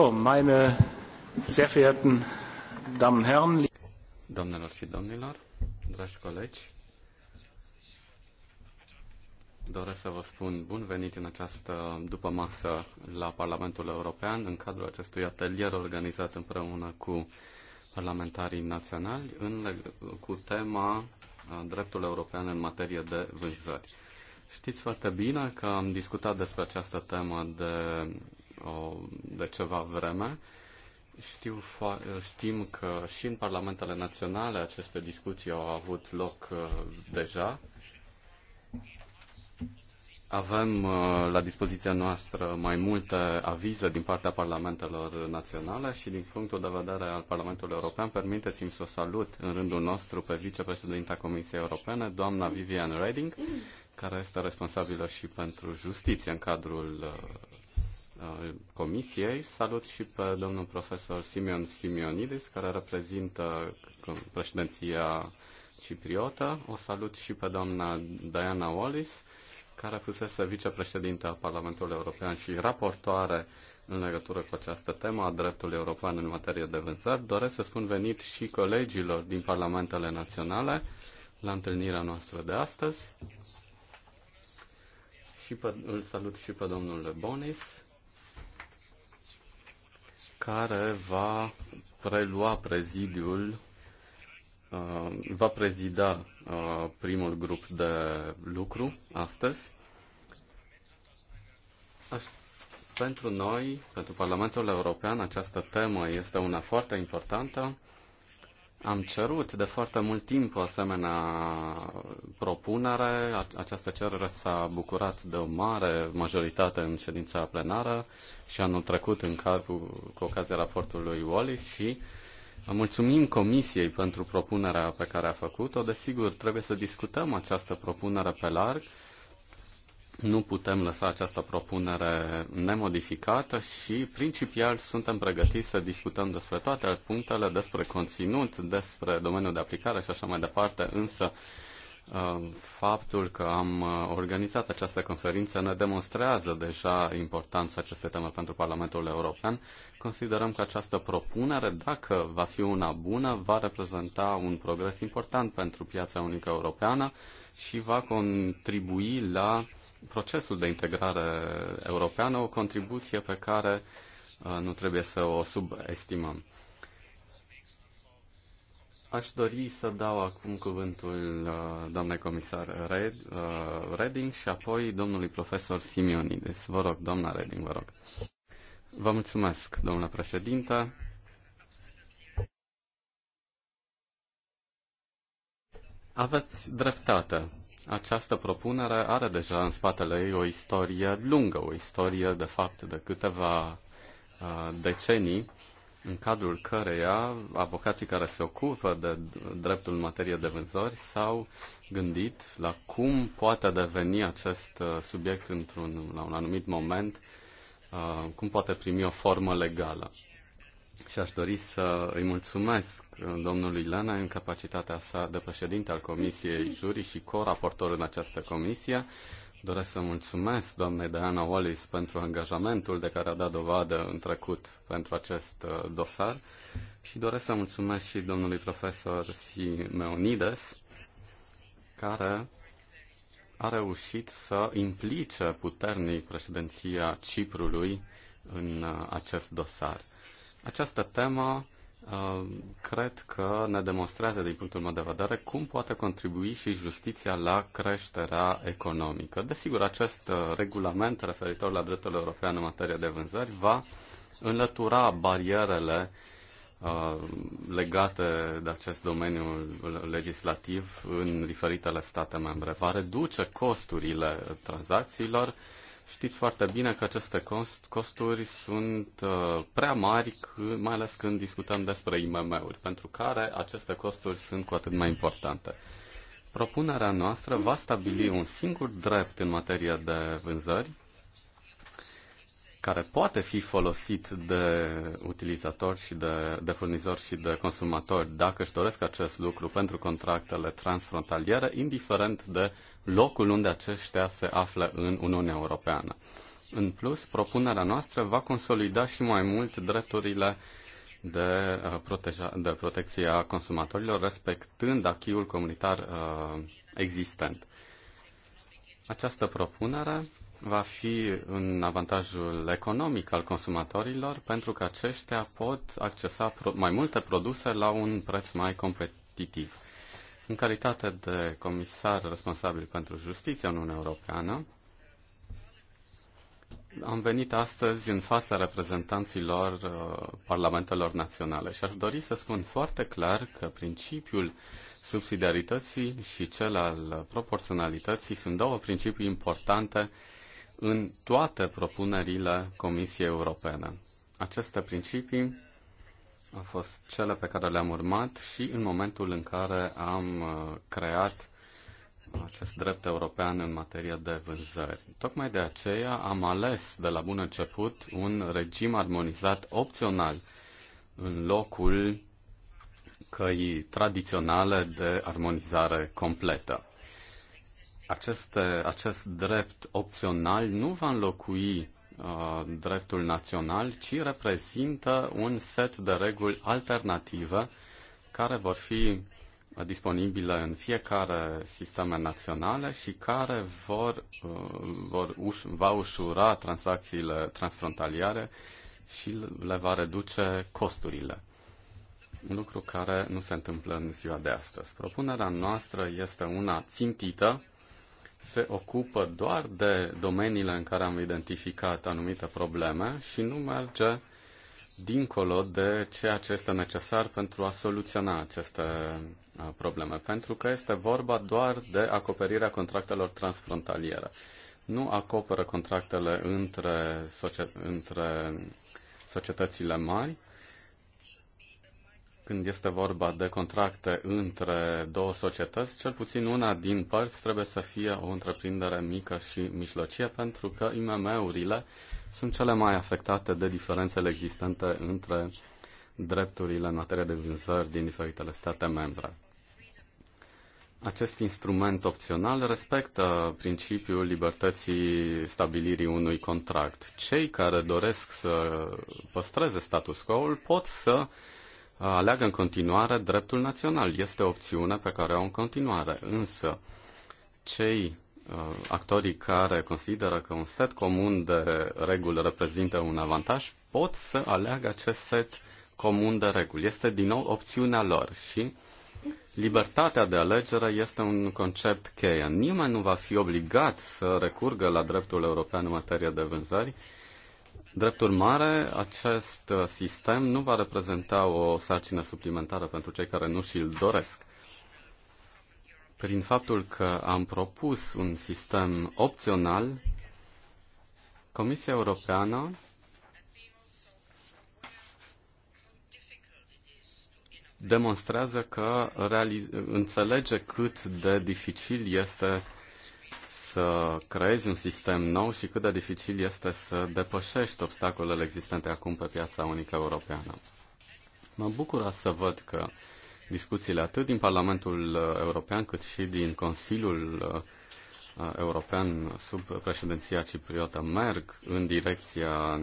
meine sehr verehrten Damen und Herren, Doamnelor și domnilor, dragi colegi, doresc să vă spun bun venit în această dupămasă la Parlamentul European în cadrul acestui atelier organizat împreună cu parlamentarii naționali în, cu tema uh, dreptul european în materie de vânzări. Știți foarte bine că am discutat despre această temă de Um, de ceva vreme. Știu, știm că și în parlamentele naționale aceste discuții au avut loc uh, deja. Avem uh, la dispoziția noastră mai multe avize din partea parlamentelor naționale și din punctul de vedere al Parlamentului European, permiteți-mi să o salut în rândul nostru pe vicepreședinta Comisiei Europene, doamna Vivian Reding, care este responsabilă și pentru justiție în cadrul uh, Uh, comisiei. Salut și pe domnul profesor Simeon Simeonidis, care reprezintă președinția cipriotă. O salut și pe doamna Diana Wallis, care fusese vicepreședinte a Parlamentului European și raportoare în legătură cu această temă a dreptului european în materie de vânzări. Doresc să spun venit și colegilor din Parlamentele Naționale la întâlnirea noastră de astăzi. Și pe, îl salut și pe domnul Bonis, care va prelua prezidiul, uh, va prezida uh, primul grup de lucru astăzi. pentru noi, pentru Parlamentul European, această temă este una foarte importantă am cerut de foarte mult timp o asemenea propunere. Această cerere s-a bucurat de o mare majoritate în ședința plenară și anul trecut în cadrul cu ocazia raportului Wallis și mulțumim Comisiei pentru propunerea pe care a făcut-o. Desigur, trebuie să discutăm această propunere pe larg nu putem lăsa această propunere nemodificată și principial suntem pregătiți să discutăm despre toate punctele, despre conținut, despre domeniul de aplicare și așa mai departe, însă Um, faptul că am uh, organizat această conferință ne demonstrează deja importanța acestei teme pentru Parlamentul European. Considerăm că această propunere, dacă va fi una bună, va reprezenta un progres important pentru piața unică europeană și va contribui la procesul de integrare europeană, o contribuție pe care uh, nu trebuie să o subestimăm. Aș dori să dau acum cuvântul uh, doamnei comisar Red, uh, Reding și apoi domnului profesor Simionides. Vă rog, doamna Reding, vă rog. Vă mulțumesc, domnule președinte. Aveți dreptate. Această propunere are deja în spatele ei o istorie lungă, o istorie de fapt de câteva uh, decenii în cadrul căreia avocații care se ocupă de dreptul în materie de vânzări s-au gândit la cum poate deveni acest uh, subiect într-un, la un anumit moment, uh, cum poate primi o formă legală. Și aș dori să îi mulțumesc uh, domnului Lena în capacitatea sa de președinte al Comisiei Jurii și co-raportor în această comisie Doresc să mulțumesc doamnei Diana Wallis pentru angajamentul de care a dat dovadă în trecut pentru acest uh, dosar și doresc să mulțumesc și domnului profesor Simeonides, care a reușit să implice puternic președinția Ciprului în uh, acest dosar. Această temă Uh, cred că ne demonstrează, din punctul meu de vedere, cum poate contribui și justiția la creșterea economică. Desigur, acest uh, regulament referitor la dreptul european în materie de vânzări va înlătura barierele uh, legate de acest domeniu legislativ în diferitele state membre. Va reduce costurile tranzacțiilor, Știți foarte bine că aceste cost, costuri sunt uh, prea mari, mai ales când discutăm despre IMM-uri, pentru care aceste costuri sunt cu atât mai importante. Propunerea noastră va stabili un singur drept în materie de vânzări, care poate fi folosit de utilizatori și de, de furnizori și de consumatori dacă își doresc acest lucru pentru contractele transfrontaliere, indiferent de locul unde aceștia se află în Uniunea Europeană. În plus, propunerea noastră va consolida și mai mult drepturile de, uh, proteja, de protecție a consumatorilor, respectând achiul comunitar uh, existent. Această propunere va fi în avantajul economic al consumatorilor, pentru că aceștia pot accesa mai multe produse la un preț mai competitiv. În calitate de comisar responsabil pentru justiția în Uniunea Europeană, am venit astăzi în fața reprezentanților uh, parlamentelor naționale și aș dori să spun foarte clar că principiul subsidiarității și cel al proporționalității sunt două principii importante în toate propunerile Comisiei Europene. Aceste principii a fost cele pe care le-am urmat și în momentul în care am uh, creat acest drept european în materie de vânzări. Tocmai de aceea am ales de la bun început un regim armonizat opțional în locul căi tradiționale de armonizare completă. Aceste, acest drept opțional nu va înlocui Uh, dreptul național, ci reprezintă un set de reguli alternative care vor fi disponibile în fiecare sisteme naționale și care vor, uh, vor uș- va ușura tranzacțiile transfrontaliere și le va reduce costurile. Un lucru care nu se întâmplă în ziua de astăzi. Propunerea noastră este una țintită se ocupă doar de domeniile în care am identificat anumite probleme și nu merge dincolo de ceea ce este necesar pentru a soluționa aceste uh, probleme, pentru că este vorba doar de acoperirea contractelor transfrontaliere. Nu acoperă contractele între, societ- între societățile mari, când este vorba de contracte între două societăți, cel puțin una din părți trebuie să fie o întreprindere mică și mijlocie, pentru că IMM-urile sunt cele mai afectate de diferențele existente între drepturile în materie de vânzări din diferitele state membre. Acest instrument opțional respectă principiul libertății stabilirii unui contract. Cei care doresc să păstreze status quo-ul pot să uh, aleagă în continuare dreptul național. Este o opțiune pe care o au în continuare. Însă, cei uh, actorii care consideră că un set comun de reguli reprezintă un avantaj pot să aleagă acest set comun de reguli. Este din nou opțiunea lor și libertatea de alegere este un concept cheie. Nimeni nu va fi obligat să recurgă la dreptul european în materie de vânzări, Drept urmare, acest uh, sistem nu va reprezenta o sarcină suplimentară pentru cei care nu și-l doresc. Prin faptul că am propus un sistem opțional, Comisia Europeană demonstrează că realiz- înțelege cât de dificil este să creezi un sistem nou și cât de dificil este să depășești obstacolele existente acum pe piața unică europeană. Mă bucură să văd că discuțiile atât din Parlamentul uh, European cât și din Consiliul uh, uh, European sub președinția cipriotă merg în direcția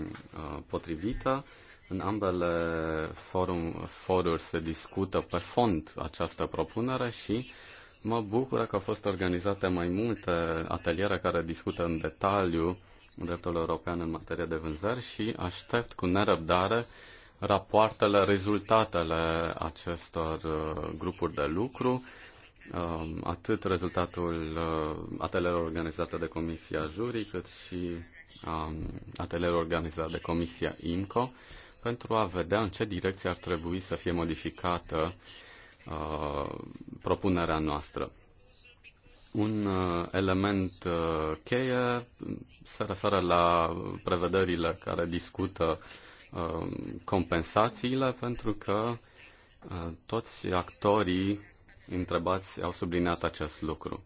potrivită. În ambele forum, foruri se discută pe fond această propunere și uh, Mă bucură că au fost organizate mai multe ateliere care discută în detaliu dreptul european în materie de vânzări și aștept cu nerăbdare rapoartele, rezultatele acestor uh, grupuri de lucru, um, atât rezultatul uh, atelierelor organizate de Comisia Jurii, cât și um, atelierelor organizate de Comisia IMCO, pentru a vedea în ce direcție ar trebui să fie modificată uh, uh, propunerea noastră. Un uh, element uh, cheie se referă la prevederile care discută uh, compensațiile, pentru că uh, toți actorii întrebați au subliniat acest lucru.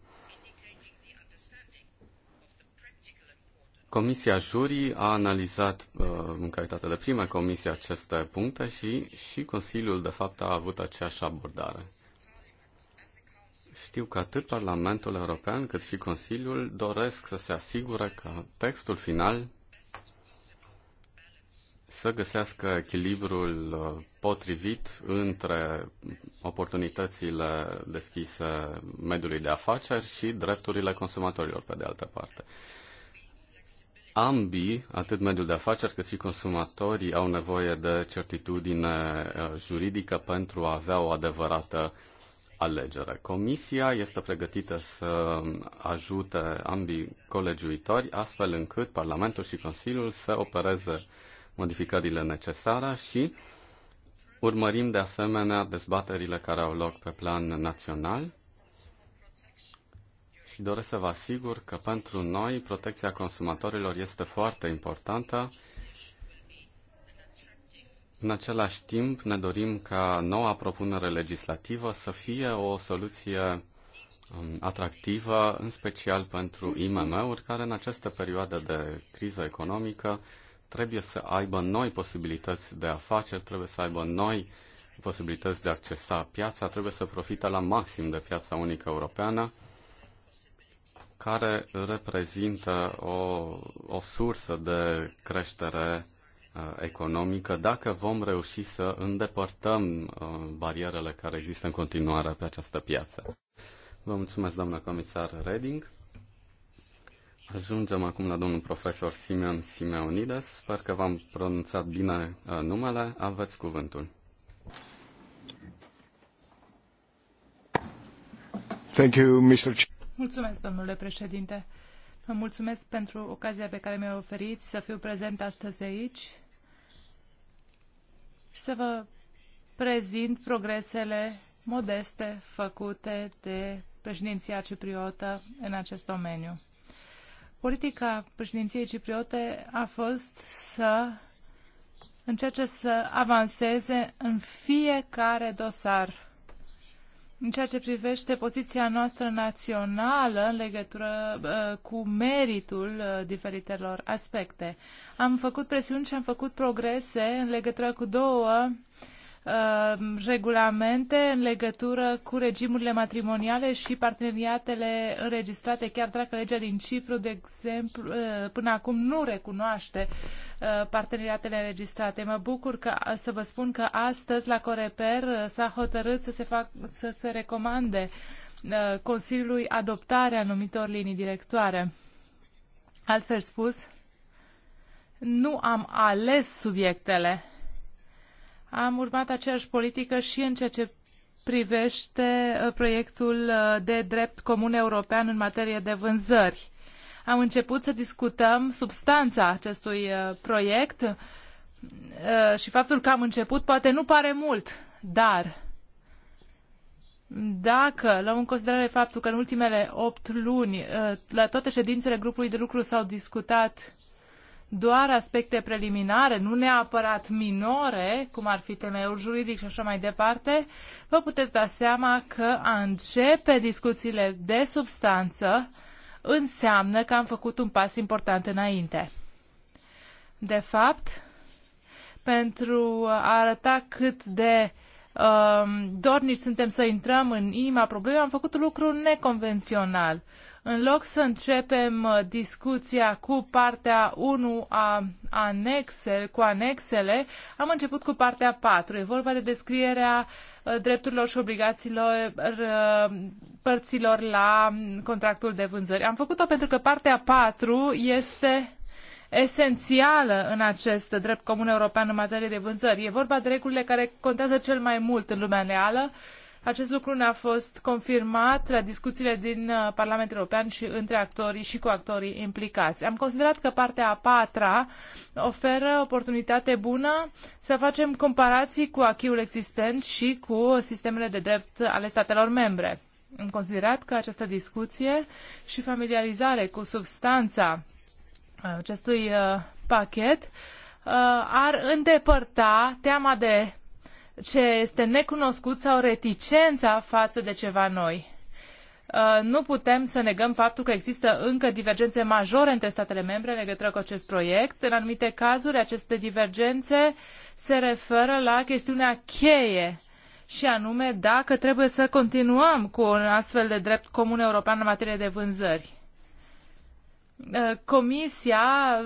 Comisia Jurii a analizat uh, în calitate de prime comisie aceste puncte și, și Consiliul, de fapt, a avut aceeași abordare. Știu că atât Parlamentul European cât și Consiliul doresc să se asigure că textul final să găsească echilibrul uh, potrivit între oportunitățile deschise mediului de afaceri și drepturile consumatorilor, pe de altă parte ambii, atât mediul de afaceri cât și consumatorii, au nevoie de certitudine uh, juridică pentru a avea o adevărată alegere. Comisia este pregătită să ajute ambii colegiuitori astfel încât Parlamentul și Consiliul să opereze modificările necesare și urmărim de asemenea dezbaterile care au loc pe plan național și doresc să vă asigur că pentru noi protecția consumatorilor este foarte importantă. În același timp, ne dorim ca noua propunere legislativă să fie o soluție um, atractivă, în special pentru IMM-uri, care în această perioadă de criză economică trebuie să aibă noi posibilități de afaceri, trebuie să aibă noi posibilități de a accesa piața, trebuie să profite la maxim de piața unică europeană care reprezintă o, o sursă de creștere uh, economică dacă vom reuși să îndepărtăm uh, barierele care există în continuare pe această piață. Vă mulțumesc, doamnă comisar Reding. Ajungem acum la domnul profesor Simeon Simeonides. Sper că v-am pronunțat bine uh, numele. Aveți cuvântul. Thank you, Mr. Mulțumesc, domnule președinte. Vă mulțumesc pentru ocazia pe care mi a oferit să fiu prezent astăzi aici și să vă prezint progresele modeste făcute de președinția cipriotă în acest domeniu. Politica președinției cipriote a fost să încerce să avanseze în fiecare dosar în ceea ce privește poziția noastră națională în legătură uh, cu meritul uh, diferitelor aspecte. Am făcut presiuni și am făcut progrese în legătură cu două uh, Uh, regulamente în legătură cu regimurile matrimoniale și parteneriatele înregistrate, chiar dacă legea din Cipru, de exemplu, uh, până acum nu recunoaște uh, parteneriatele înregistrate. Mă bucur că, uh, să vă spun că astăzi la Coreper s-a hotărât să se, fac, să se recomande Consiliului adoptarea anumitor linii directoare. Altfel spus, nu am ales subiectele am urmat aceeași politică și în ceea ce privește uh, proiectul uh, de drept comun european în materie de vânzări. Am început să discutăm substanța acestui uh, proiect și faptul că am început poate nu pare mult, dar dacă luăm în considerare faptul că în ultimele opt luni la toate ședințele grupului de lucru s-au discutat doar aspecte preliminare, nu neapărat minore, cum ar fi temeiul juridic și așa mai departe, vă puteți da seama că a începe discuțiile de substanță înseamnă că am făcut un pas important înainte. De fapt, pentru a arăta cât de um, dornici suntem să intrăm în inima problemei, am făcut un lucru neconvențional. Uh, în loc să începem uh, discuția cu partea 1 a anexel, cu anexele, am început cu partea 4. E vorba de descrierea uh, drepturilor și obligațiilor uh, părților la um, contractul de vânzări. Am făcut-o pentru că partea 4 este esențială în acest drept comun european în materie de vânzări. E vorba de regulile care contează cel mai mult în lumea reală acest lucru ne-a fost confirmat la discuțiile din uh, Parlamentul European și între actorii și cu actorii implicați. Am considerat că partea a patra oferă oportunitate bună să facem comparații cu achiul existent și cu sistemele de drept ale statelor membre. Am considerat că această discuție și familiarizare cu substanța uh, acestui uh, pachet ar îndepărta teama de ce este necunoscut sau reticența față de ceva noi. Uh, nu putem să negăm faptul că există încă divergențe majore între statele membre în legătură cu acest proiect. În anumite cazuri, aceste divergențe se referă la chestiunea cheie și anume dacă trebuie să continuăm cu un astfel de drept comun european în materie de vânzări. Uh, comisia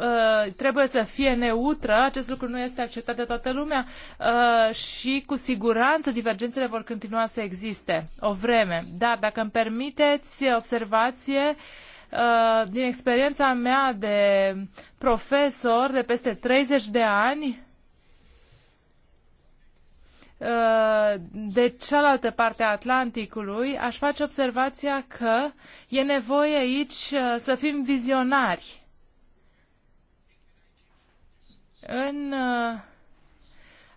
uh, trebuie să fie neutră, acest lucru nu este acceptat de toată lumea uh, și cu siguranță divergențele vor continua să existe o vreme. Dar dacă îmi permiteți observație, din experiența mea de profesor de peste 30 de ani, Uh, de cealaltă parte a Atlanticului, aș face observația că e nevoie aici uh, să fim vizionari. În uh,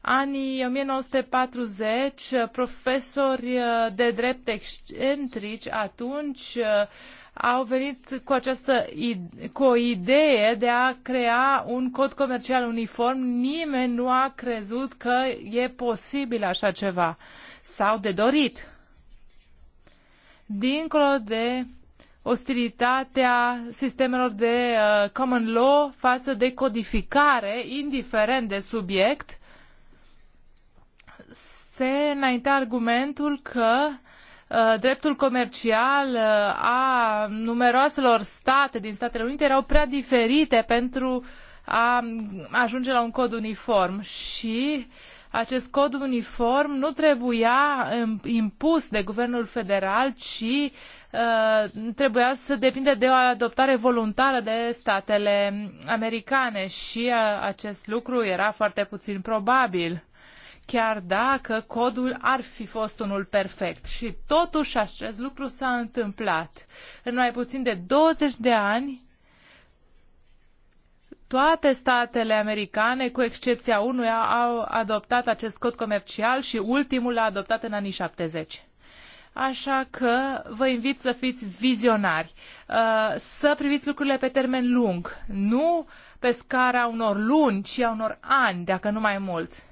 anii 1940, profesori de drept excentrici atunci au venit cu, această, cu o idee de a crea un cod comercial uniform. Nimeni nu a crezut că e posibil așa ceva sau de dorit. Dincolo de ostilitatea sistemelor de uh, common law față de codificare, indiferent de subiect, se înainte argumentul că Uh, dreptul comercial uh, a numeroaselor state din Statele Unite erau prea diferite pentru a ajunge la un cod uniform și acest cod uniform nu trebuia impus de guvernul federal, ci uh, trebuia să depinde de o adoptare voluntară de statele americane și acest lucru era foarte puțin probabil chiar dacă codul ar fi fost unul perfect. Și totuși acest lucru s-a întâmplat. În mai puțin de 20 de ani, toate statele americane, cu excepția unuia, au adoptat acest cod comercial și ultimul l-a adoptat în anii 70. Așa că vă invit să fiți vizionari, uh, să priviți lucrurile pe termen lung, nu pe scara unor luni, ci a unor ani, dacă nu mai mult.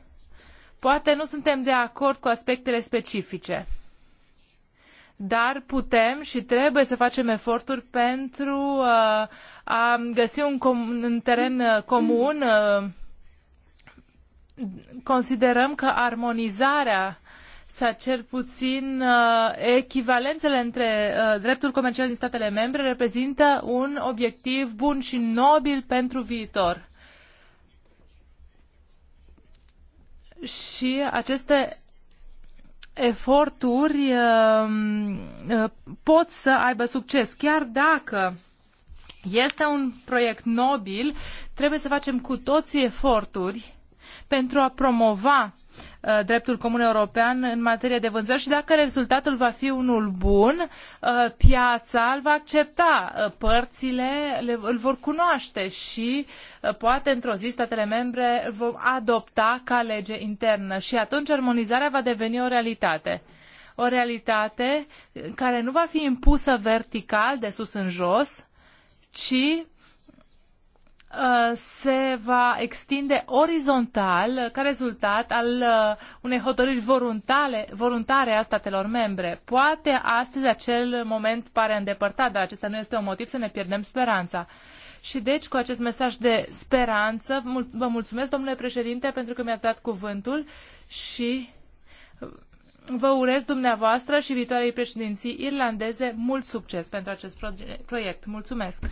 Poate nu suntem de acord cu aspectele specifice, dar putem și trebuie să facem eforturi pentru uh, a găsi un, com- un teren uh, comun. Uh, considerăm că armonizarea să cer puțin uh, echivalențele între uh, dreptul comercial din statele membre reprezintă un obiectiv bun și nobil pentru viitor. și aceste eforturi um, uh, pot să aibă succes, chiar dacă este un proiect nobil, trebuie să facem cu toții eforturi pentru a promova Uh, dreptul comun european în materie de vânzări și dacă rezultatul va fi unul bun, uh, piața îl va accepta, uh, părțile îl vor cunoaște și poate într-o zi statele membre vor adopta ca lege internă și atunci armonizarea va deveni o realitate o realitate care nu va fi impusă vertical, de sus în jos, ci Uh, se va extinde orizontal ca rezultat al uh, unei hotărâri voluntare, voluntare a statelor membre. Poate astăzi acel moment pare îndepărtat, dar acesta nu este un motiv să ne pierdem speranța. Și deci, cu acest mesaj de speranță, vă mulțumesc, domnule președinte, pentru că mi-ați dat cuvântul și vă urez dumneavoastră și viitoarei președinții irlandeze mult succes pentru acest proiect. Mulțumesc!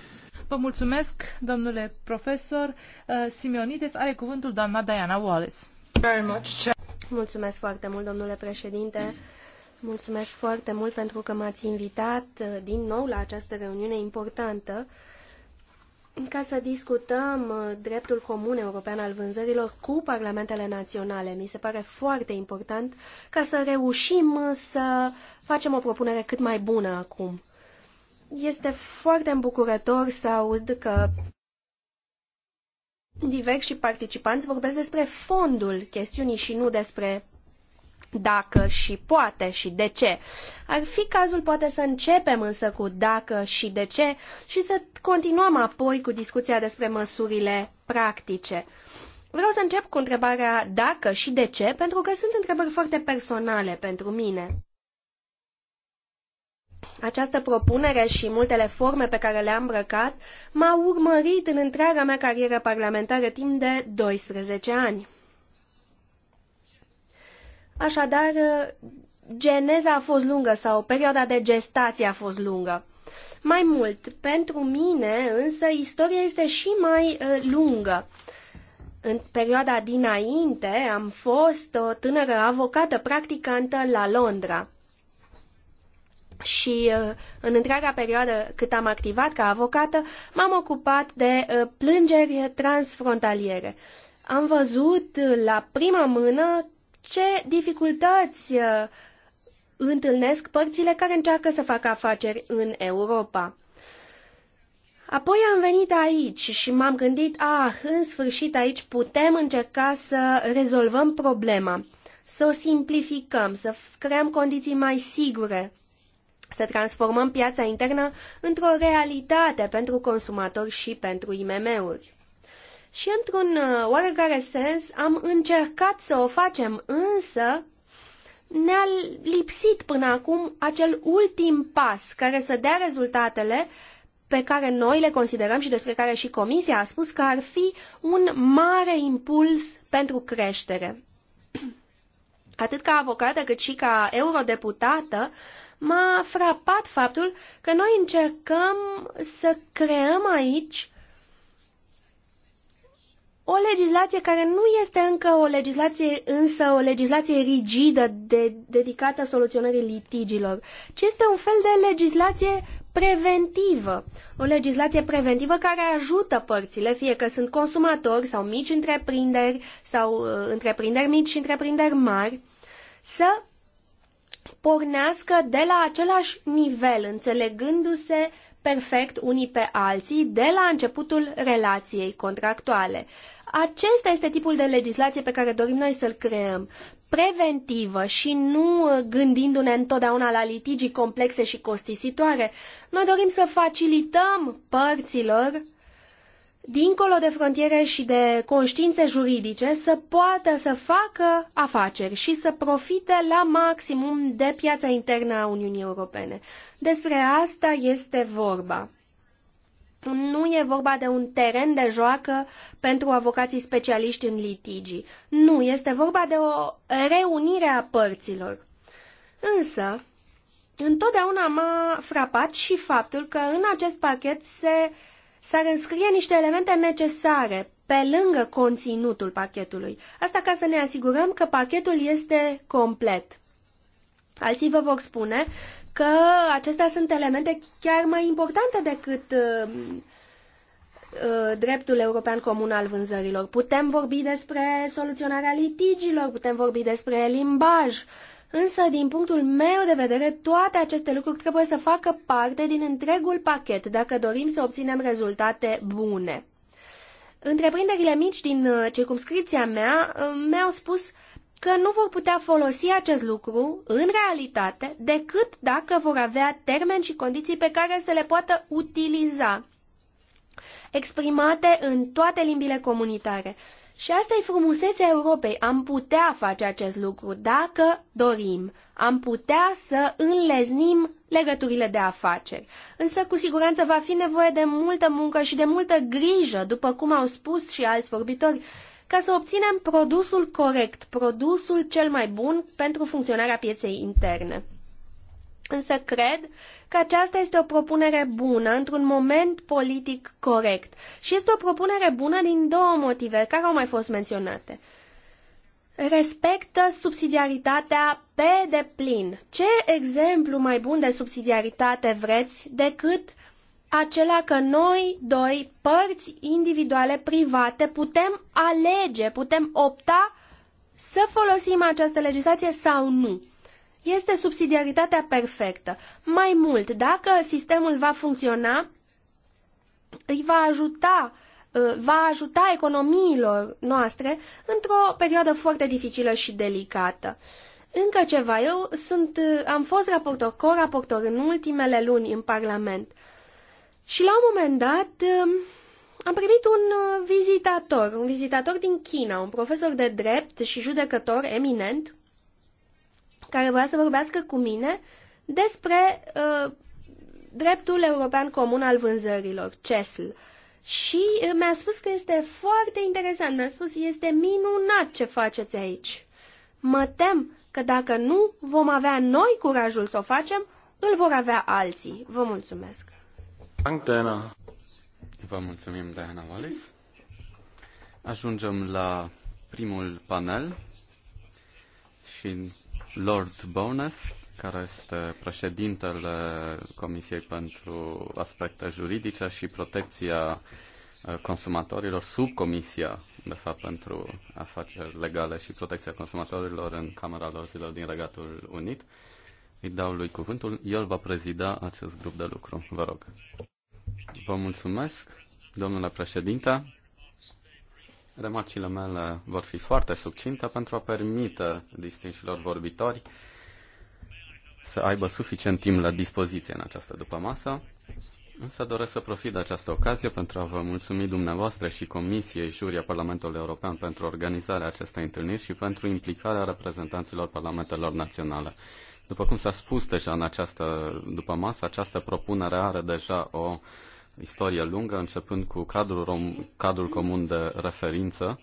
Vă mulțumesc, domnule profesor uh, Simeonides. Are cuvântul doamna Diana Wallace. Very much. Mulțumesc foarte mult, domnule președinte. Mulțumesc foarte mult pentru că m-ați invitat uh, din nou la această reuniune importantă ca să discutăm uh, dreptul comun european al vânzărilor cu parlamentele naționale. Mi se pare foarte important ca să reușim să facem o propunere cât mai bună acum. Este foarte îmbucurător să aud că diversi participanți vorbesc despre fondul chestiunii și nu despre dacă și poate și de ce. Ar fi cazul poate să începem însă cu dacă și de ce și să continuăm apoi cu discuția despre măsurile practice. Vreau să încep cu întrebarea dacă și de ce, pentru că sunt întrebări foarte personale pentru mine. Această propunere și multele forme pe care le-a îmbrăcat m-au urmărit în întreaga mea carieră parlamentară timp de 12 ani. Așadar, geneza a fost lungă sau perioada de gestație a fost lungă. Mai mult, pentru mine însă istoria este și mai uh, lungă. În perioada dinainte am fost o tânără avocată practicantă la Londra și uh, în întreaga perioadă cât am activat ca avocată, m-am ocupat de uh, plângeri transfrontaliere. Am văzut uh, la prima mână ce dificultăți întâlnesc părțile care încearcă să facă afaceri în Europa. Apoi am venit aici și m-am gândit, ah, în sfârșit aici putem încerca să rezolvăm problema, să o simplificăm, să creăm condiții mai sigure să transformăm piața internă într-o realitate pentru consumatori și pentru IMM-uri. Și într-un uh, oarecare sens am încercat să o facem, însă ne-a lipsit până acum acel ultim pas care să dea rezultatele pe care noi le considerăm și despre care și Comisia a spus că ar fi un mare impuls pentru creștere. Atât ca avocată cât și ca eurodeputată, m-a frapat faptul că noi încercăm să creăm aici o legislație care nu este încă o legislație, însă o legislație rigidă de, dedicată soluționării litigilor, ci este un fel de legislație preventivă. O legislație preventivă care ajută părțile, fie că sunt consumatori sau mici întreprinderi sau uh, întreprinderi mici și întreprinderi mari, să pornească de la același nivel, înțelegându-se perfect unii pe alții de la începutul relației contractuale. Acesta este tipul de legislație pe care dorim noi să-l creăm, preventivă și nu gândindu-ne întotdeauna la litigii complexe și costisitoare. Noi dorim să facilităm părților dincolo de frontiere și de conștiințe juridice, să poată să facă afaceri și să profite la maximum de piața internă a Uniunii Europene. Despre asta este vorba. Nu e vorba de un teren de joacă pentru avocații specialiști în litigi. Nu, este vorba de o reunire a părților. Însă, întotdeauna m-a frapat și faptul că în acest pachet se uh, s-ar înscrie niște elemente necesare pe lângă conținutul pachetului. Asta ca să ne asigurăm că pachetul este complet. Alții vă vor spune că acestea sunt elemente chiar mai importante decât uh, uh, dreptul european comun al vânzărilor. Putem vorbi despre soluționarea litigilor, putem vorbi despre limbaj, Însă, din punctul meu de vedere, toate aceste lucruri trebuie să facă parte din întregul pachet dacă dorim să obținem rezultate bune. Întreprinderile mici din uh, circumscripția mea uh, mi-au spus că nu vor putea folosi acest lucru în realitate decât dacă vor avea termeni și condiții pe care să le poată utiliza, exprimate în toate limbile comunitare. Și asta e frumusețea Europei. Am putea face acest lucru dacă dorim. Am putea să înleznim legăturile de afaceri. Însă, cu siguranță, va fi nevoie de multă muncă și de multă grijă, după cum au spus și alți vorbitori, ca să obținem produsul corect, produsul cel mai bun pentru funcționarea pieței interne. Însă cred că aceasta este o propunere bună într-un moment politic corect și este o propunere bună din două motive care au mai fost menționate. Respectă subsidiaritatea pe deplin. Ce exemplu mai bun de subsidiaritate vreți decât acela că noi doi, părți individuale private, putem alege, putem opta să folosim această legislație sau nu este subsidiaritatea perfectă. Mai mult, dacă sistemul va funcționa, îi va ajuta uh, va ajuta economiilor noastre într-o perioadă foarte dificilă și delicată. Încă ceva, eu sunt, uh, am fost raportor, co-raportor în ultimele luni în Parlament și la un moment dat um, am primit un uh, vizitator, un vizitator din China, un profesor de drept și judecător eminent, care voia să vorbească cu mine despre uh, dreptul european comun al vânzărilor, CESL. Și uh, mi-a spus că este foarte interesant, mi-a spus este minunat ce faceți aici. Mă tem că dacă nu vom avea noi curajul să o facem, îl vor avea alții. Vă mulțumesc. Antena. Vă mulțumim, Diana Wallis. Ajungem la primul panel și Lord Bonus, care este președintele Comisiei pentru Aspecte Juridice și Protecția uh, Consumatorilor, subcomisia, de fapt, pentru afaceri legale și protecția consumatorilor în Camera Lorzilor din Regatul Unit. Îi dau lui cuvântul, el va prezida acest grup de lucru. Vă rog. Vă mulțumesc, domnule președinte, Remarcile mele vor fi foarte succinte pentru a permite distinșilor vorbitori să aibă suficient timp la dispoziție în această dupămasă. Însă doresc să profit de această ocazie pentru a vă mulțumi dumneavoastră și Comisiei Juria Parlamentului European pentru organizarea acestei întâlniri și pentru implicarea reprezentanților parlamentelor naționale. După cum s-a spus deja în această dupămasă, masă, această propunere are deja o istorie lungă, începând cu cadrul, rom, cadrul comun de referință.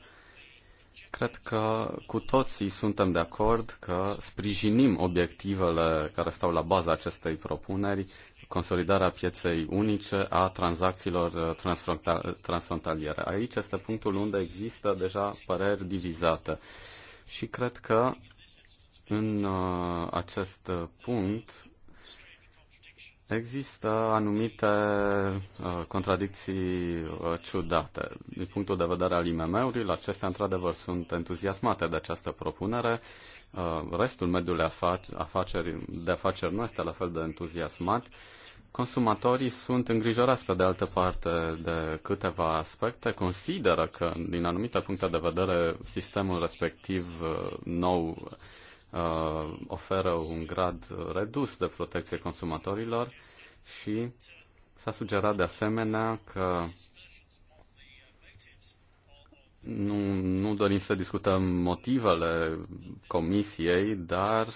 Cred că cu toții suntem de acord că sprijinim obiectivele care stau la baza acestei propuneri, consolidarea pieței unice a tranzacțiilor uh, transfrontaliere. Aici este punctul unde există deja păreri divizate. Și cred că în uh, acest uh, punct Există anumite uh, contradicții uh, ciudate. Din punctul de vedere al IMM-urilor, acestea într-adevăr sunt entuziasmate de această propunere. Uh, restul mediului afaceri, de afaceri nu este la fel de entuziasmat. Consumatorii sunt îngrijorați pe de altă parte de câteva aspecte, consideră că din anumite puncte de vedere sistemul respectiv nou uh, oferă un grad redus de protecție consumatorilor și s-a sugerat de asemenea că nu, nu dorim să discutăm motivele comisiei, dar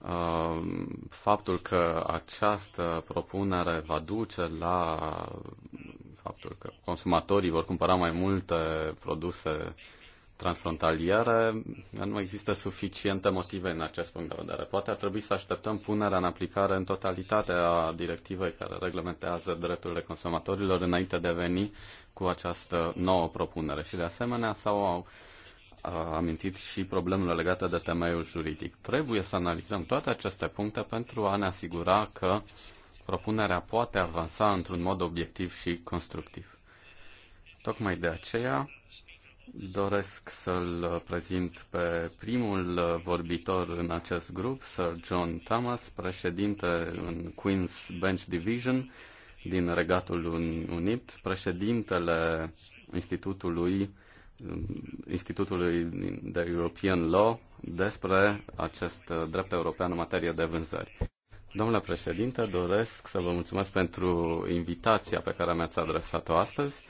uh, faptul că această propunere va duce la faptul că consumatorii vor cumpăra mai multe produse transfrontaliere, nu există suficiente motive în acest punct de vedere. Poate ar trebui să așteptăm punerea în aplicare în totalitate a directivei care reglementează drepturile consumatorilor înainte de a veni cu această nouă propunere. Și de asemenea sau au amintit și problemele legate de temeiul juridic. Trebuie să analizăm toate aceste puncte pentru a ne asigura că propunerea poate avansa într-un mod obiectiv și constructiv. Tocmai de aceea Doresc să-l prezint pe primul vorbitor în acest grup, Sir John Thomas, președinte în Queen's Bench Division din Regatul Unit, președintele Institutului, Institutului de European Law despre acest drept european în materie de vânzări. Domnule președinte, doresc să vă mulțumesc pentru invitația pe care mi-ați adresat-o astăzi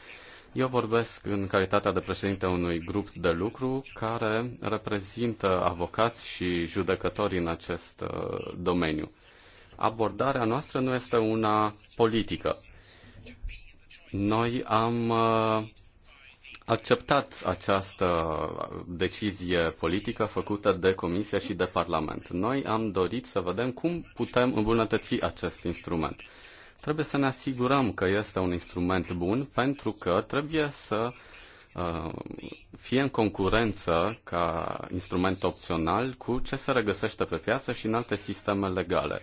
eu vorbesc în calitatea de președinte unui grup de lucru care reprezintă avocați și judecători în acest uh, domeniu. Abordarea noastră nu este una politică. Noi am uh, acceptat această decizie politică făcută de Comisie și de Parlament. Noi am dorit să vedem cum putem îmbunătăți acest instrument. Trebuie să ne asigurăm că este un instrument bun pentru că trebuie să uh, fie în concurență ca instrument opțional cu ce se regăsește pe piață și în alte sisteme legale.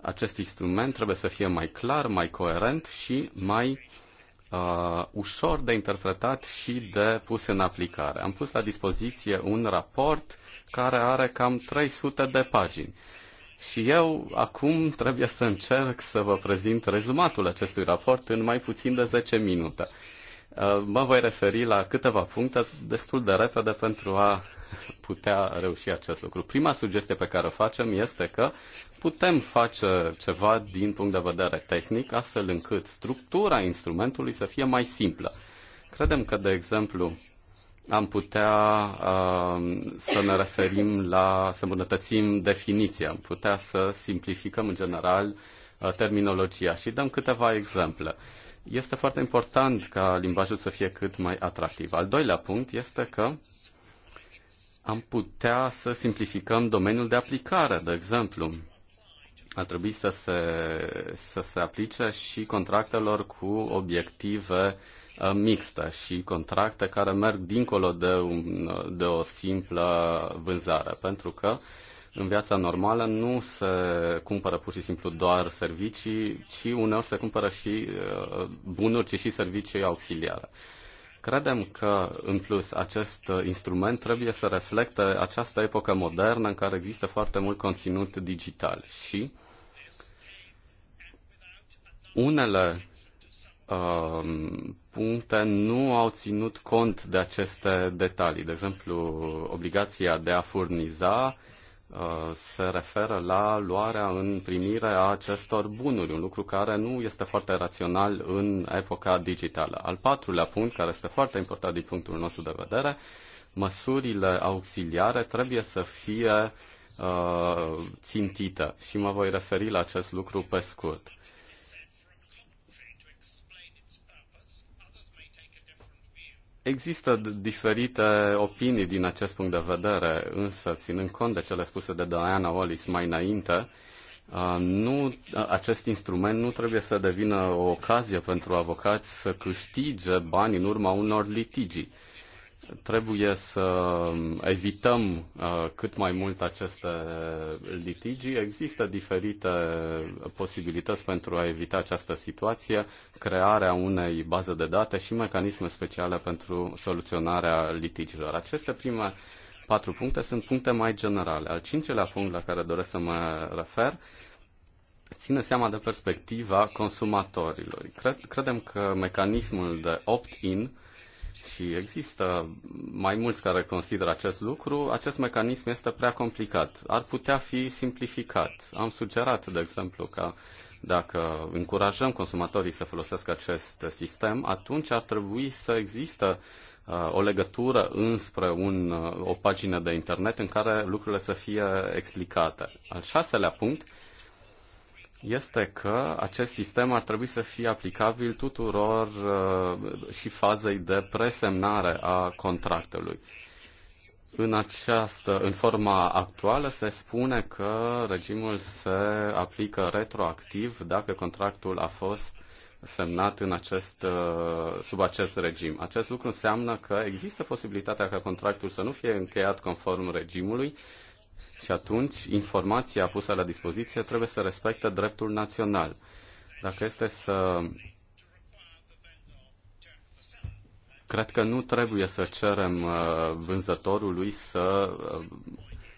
Acest instrument trebuie să fie mai clar, mai coerent și mai uh, ușor de interpretat și de pus în aplicare. Am pus la dispoziție un raport care are cam 300 de pagini. Uh, și eu acum trebuie să încerc să vă prezint rezumatul acestui raport în mai puțin de 10 minute. Uh, mă voi referi la câteva puncte destul de repede pentru a putea reuși acest lucru. Prima sugestie pe care o facem este că putem face ceva din punct de vedere tehnic, astfel încât structura instrumentului să fie mai simplă. Credem că, de exemplu, am putea uh, să ne referim la, să îmbunătățim definiția, am putea să simplificăm în general uh, terminologia și dăm câteva exemple. Este foarte important ca limbajul să fie cât mai atractiv. Al doilea punct este că am putea să simplificăm domeniul de aplicare, de exemplu. Ar trebui să se, să se aplice și contractelor cu obiective uh, Uh, mixtă și contracte care merg dincolo de, un, de o simplă vânzare, pentru că în viața normală nu se cumpără pur și simplu doar servicii, ci uneori se cumpără și uh, bunuri, ci și servicii auxiliare. Credem că, în plus, acest instrument trebuie să reflecte această epocă modernă în care există foarte mult conținut digital și unele Um, puncte nu au ținut cont de aceste detalii. De exemplu, obligația de a furniza uh, se referă la luarea în primire a acestor bunuri, un lucru care nu este foarte rațional în epoca digitală. Al patrulea punct, care este foarte important din punctul nostru de vedere, măsurile auxiliare trebuie să fie uh, țintite și mă voi referi la acest lucru pe scurt. Există diferite opinii din acest punct de vedere, însă ținând cont de cele spuse de Diana Wallis mai înainte, uh, nu, uh, acest instrument nu trebuie să devină o ocazie pentru avocați să câștige bani în urma unor litigii. Trebuie să evităm uh, cât mai mult aceste litigii. Există diferite posibilități pentru a evita această situație, crearea unei baze de date și mecanisme speciale pentru soluționarea litigiilor. Aceste prime patru puncte sunt puncte mai generale. Al cincelea punct la care doresc să mă refer ține seama de perspectiva consumatorilor. Cred, credem că mecanismul de opt-in și există mai mulți care consideră acest lucru, acest mecanism este prea complicat. Ar putea fi simplificat. Am sugerat, de exemplu, că dacă încurajăm consumatorii să folosească acest sistem, atunci ar trebui să există uh, o legătură înspre un, uh, o pagină de internet în care lucrurile să fie explicate. Al șaselea punct este că acest sistem ar trebui să fie aplicabil tuturor uh, și fazei de presemnare a contractului. În, această, în forma actuală se spune că regimul se aplică retroactiv dacă contractul a fost semnat în acest, uh, sub acest regim. Acest lucru înseamnă că există posibilitatea ca contractul să nu fie încheiat conform regimului, și atunci, informația pusă la dispoziție trebuie să respecte dreptul național. Dacă este să Cred că nu trebuie să cerem uh, vânzătorului să uh,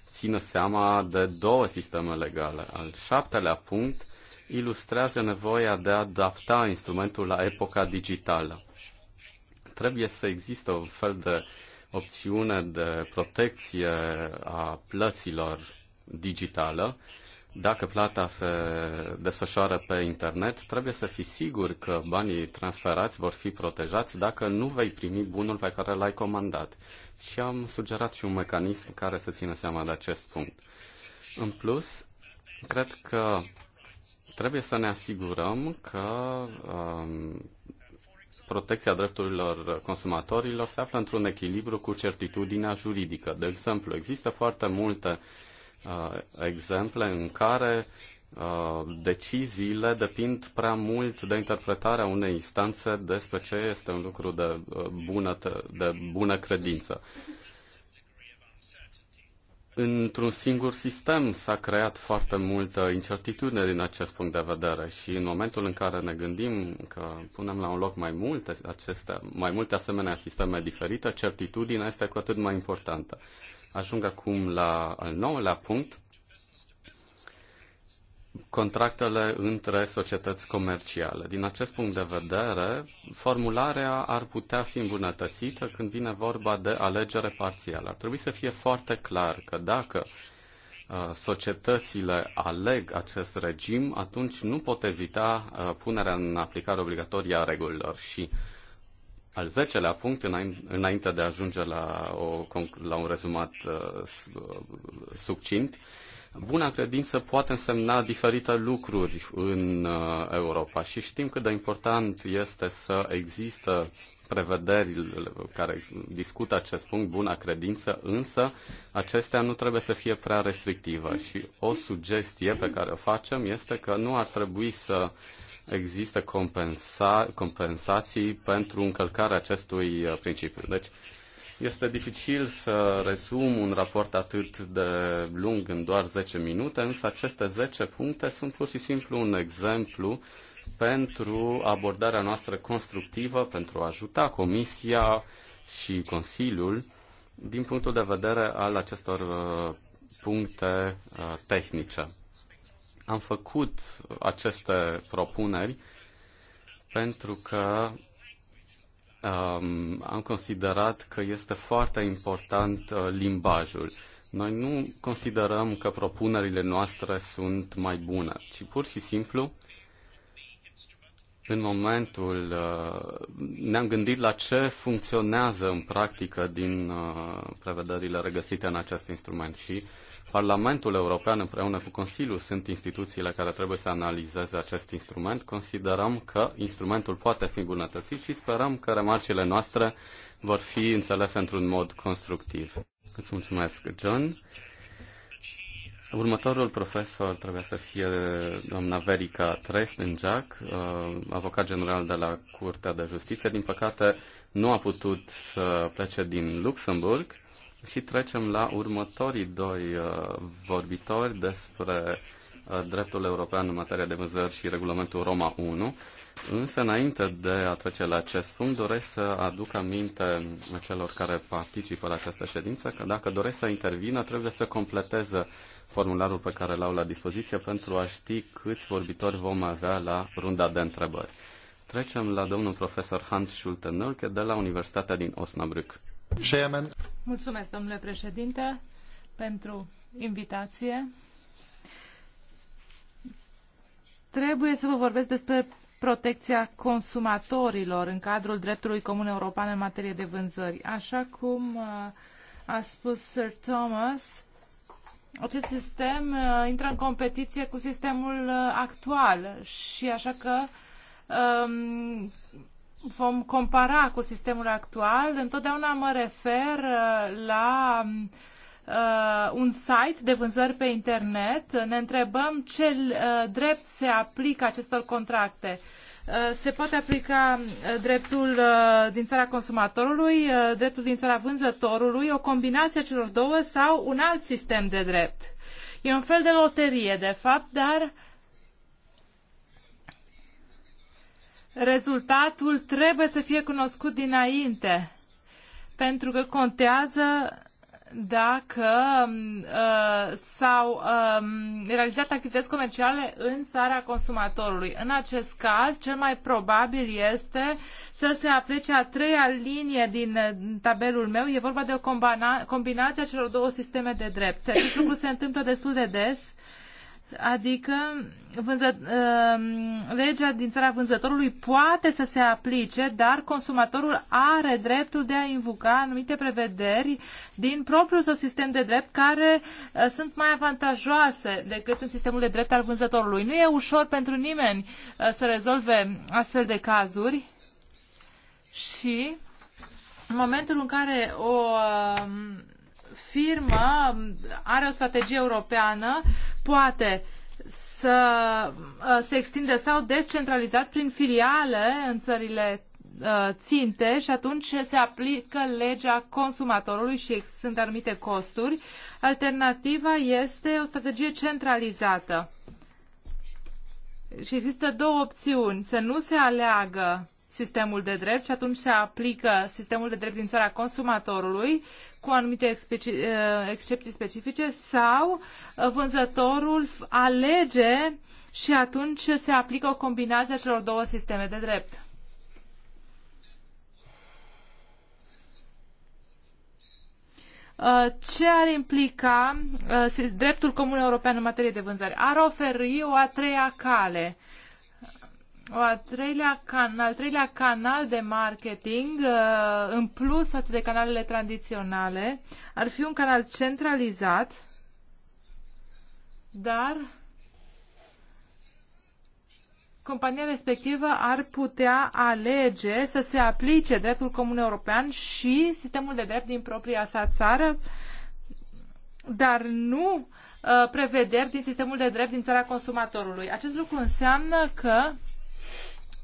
țină seama de două sisteme legale. Al șaptelea punct ilustrează nevoia de a adapta instrumentul la epoca digitală. Trebuie să există un fel de opțiune de protecție a plăților digitală. Dacă plata se desfășoară pe internet, trebuie să fii sigur că banii transferați vor fi protejați dacă nu vei primi bunul pe care l-ai comandat. Și am sugerat și un mecanism care să țină seama de acest punct. În plus, cred că trebuie să ne asigurăm că um, protecția drepturilor consumatorilor se află într-un echilibru cu certitudinea juridică. De exemplu, există foarte multe uh, exemple în care uh, deciziile depind prea mult de interpretarea unei instanțe despre ce este un lucru de, uh, bună, de bună credință într-un singur sistem s-a creat foarte multă incertitudine din acest punct de vedere și în momentul în care ne gândim că punem la un loc mai multe, aceste, mai multe asemenea sisteme diferite, certitudinea este cu atât mai importantă. Ajung acum la al nouălea punct, contractele între societăți comerciale. Din acest punct de vedere, formularea ar putea fi îmbunătățită când vine vorba de alegere parțială. Ar trebui să fie foarte clar că dacă uh, societățile aleg acest regim, atunci nu pot evita uh, punerea în aplicare obligatorie a regulilor și al zecelea punct, înainte de a ajunge la, o, la un rezumat uh, succint, Buna credință poate însemna diferite lucruri în uh, Europa și știm cât de important este să există prevederi care discută acest punct, buna credință, însă acestea nu trebuie să fie prea restrictive. Și o sugestie pe care o facem este că nu ar trebui să există compensa- compensații pentru încălcarea acestui uh, principiu. Deci, este dificil să rezum un raport atât de lung în doar 10 minute, însă aceste 10 puncte sunt pur și simplu un exemplu pentru abordarea noastră constructivă, pentru a ajuta Comisia și Consiliul din punctul de vedere al acestor uh, puncte uh, tehnice. Am făcut aceste propuneri pentru că um, am considerat că este foarte important uh, limbajul. Noi nu considerăm că propunerile noastre sunt mai bune, ci pur și simplu în momentul uh, ne-am gândit la ce funcționează în practică din uh, prevederile regăsite în acest instrument și Parlamentul European împreună cu Consiliul sunt instituțiile care trebuie să analizeze acest instrument. Considerăm că instrumentul poate fi îmbunătățit și sperăm că remarcile noastre vor fi înțelese într-un mod constructiv. Îți mulțumesc, John. Următorul profesor trebuie să fie doamna Verica Jack, uh, avocat general de la Curtea de Justiție. Din păcate, nu a putut să plece din Luxemburg și trecem la următorii doi uh, vorbitori despre uh, dreptul european în materie de vânzări și regulamentul Roma 1. Însă, înainte de a trece la acest punct, doresc să aduc aminte celor care participă la această ședință că dacă doresc să intervină, trebuie să completeze formularul pe care l-au la dispoziție pentru a ști câți vorbitori vom avea la runda de întrebări. Trecem la domnul profesor Hans Schulte-Nölke de la Universitatea din Osnabrück. Mulțumesc, domnule președinte, pentru invitație. Trebuie să vă vorbesc despre protecția consumatorilor în cadrul dreptului comun european în materie de vânzări. Așa cum uh, a spus Sir Thomas, acest sistem uh, intră în competiție cu sistemul uh, actual și așa că um, vom compara cu sistemul actual, întotdeauna mă refer uh, la uh, un site de vânzări pe internet. Ne întrebăm ce uh, drept se aplică acestor contracte. Uh, se poate aplica uh, dreptul din țara consumatorului, dreptul din țara vânzătorului, o combinație a celor două sau un alt sistem de drept. E un fel de loterie, de fapt, dar uh, rezultatul trebuie să fie cunoscut dinainte, pentru că contează dacă um, uh, s-au uh, realizat activități comerciale în țara consumatorului. În acest caz, cel mai probabil este să se aplece a treia linie din uh, tabelul meu. E vorba de o combina- combinație a celor două sisteme de drept. Acest lucru se întâmplă destul de des. Uh, Adică vânză, uh, legea din țara vânzătorului poate să se aplice, dar consumatorul are dreptul de a invoca anumite prevederi din propriul său sistem de drept care uh, sunt mai avantajoase decât în sistemul de drept al vânzătorului. Nu e ușor pentru nimeni uh, să rezolve astfel de cazuri și în momentul în care o firmă are o strategie europeană, poate să uh, se extinde sau descentralizat prin filiale în țările uh, ținte și atunci se aplică legea consumatorului și sunt anumite costuri. Alternativa este o strategie centralizată. Și există două opțiuni, să nu se aleagă sistemul de drept și atunci se aplică sistemul de drept din țara consumatorului cu anumite eh, excepții specifice sau eh, vânzătorul alege și atunci se aplică o combinație a celor două sisteme de drept. Eh, ce ar implica dreptul comun european în materie de vânzare? Ar oferi o a treia cale o a treilea can, al treilea canal de marketing, uh, în plus față de canalele tradiționale, ar fi un canal centralizat, dar compania respectivă ar putea alege să se aplice dreptul comun european și sistemul de drept din propria sa țară, dar nu uh, prevederi din sistemul de drept din țara consumatorului. Acest lucru înseamnă că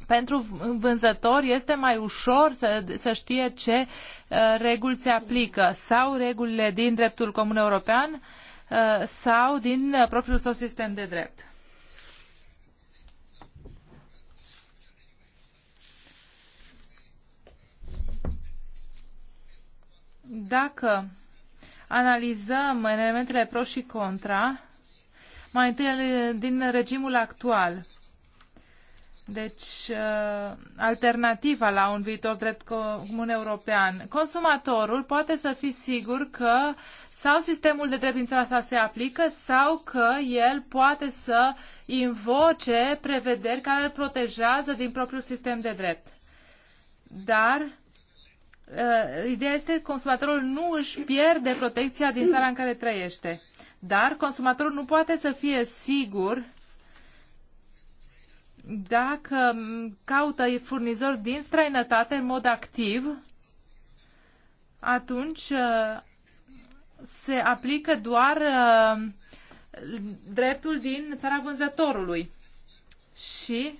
pentru vânzător este mai ușor să, să știe ce uh, reguli se aplică sau regulile din dreptul comun european uh, sau din uh, propriul său sistem de drept. Dacă analizăm elementele pro și contra, mai întâi din regimul actual, deci, uh, alternativa la un viitor drept comun european. Consumatorul poate să fie sigur că sau sistemul de drept din țara sa se aplică sau că el poate să invoce prevederi care îl protejează din propriul sistem de drept. Dar uh, ideea este că consumatorul nu își pierde protecția din țara în care trăiește. Dar consumatorul nu poate să fie sigur dacă caută furnizori din străinătate în mod activ, atunci uh, se aplică doar uh, dreptul din țara vânzătorului. Și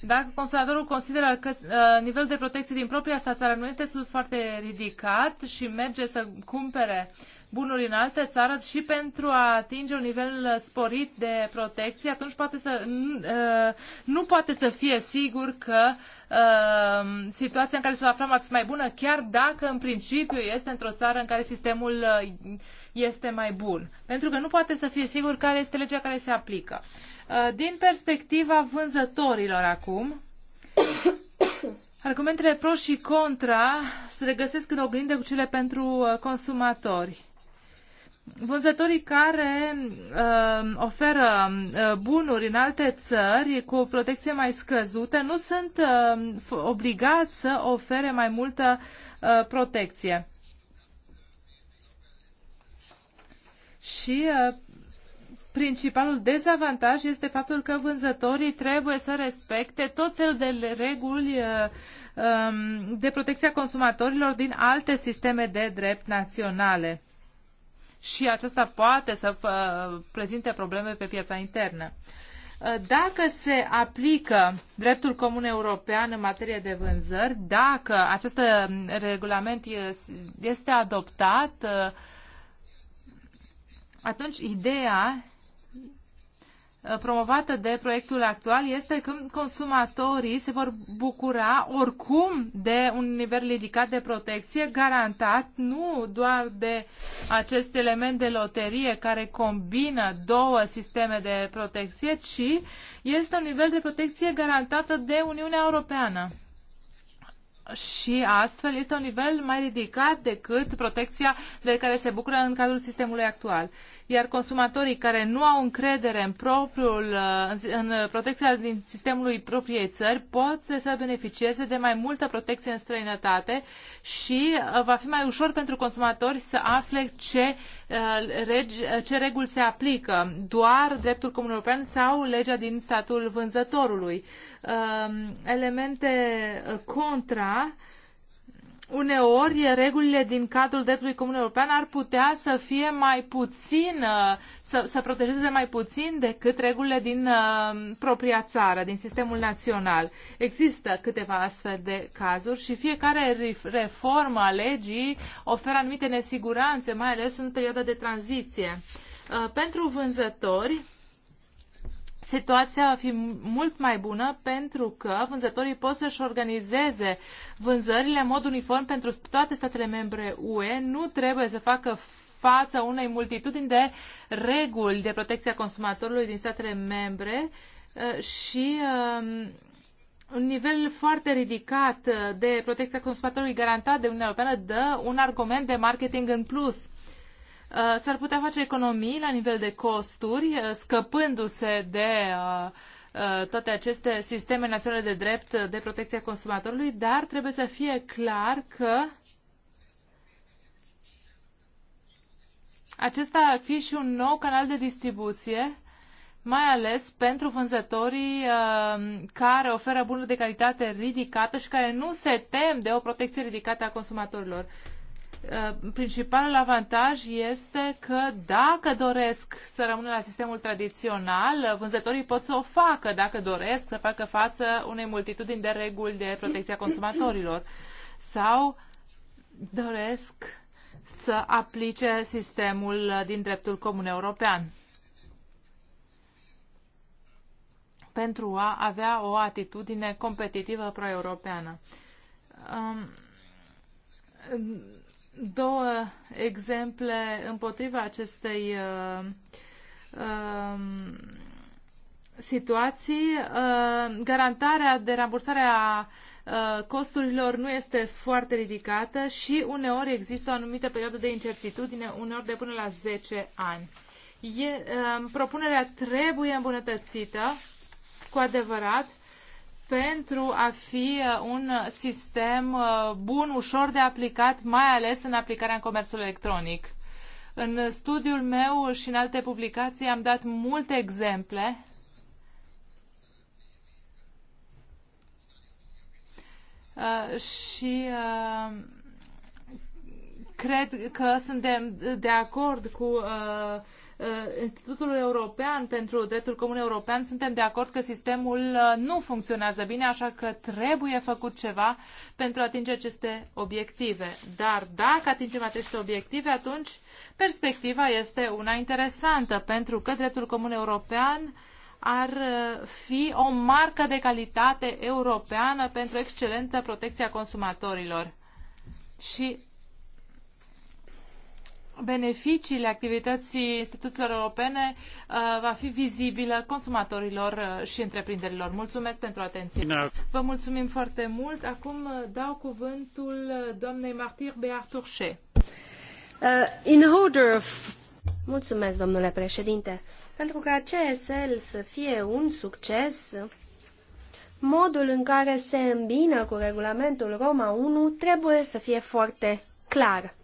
dacă consumatorul consideră că uh, nivelul de protecție din propria sa țară nu este foarte ridicat și merge să cumpere uh, bunuri în altă țară și pentru a atinge un nivel sporit de protecție, atunci poate să, uh, nu poate să fie sigur că uh, situația în care se va afla va fi mai bună, chiar dacă în principiu este într-o țară în care sistemul uh, este mai bun. Pentru că nu poate să fie sigur care este legea care se aplică. Din perspectiva vânzătorilor acum, Argumentele pro și contra se regăsesc în oglindă cu cele pentru consumatori vânzătorii care uh, oferă uh, bunuri în alte țări cu o protecție mai scăzută nu sunt uh, obligați să ofere mai multă uh, protecție. Și uh, principalul dezavantaj este faptul că vânzătorii trebuie să respecte tot fel de reguli uh, um, de protecția consumatorilor din alte sisteme de drept naționale și acesta poate să uh, prezinte probleme pe piața internă. Uh, dacă se aplică dreptul comun european în materie de vânzări, dacă acest um, regulament este adoptat, uh, atunci ideea promovată de proiectul actual este că consumatorii se vor bucura oricum de un nivel ridicat de protecție garantat nu doar de acest element de loterie care combină două sisteme de protecție, ci este un nivel de protecție garantată de Uniunea Europeană și astfel este un nivel mai ridicat decât protecția de care se bucură în cadrul sistemului actual iar consumatorii care nu au încredere în propriul, uh, în uh, protecția din sistemului propriei țări pot să beneficieze de mai multă protecție în străinătate și uh, va fi mai ușor pentru consumatori să afle ce, ce reguli se aplică, doar dreptul comun european sau legea din statul vânzătorului. Um, elemente contra uneori regulile din cadrul dreptului comun european ar putea să fie mai puțin, să, să protejeze mai puțin decât regulile din uh, propria țară, din sistemul național. Există câteva astfel de cazuri și fiecare reformă a legii oferă anumite nesiguranțe, mai ales în perioada de tranziție. Uh, pentru vânzători, situația va fi mult mai bună pentru că vânzătorii pot să-și organizeze vânzările în mod uniform pentru toate statele membre UE. Nu trebuie să facă față unei multitudini de reguli de protecție a consumatorului din statele membre uh, și um, un nivel foarte ridicat uh, de protecția consumatorului garantat de Uniunea Europeană dă un argument de marketing în plus Uh, s-ar putea face economii la nivel de costuri, uh, scăpându-se de uh, toate aceste sisteme naționale de drept de protecție a consumatorului, dar trebuie să fie clar că acesta ar fi și un nou canal de distribuție, mai ales pentru vânzătorii care oferă bunuri de calitate ridicată și care nu se tem de o protecție ridicată a consumatorilor. Uh, principalul avantaj este că dacă doresc să rămână la sistemul tradițional, vânzătorii pot să o facă dacă doresc să facă față unei multitudini de reguli de protecție a consumatorilor sau doresc să aplice sistemul din dreptul comun european pentru a avea o atitudine competitivă pro-europeană. Um, două exemple împotriva acestei uh, um, situații. Uh, garantarea de rambursare a uh, costurilor nu este foarte ridicată și uneori există o anumită perioadă de incertitudine, uneori de până la 10 ani. E, um, propunerea trebuie îmbunătățită cu adevărat pentru a fi uh, un sistem uh, bun, ușor de aplicat, mai ales în aplicarea în comerțul electronic. În studiul meu și în alte publicații am dat multe exemple uh, și cred că suntem de acord cu uh, Uh, Institutul European pentru Dreptul Comun European, suntem de acord că sistemul uh, nu funcționează bine, așa că trebuie făcut ceva pentru a atinge aceste obiective. Dar dacă atingem aceste obiective, atunci perspectiva este una interesantă, pentru că dreptul comun european ar uh, fi o marcă de calitate europeană pentru excelentă protecția consumatorilor. Și beneficiile activității instituțiilor europene uh, va fi vizibilă consumatorilor uh, și întreprinderilor. Mulțumesc pentru atenție. Vă mulțumim foarte mult. Acum uh, dau cuvântul doamnei martir Beat Turșe. Mulțumesc, domnule președinte. Pentru ca CSL să fie un succes, modul în care se îmbină cu regulamentul Roma 1 trebuie să fie foarte clar.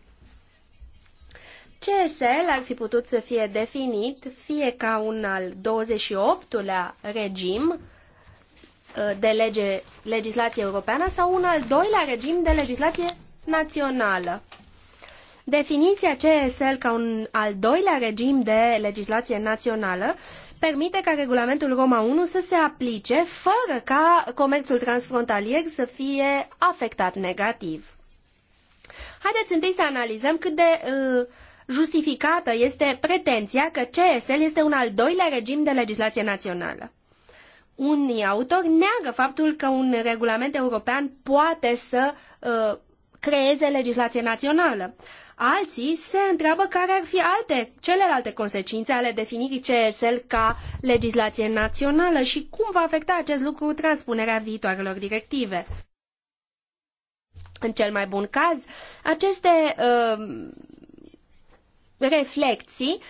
CSL ar fi putut să fie definit fie ca un al 28-lea regim uh, de lege, legislație europeană sau un al doilea regim de legislație națională. Definiția CSL ca un al doilea regim de legislație națională permite ca regulamentul Roma 1 să se aplice fără ca comerțul transfrontalier să fie afectat negativ. Haideți întâi să analizăm cât de uh, justificată este pretenția că CSL este un al doilea regim de legislație națională. Unii autori neagă faptul că un regulament european poate să uh, creeze legislație națională. Alții se întreabă care ar fi alte, celelalte consecințe ale definirii CSL ca legislație națională și cum va afecta acest lucru transpunerea viitoarelor directive. În cel mai bun caz, aceste uh, Reflecții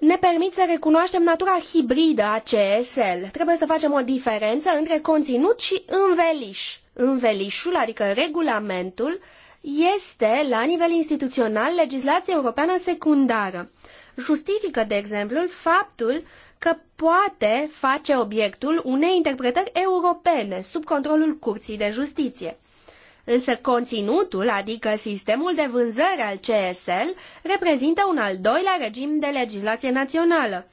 ne permit să recunoaștem natura hibridă a CSL. Trebuie să facem o diferență între conținut și înveliș. Învelișul, adică regulamentul, este, la nivel instituțional, legislație europeană secundară. Justifică, de exemplu, faptul că poate face obiectul unei interpretări europene sub controlul Curții de Justiție. Însă conținutul, adică sistemul de vânzări al CSL, reprezintă un al doilea regim de legislație națională.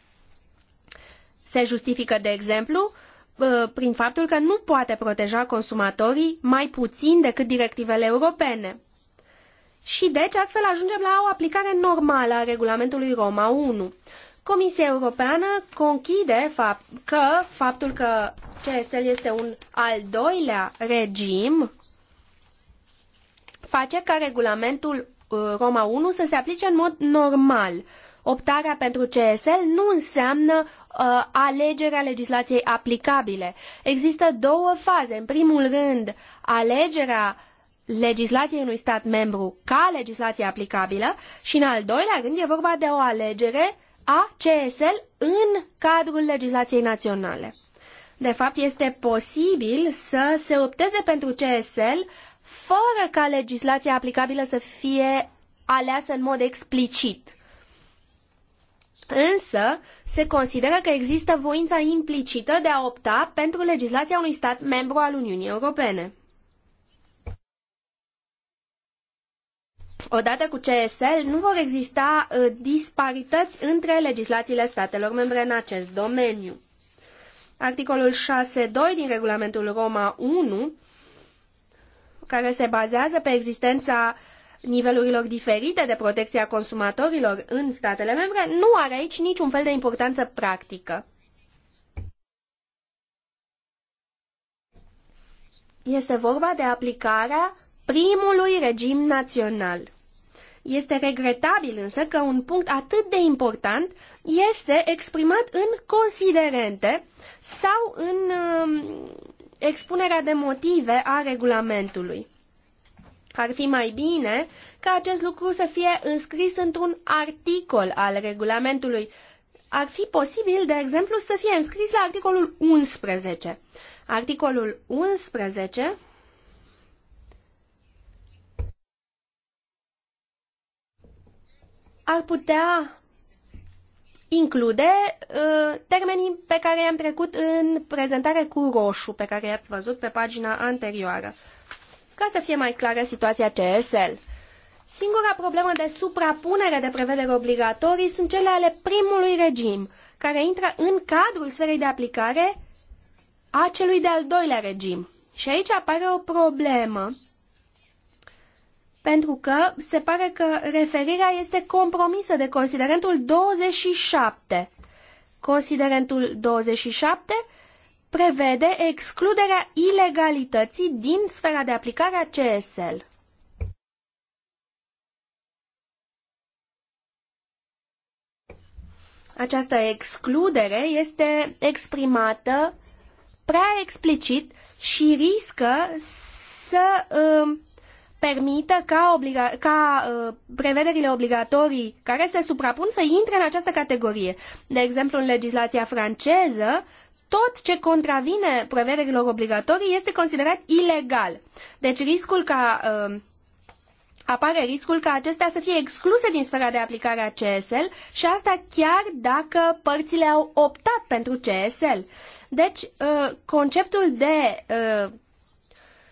Se justifică, de exemplu, uh, prin faptul că nu poate proteja consumatorii mai puțin decât directivele europene. Și deci astfel ajungem la o aplicare normală a regulamentului Roma 1. Comisia Europeană conchide că faptul că CSL este un al doilea regim face ca regulamentul uh, Roma 1 să se aplice în mod normal. Optarea pentru CSL nu înseamnă uh, alegerea legislației aplicabile. Există două faze. În primul rând, alegerea legislației unui stat membru ca legislație aplicabilă și în al doilea rând e vorba de o alegere a CSL în cadrul legislației naționale. De fapt, este posibil să se opteze pentru CSL fără ca legislația aplicabilă să fie aleasă în mod explicit. Însă, se consideră că există voința implicită de a opta pentru legislația unui stat membru al Uniunii Europene. Odată cu CSL, nu vor exista uh, disparități între legislațiile statelor membre în acest domeniu. Articolul 6.2 din regulamentul Roma 1 care se bazează pe existența nivelurilor diferite de protecție a consumatorilor în statele membre, nu are aici niciun fel de importanță practică. Este vorba de aplicarea primului regim național. Este regretabil însă că un punct atât de important este exprimat în considerente sau în um, expunerea de motive a regulamentului. Ar fi mai bine ca acest lucru să fie înscris într-un articol al regulamentului. Ar fi posibil, de exemplu, să fie înscris la articolul 11. Articolul 11 ar putea include uh, termenii pe care i-am trecut în prezentare cu roșu, pe care i-ați văzut pe pagina anterioară, ca să fie mai clară situația CSL. Singura problemă de suprapunere de prevederi obligatorii sunt cele ale primului regim, care intră în cadrul sferei de aplicare a celui de-al doilea regim. Și aici apare o problemă pentru că se pare că referirea este compromisă de considerentul 27. Considerentul 27 prevede excluderea ilegalității din sfera de aplicare a CSL. Această excludere este exprimată prea explicit și riscă să uh, permită ca, obliga- ca uh, prevederile obligatorii care se suprapun să intre în această categorie. De exemplu, în legislația franceză, tot ce contravine prevederilor obligatorii este considerat ilegal. Deci riscul ca uh, apare riscul ca acestea să fie excluse din sfera de aplicare a CSL și asta chiar dacă părțile au optat pentru CSL. Deci, uh, conceptul de uh,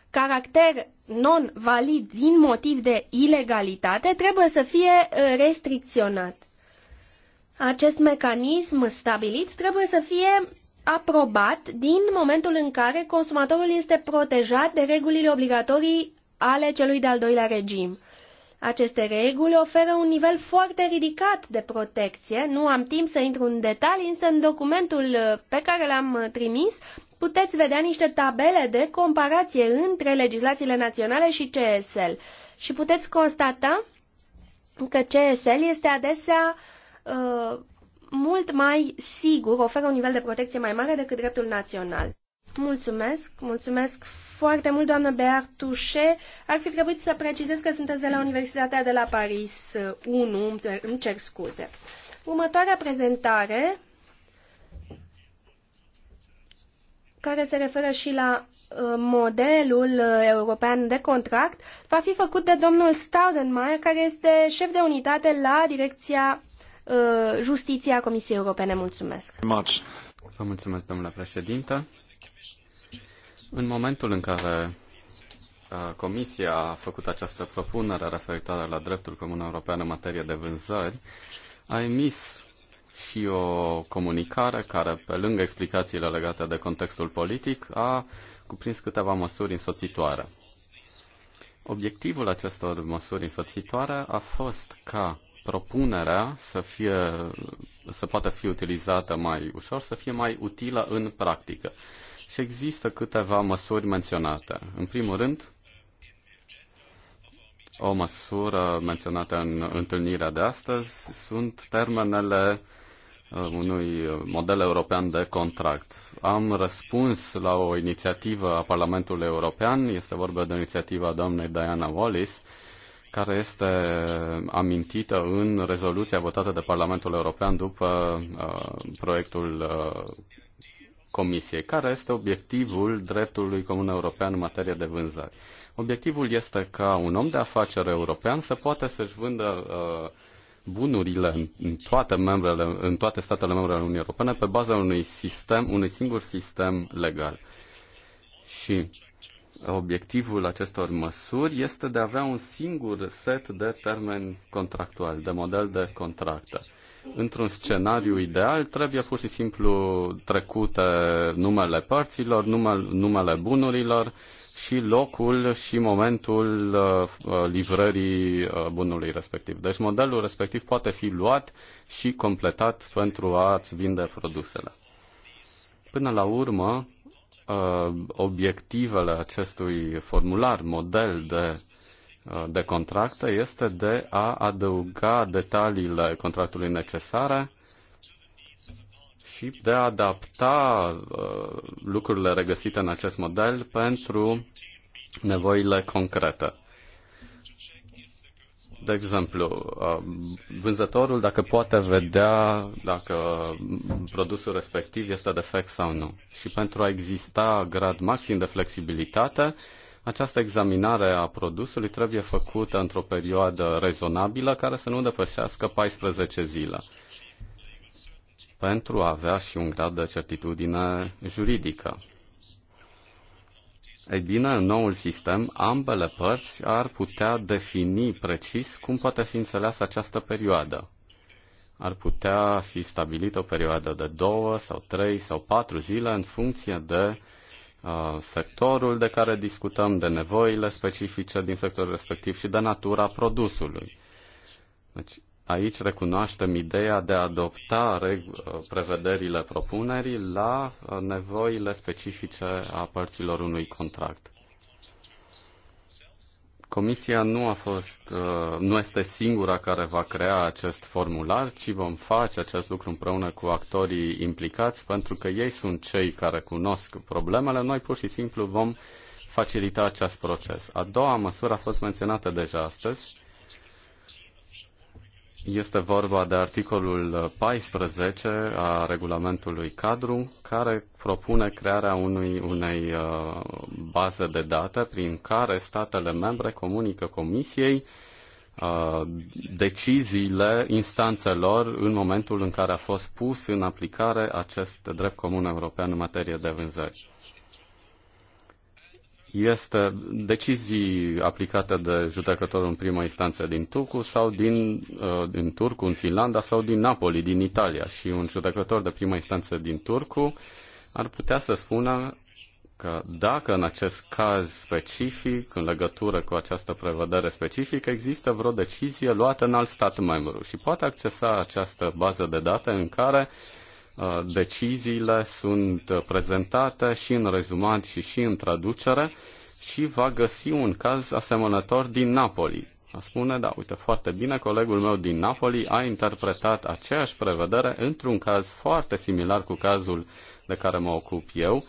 caracter non-valid din motiv de ilegalitate trebuie să fie uh, restricționat. Acest mecanism stabilit trebuie să fie aprobat din momentul în care consumatorul este protejat de regulile obligatorii ale celui de-al doilea regim. Aceste reguli oferă un nivel foarte ridicat de protecție. Nu am timp să intru în detalii, însă în documentul uh, pe care l-am uh, trimis puteți vedea niște tabele de comparație între legislațiile naționale și CSL și puteți constata că CSL este adesea uh, mult mai sigur, oferă un nivel de protecție mai mare decât dreptul național. Mulțumesc, mulțumesc foarte mult, doamnă Bear Touche. Ar fi trebuit să precizez că sunteți de la Universitatea de la Paris 1, îmi cer scuze. Următoarea prezentare care se referă și la uh, modelul uh, european de contract, va fi făcut de domnul Staudenmayer, care este șef de unitate la Direcția uh, Justiția Comisiei Europene. Mulțumesc! Vă mulțumesc, domnule președinte. În momentul în care Comisia a făcut această propunere referitoare la dreptul comun european în materie de vânzări, a emis și o comunicare care, pe lângă explicațiile legate de contextul politic, a cuprins câteva măsuri însoțitoare. Obiectivul acestor măsuri însoțitoare a fost ca propunerea să, fie, să poată fi utilizată mai ușor, să fie mai utilă în practică. Și există câteva măsuri menționate. În primul rând, o măsură menționată în întâlnirea de astăzi sunt termenele Uh, unui model european de contract. Am răspuns la o inițiativă a Parlamentului European, este vorba de inițiativa doamnei Diana Wallis, care este amintită în rezoluția votată de Parlamentul European după uh, proiectul uh, Comisiei, care este obiectivul dreptului comun european în materie de vânzări. Obiectivul este ca un om de afaceri european să poată să-și vândă uh, bunurile în toate, membrele, în toate statele membre ale Uniunii Europene pe baza unui sistem, unui singur sistem legal. Și obiectivul acestor măsuri este de a avea un singur set de termeni contractuali, de model de contracte. Într-un scenariu ideal trebuie pur și simplu trecute numele părților, numele, numele bunurilor, și locul și momentul uh, uh, livrării uh, bunului respectiv. Deci modelul respectiv poate fi luat și completat pentru a-ți vinde produsele. Până la urmă, obiectivele acestui formular, model de, de contract este de a adăuga detaliile contractului necesare și de a adapta lucrurile regăsite în acest model pentru nevoile concrete. De exemplu, vânzătorul dacă poate vedea dacă produsul respectiv este defect sau nu. Și pentru a exista grad maxim de flexibilitate, această examinare a produsului trebuie făcută într-o perioadă rezonabilă care să nu depășească 14 zile pentru a avea și un grad de certitudine juridică. Ei bine, în noul sistem, ambele părți ar putea defini precis cum poate fi înțeleasă această perioadă. Ar putea fi stabilită o perioadă de două sau trei sau patru zile în funcție de uh, sectorul de care discutăm, de nevoile specifice din sectorul respectiv și de natura produsului. Deci, Aici recunoaștem ideea de a adopta prevederile propunerii la uh, nevoile specifice a părților unui contract. Comisia nu a fost, uh, nu este singura care va crea acest formular, ci vom face acest lucru împreună cu actorii implicați, pentru că ei sunt cei care cunosc problemele. Noi pur și simplu vom facilita acest proces. A doua măsură a fost menționată deja astăzi, este vorba de articolul 14 a regulamentului cadru, care propune crearea unui, unei uh, baze de date prin care statele membre comunică Comisiei uh, deciziile instanțelor în momentul în care a fost pus în aplicare acest drept comun european în materie de vânzări este decizii aplicate de judecătorul în prima instanță din Turcu sau din, uh, din Turcu în Finlanda sau din Napoli, din Italia. Și un judecător de prima instanță din Turcu ar putea să spună că dacă în acest caz specific, în legătură cu această prevedere specifică, există vreo decizie luată în alt stat membru și poate accesa această bază de date în care uh, Uh, deciziile sunt uh, prezentate și în rezumat și și în traducere și va găsi un caz asemănător din Napoli. A spune, da, uite, foarte bine, colegul meu din Napoli a interpretat aceeași prevedere într-un caz foarte similar cu cazul de care mă ocup eu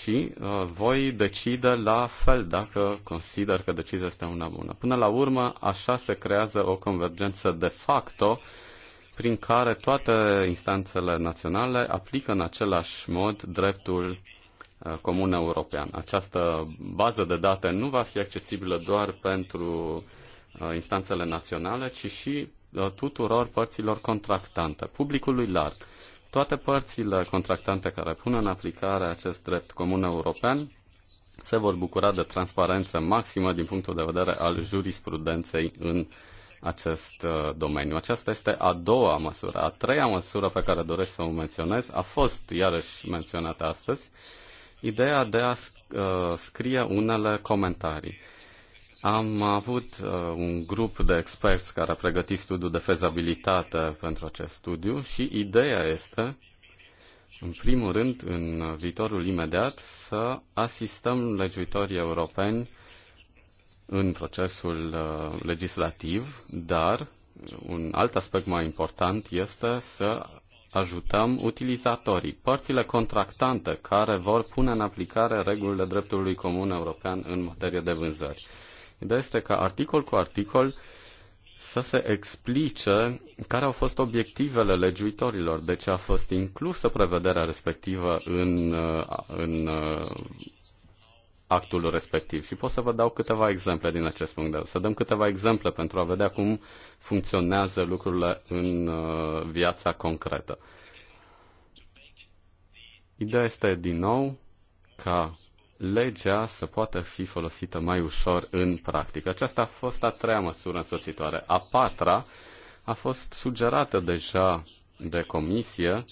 și uh, voi decide la fel dacă consider că decizia este una bună. Până la urmă, așa se creează o convergență de facto uh, prin care toate instanțele naționale aplică în același mod dreptul uh, comun european. Această bază de date nu va fi accesibilă doar pentru uh, instanțele naționale, ci și uh, tuturor părților contractante, publicului larg. Toate părțile contractante care pun în aplicare acest drept comun european se vor bucura de transparență maximă din punctul de vedere al jurisprudenței în uh, acest uh, domeniu. Aceasta este a doua măsură. A treia măsură pe care doresc să o menționez a fost iarăși menționată astăzi, ideea de a uh, scrie unele comentarii. Am avut uh, un grup de experți care a pregătit studiul de fezabilitate pentru acest studiu și ideea este, în primul rând, în viitorul imediat, să asistăm legiuitorii europeni în procesul uh, legislativ, dar un alt aspect mai important este să ajutăm utilizatorii, părțile contractante care vor pune în aplicare regulile dreptului comun european în materie de vânzări. Ideea este ca articol cu articol să se explice care au fost obiectivele legiuitorilor, de deci ce a fost inclusă prevederea respectivă în, uh, în uh, actul respectiv. Și pot să vă dau câteva exemple din acest punct de vedere. Să dăm câteva exemple pentru a vedea cum funcționează lucrurile în uh, viața concretă. Ideea este, din nou, ca legea să poată fi folosită mai ușor în practică. Aceasta a fost a treia măsură însoțitoare. A patra a fost sugerată deja de comisie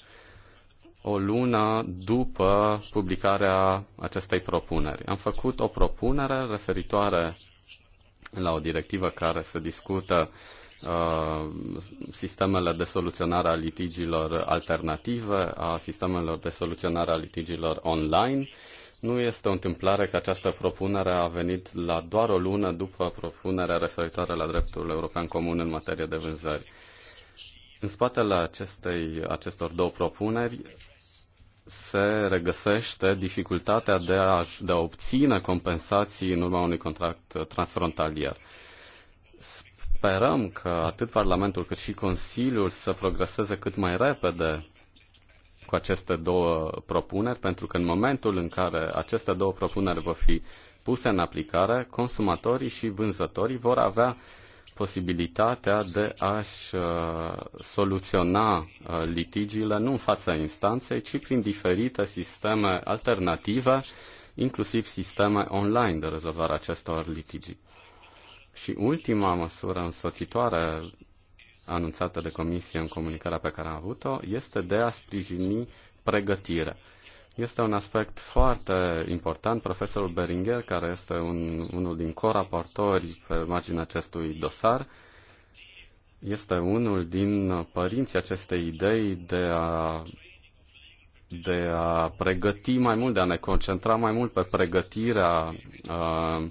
o lună după publicarea acestei propuneri. Am făcut o propunere referitoare la o directivă care se discută uh, sistemele de soluționare a litigiilor alternative, a sistemelor de soluționare a litigiilor online. Nu este o întâmplare că această propunere a venit la doar o lună după propunerea referitoare la dreptul european comun în materie de vânzări. În spatele acestei, acestor două propuneri se regăsește dificultatea de a, de a obține compensații în urma unui contract transfrontalier. Sperăm că atât Parlamentul cât și Consiliul să progreseze cât mai repede cu aceste două propuneri, pentru că în momentul în care aceste două propuneri vor fi puse în aplicare, consumatorii și vânzătorii vor avea posibilitatea de a-și uh, soluționa uh, litigiile nu în fața instanței, ci prin diferite sisteme alternative, inclusiv sisteme online de rezolvare acestor litigii. Și ultima măsură însoțitoare anunțată de Comisie în comunicarea pe care am avut-o este de a sprijini pregătirea. Este un aspect foarte important. Profesorul Beringer, care este un, unul din coraportori pe marginea acestui dosar, este unul din părinții acestei idei de a, de a pregăti mai mult, de a ne concentra mai mult pe pregătirea uh,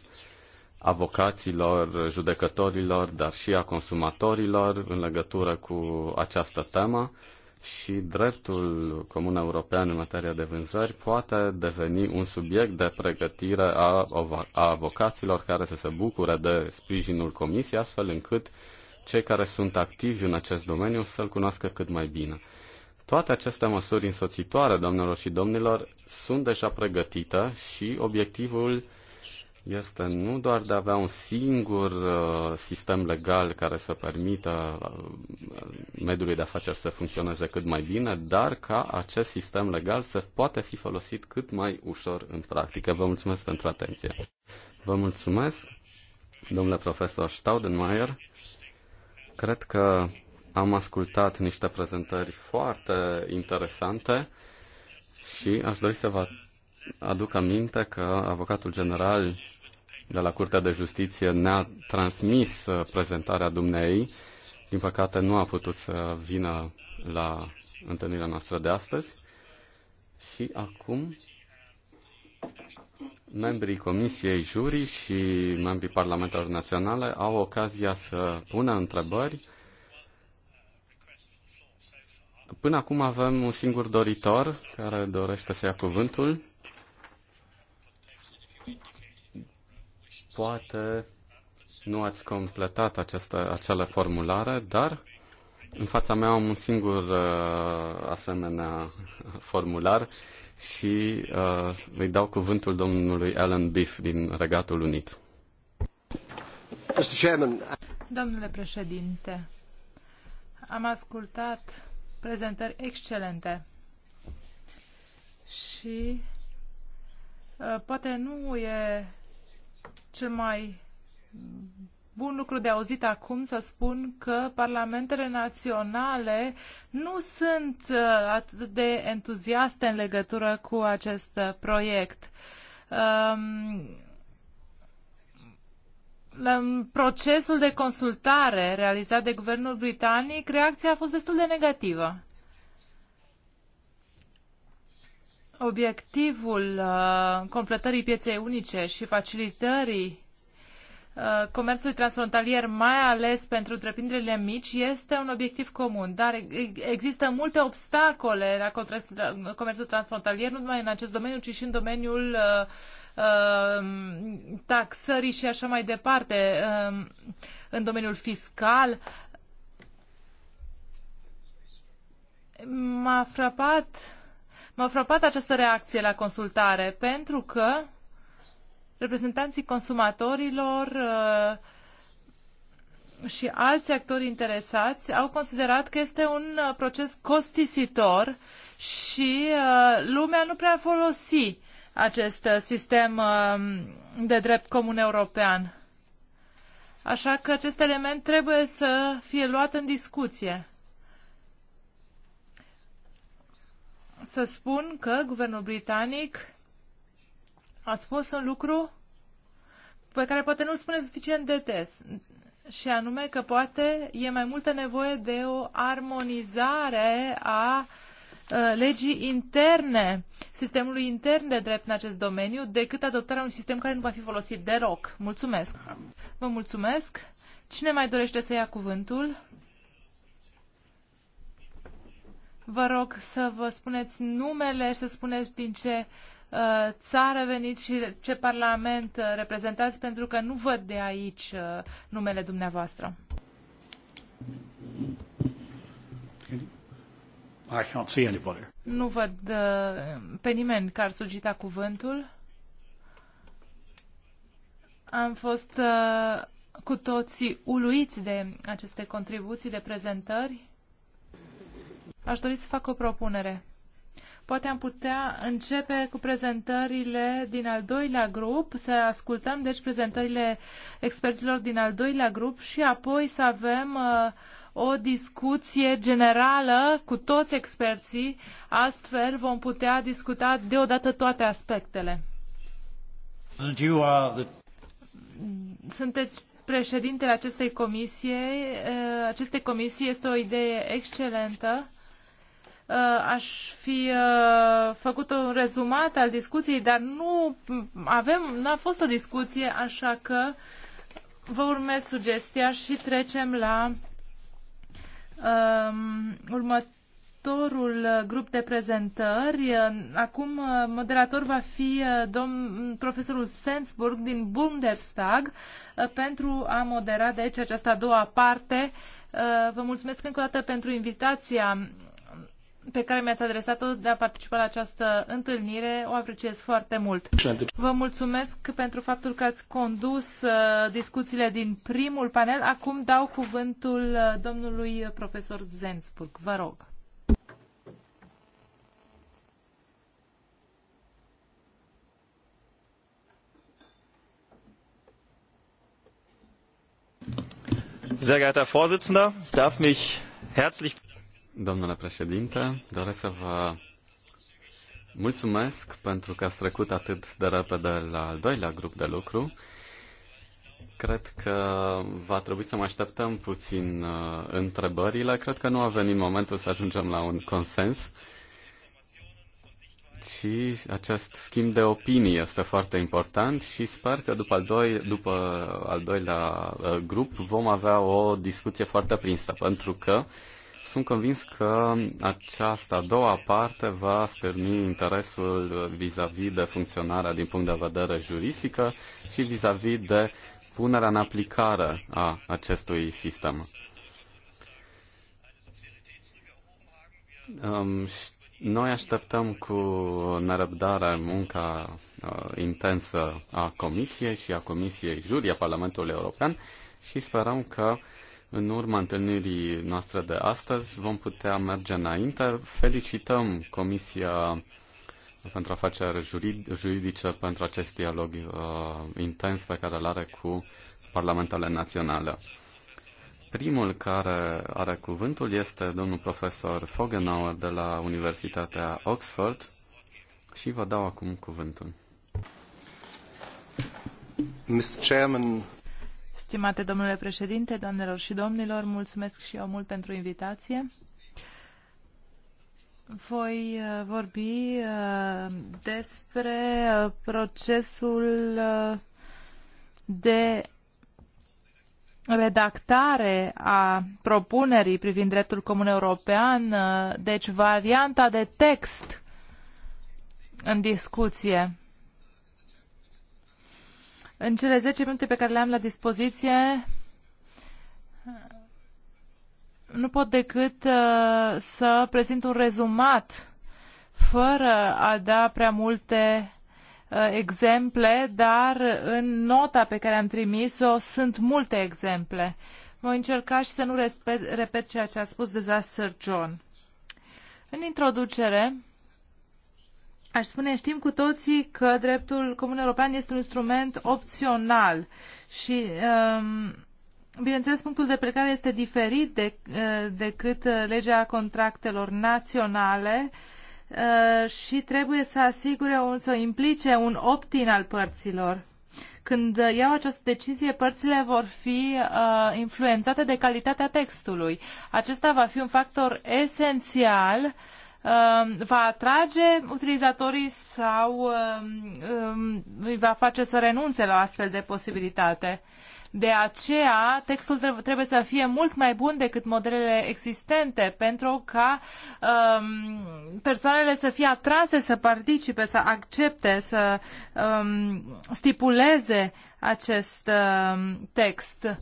avocaților, judecătorilor, dar și a consumatorilor în legătură cu această temă. Uh, și dreptul comun european în materie de vânzări poate deveni un subiect de pregătire a, a avocaților care să se bucure de sprijinul comisiei, astfel încât cei care sunt activi în acest domeniu să-l cunoască cât mai bine. Toate aceste măsuri însoțitoare, doamnelor și domnilor, sunt deja pregătite și obiectivul este nu doar de a avea un singur uh, sistem legal care să permită uh, mediului de afaceri să funcționeze cât mai bine, dar ca acest sistem legal să poate fi folosit cât mai ușor în practică. Vă mulțumesc pentru atenție. Vă mulțumesc, domnule profesor Staudenmayer. Cred că am ascultat niște prezentări foarte interesante și aș dori să vă aduc aminte că avocatul general de la Curtea de Justiție ne-a transmis uh, prezentarea dumnei. Din păcate nu a putut să vină la întâlnirea noastră de astăzi. Și acum membrii Comisiei Jurii și membrii Parlamentelor Naționale au ocazia să pună întrebări. Până acum avem un singur doritor care dorește să ia cuvântul. poate nu ați completat această, acele formulare, dar în fața mea am un singur uh, asemenea formular și uh, îi dau cuvântul domnului Alan Biff din Regatul Unit. Uh, Domnule președinte, am ascultat prezentări excelente și uh, poate nu e cel mai bun lucru de auzit acum să spun că parlamentele naționale nu sunt uh, atât de entuziaste în legătură cu acest uh, proiect. Um, procesul de consultare realizat de guvernul britanic, reacția a fost destul de negativă. obiectivul uh, completării pieței unice și facilitării uh, comerțului transfrontalier, mai ales pentru întreprinderile mici, este un obiectiv comun, dar există multe obstacole la comerțul transfrontalier, nu numai în acest domeniu, ci și în domeniul uh, taxării și așa mai departe, um, în domeniul fiscal. M-a frapat M-a frapat această reacție la consultare pentru că reprezentanții consumatorilor uh, și alți actori interesați au considerat că este un uh, proces costisitor și uh, lumea nu prea folosi acest sistem um, de drept comun european. Așa că acest element trebuie să fie luat în discuție. să spun că guvernul britanic a spus un lucru pe care poate nu spune suficient de des, și anume că poate e mai multă nevoie de o armonizare a legii interne, sistemului intern de drept în acest domeniu, decât adoptarea unui sistem care nu va fi folosit deloc. Mulțumesc! Vă mulțumesc! Cine mai dorește să ia cuvântul? Vă rog să vă spuneți numele și să spuneți din ce uh, țară veniți și ce parlament uh, reprezentați, pentru că nu văd de aici uh, numele dumneavoastră. I can't see anybody. Nu văd pe nimeni care sugita cuvântul. Am fost cu toții uluiți de aceste contribuții, de prezentări. Aș dori să fac o propunere. Poate am putea începe cu prezentările din al doilea grup, să ascultăm deci prezentările experților din al doilea grup și apoi să avem uh, o discuție generală cu toți experții, astfel vom putea discuta deodată toate aspectele. Sunteți președintele acestei comisie. Uh, Aceste comisie este o idee excelentă Uh, aș fi uh, făcut un rezumat al discuției, dar nu avem, n-a fost o discuție, așa că vă urmez sugestia și trecem la um, următorul grup de prezentări. Uh, acum moderator va fi domn profesorul Sensburg din Bundestag pentru a modera deci această a doua parte. Vă mulțumesc încă o dată pentru invitația pe care mi-ați adresat-o de a participa la această întâlnire. O apreciez foarte mult. Vă mulțumesc pentru faptul că ați condus uh, discuțiile din primul panel. Acum dau cuvântul uh, domnului profesor Zensburg. Vă rog. Sehr geehrter Vorsitzender, ich darf mich herzlich Domnule președinte, doresc să vă mulțumesc pentru că ați trecut atât de repede la al doilea grup de lucru. Cred că va trebui să mai așteptăm puțin uh, întrebările. Cred că nu a venit momentul să ajungem la un consens. Și acest schimb de opinii este foarte important și sper că după al, doi, după al doilea uh, grup vom avea o discuție foarte prinsă, pentru că uh, sunt convins că această a doua parte va stârni interesul vis-a-vis de funcționarea din punct de vedere juristică și vis-a-vis de punerea în aplicare a acestui sistem. Um, noi așteptăm cu nerăbdare munca uh, intensă a Comisiei și a Comisiei Jurii a Parlamentului European și sperăm că uh, în urma întâlnirii noastre de astăzi vom putea merge înainte. Felicităm Comisia pentru afaceri juridice pentru acest dialog uh, intens pe care îl are cu parlamentele naționale. Primul care are cuvântul este domnul profesor Fogenauer de la Universitatea Oxford și vă dau acum cuvântul. Mr. Chairman, Stimate domnule președinte, doamnelor și domnilor, mulțumesc și eu mult pentru invitație. Voi uh, vorbi uh, despre uh, procesul de redactare a propunerii privind dreptul comun european, deci varianta de text în discuție. În cele 10 minute pe care le am la dispoziție, nu pot decât uh, să prezint un rezumat fără a da prea multe uh, exemple, dar în nota pe care am trimis-o sunt multe exemple. Voi încerca și să nu respet, repet ceea ce a spus deja Sir John. În introducere, aș spune, știm cu toții că dreptul comun european este un instrument opțional și, um, bineînțeles, punctul de plecare este diferit de, uh, decât uh, legea contractelor naționale uh, și trebuie să asigure, un, să implice un opt-in al părților. Când iau această decizie, părțile vor fi uh, influențate de calitatea textului. Acesta va fi un factor esențial uh, Um, va atrage utilizatorii sau um, um, îi va face să renunțe la astfel de posibilitate. De aceea, textul trebuie să fie mult mai bun decât modelele existente pentru ca um, persoanele să fie atrase să participe, să accepte, să um, stipuleze acest um, text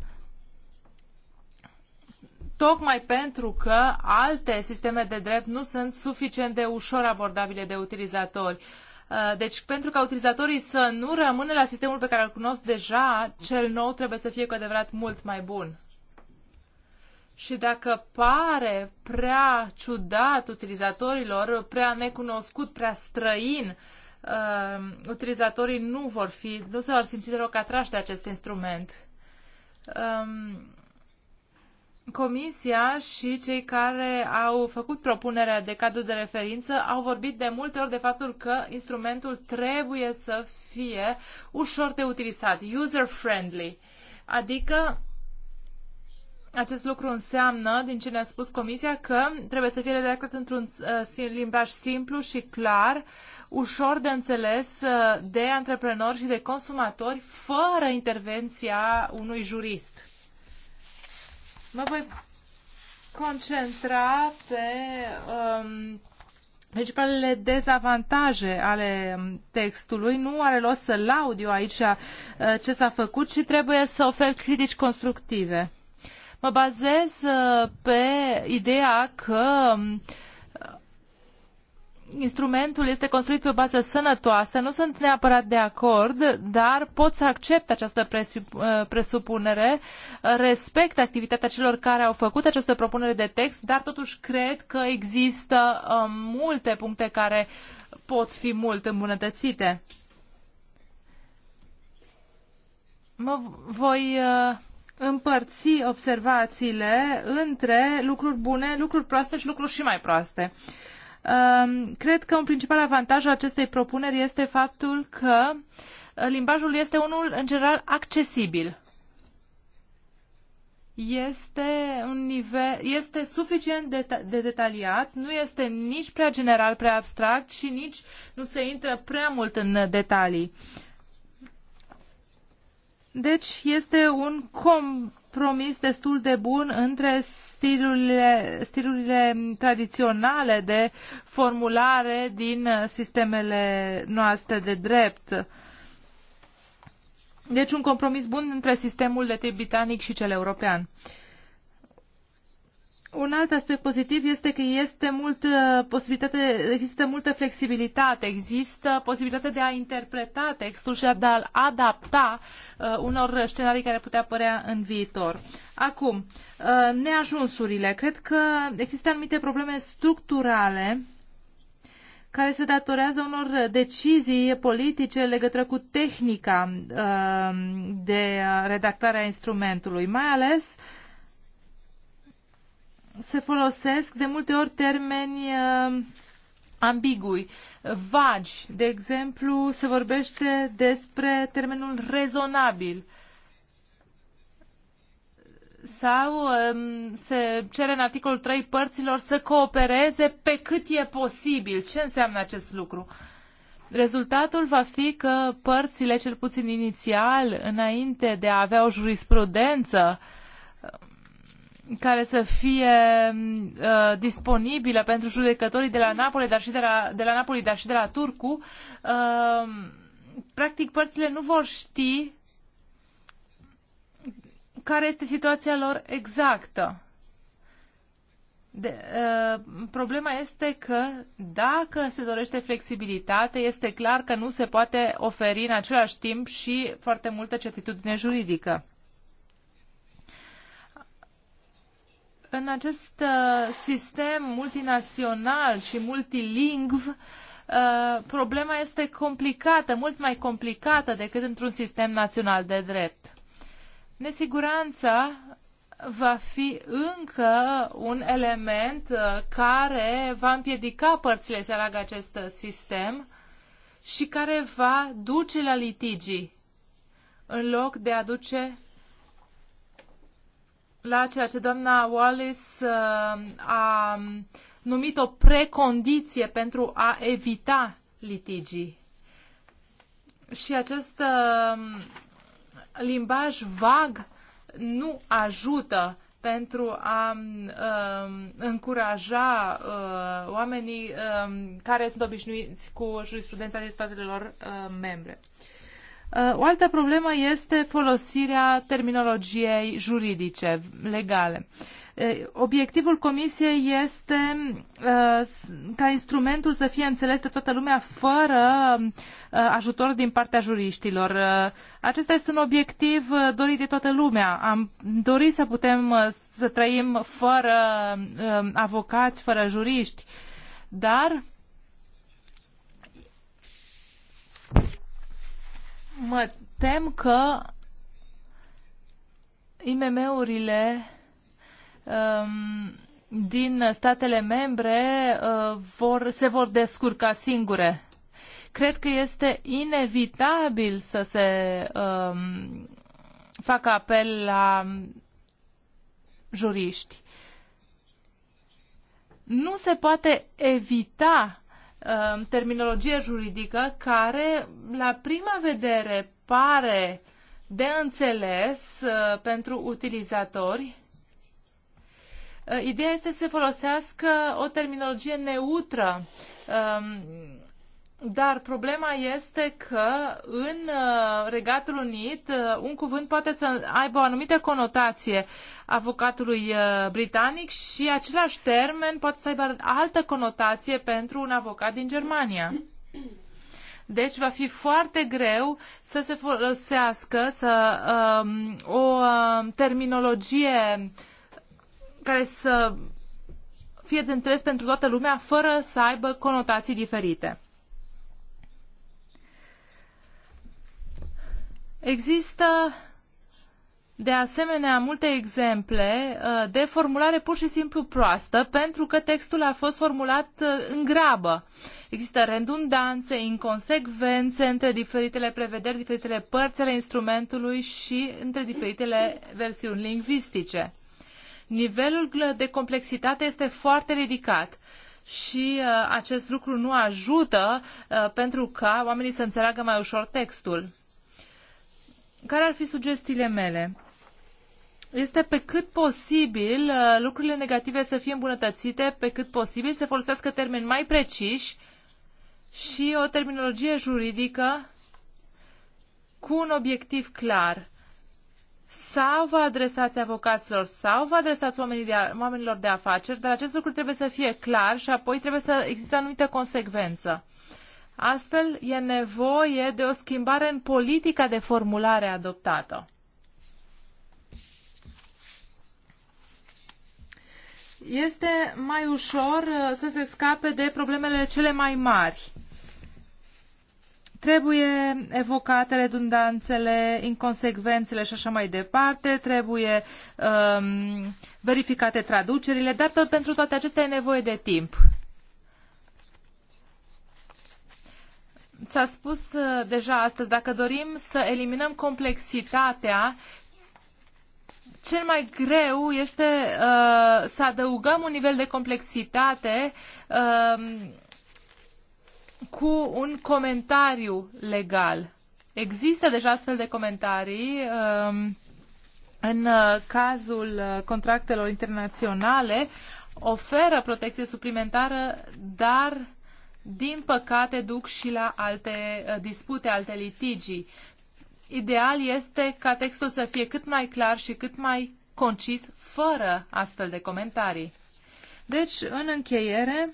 tocmai pentru că alte sisteme de drept nu sunt suficient de ușor abordabile de utilizatori. Uh, deci, pentru ca utilizatorii să nu rămână la sistemul pe care îl cunosc deja, cel nou trebuie să fie cu adevărat mult mai bun. Și dacă pare prea ciudat utilizatorilor, prea necunoscut, prea străin, uh, utilizatorii nu vor fi, nu se vor simți deloc atrași de acest instrument. Um, Comisia și cei care au făcut propunerea de cadru de referință au vorbit de multe ori de faptul că instrumentul trebuie să fie ușor de utilizat, user-friendly. Adică acest lucru înseamnă, din ce ne-a spus Comisia, că trebuie să fie redactat într-un uh, limbaj simplu și clar, ușor de înțeles uh, de antreprenori și de consumatori, fără intervenția unui jurist. Mă voi concentra pe um, principalele dezavantaje ale um, textului. Nu are loc să laud eu aici uh, ce s-a făcut, ci trebuie să ofer critici constructive. Mă bazez uh, pe ideea că uh, instrumentul este construit pe o bază sănătoasă. Nu sunt neapărat de acord, dar pot să accept această uh, presupunere, respect activitatea celor care au făcut această propunere de text, dar totuși cred că există uh, multe puncte care pot fi mult îmbunătățite. Mă voi uh, împărți observațiile între lucruri bune, lucruri proaste și lucruri și mai proaste. Ehm, cred că un principal avantaj al acestei propuneri este faptul că eh, limbajul este unul, în general, accesibil. Este, un nivel, este suficient de, de detaliat, nu este nici prea general, prea abstract și nici nu se intră prea mult în detalii. Uh, deci este un compromis destul de bun între stilurile, stilurile tradiționale de formulare din sistemele noastre de drept. Deci un compromis bun între sistemul de tip britanic și cel european. Uh, un alt aspect pozitiv este că este multă uh, posibilitate, există multă flexibilitate, există posibilitatea de a interpreta textul și de a adapta uh, unor scenarii care putea apărea în viitor. Acum, uh, neajunsurile. Cred că există anumite probleme structurale care se datorează unor decizii politice legătură cu tehnica uh, de redactare a instrumentului, mai ales uh, se folosesc de multe ori termeni uh, ambigui, vagi. De exemplu, se vorbește despre termenul rezonabil sau um, se cere în articolul 3 părților să coopereze pe cât e posibil. Ce înseamnă acest lucru? Rezultatul va fi că părțile, cel puțin inițial, înainte de a avea o jurisprudență uh, care să fie mm, uh, pentru judecătorii de la Napoli, dar și de la, de la Napoli, dar și de la Turcu, uh, practic părțile nu vor ști care este situația lor exactă. De, uh, problema este că dacă se dorește flexibilitate, este clar că nu se poate oferi în același timp și foarte multă certitudine juridică. în acest uh, sistem multinațional și multilingv, uh, problema este complicată, mult mai complicată decât într-un sistem național de drept. Nesiguranța va fi încă un element uh, care va împiedica părțile să aleagă acest sistem și care va duce la litigii în loc de a duce la ceea ce doamna Wallis uh, a numit o precondiție pentru a evita litigii. Și acest uh, limbaj vag nu ajută pentru a uh, încuraja uh, oamenii uh, care sunt obișnuiți cu jurisprudența de statelor uh, membre. Uh, Uh, o altă problemă este folosirea terminologiei juridice, legale. Uh, obiectivul comisiei este uh, ca instrumentul să fie înțeles de toată lumea fără ajutor din partea juriștilor. Acesta este un obiectiv dorit de toată lumea. Am dorit să putem să trăim fără avocați, fără juriști, dar Mă tem că IMM-urile um, din statele membre uh, vor, se vor descurca singure. Cred că este inevitabil să se um, facă apel la juriști. Nu se poate evita Um, terminologie juridică care, la prima vedere, pare de înțeles uh, pentru utilizatori. Uh, ideea este să folosească o terminologie neutră, um, dar problema este că în uh, Regatul Unit uh, un cuvânt poate să aibă o anumită conotație avocatului uh, britanic și același termen poate să aibă altă conotație pentru un avocat din Germania. Deci va fi foarte greu să se folosească să, um, o um, terminologie care să fie de interes pentru toată lumea fără să aibă conotații diferite. Există de asemenea multe exemple uh, de formulare pur și simplu proastă pentru că textul a fost formulat uh, în grabă. Există redundanțe, inconsecvențe între diferitele prevederi, diferitele părți ale instrumentului și între diferitele versiuni lingvistice. Nivelul de complexitate este foarte ridicat și uh, acest lucru nu ajută pentru ca oamenii să înțeleagă mai ușor textul care ar fi sugestiile mele? Este pe cât posibil uh, lucrurile negative să fie îmbunătățite, pe cât posibil să folosească termeni mai preciși și o terminologie juridică cu un obiectiv clar. Sau vă adresați avocaților, sau vă adresați oamenii de a, oamenilor de afaceri, dar acest lucru trebuie să fie clar și apoi trebuie să existe anumită consecvență. Uh, Astfel, e nevoie de o schimbare în politica de formulare adoptată. Este mai ușor uh, să se scape de problemele cele mai mari. Trebuie evocate redundanțele, inconsecvențele și așa mai departe, trebuie um, verificate traducerile, dar tot pentru toate acestea e nevoie de timp. S-a spus uh, deja astăzi, dacă dorim să eliminăm complexitatea, cel mai greu este uh, să adăugăm un nivel de complexitate uh, cu un comentariu legal. Există deja astfel de comentarii um, uh, în cazul uh, contractelor internaționale, oferă protecție suplimentară, dar uh, din păcate duc și la alte uh, dispute, alte litigii. Ideal este ca textul să fie cât mai clar și cât mai concis, fără astfel de comentarii. Deci, în încheiere,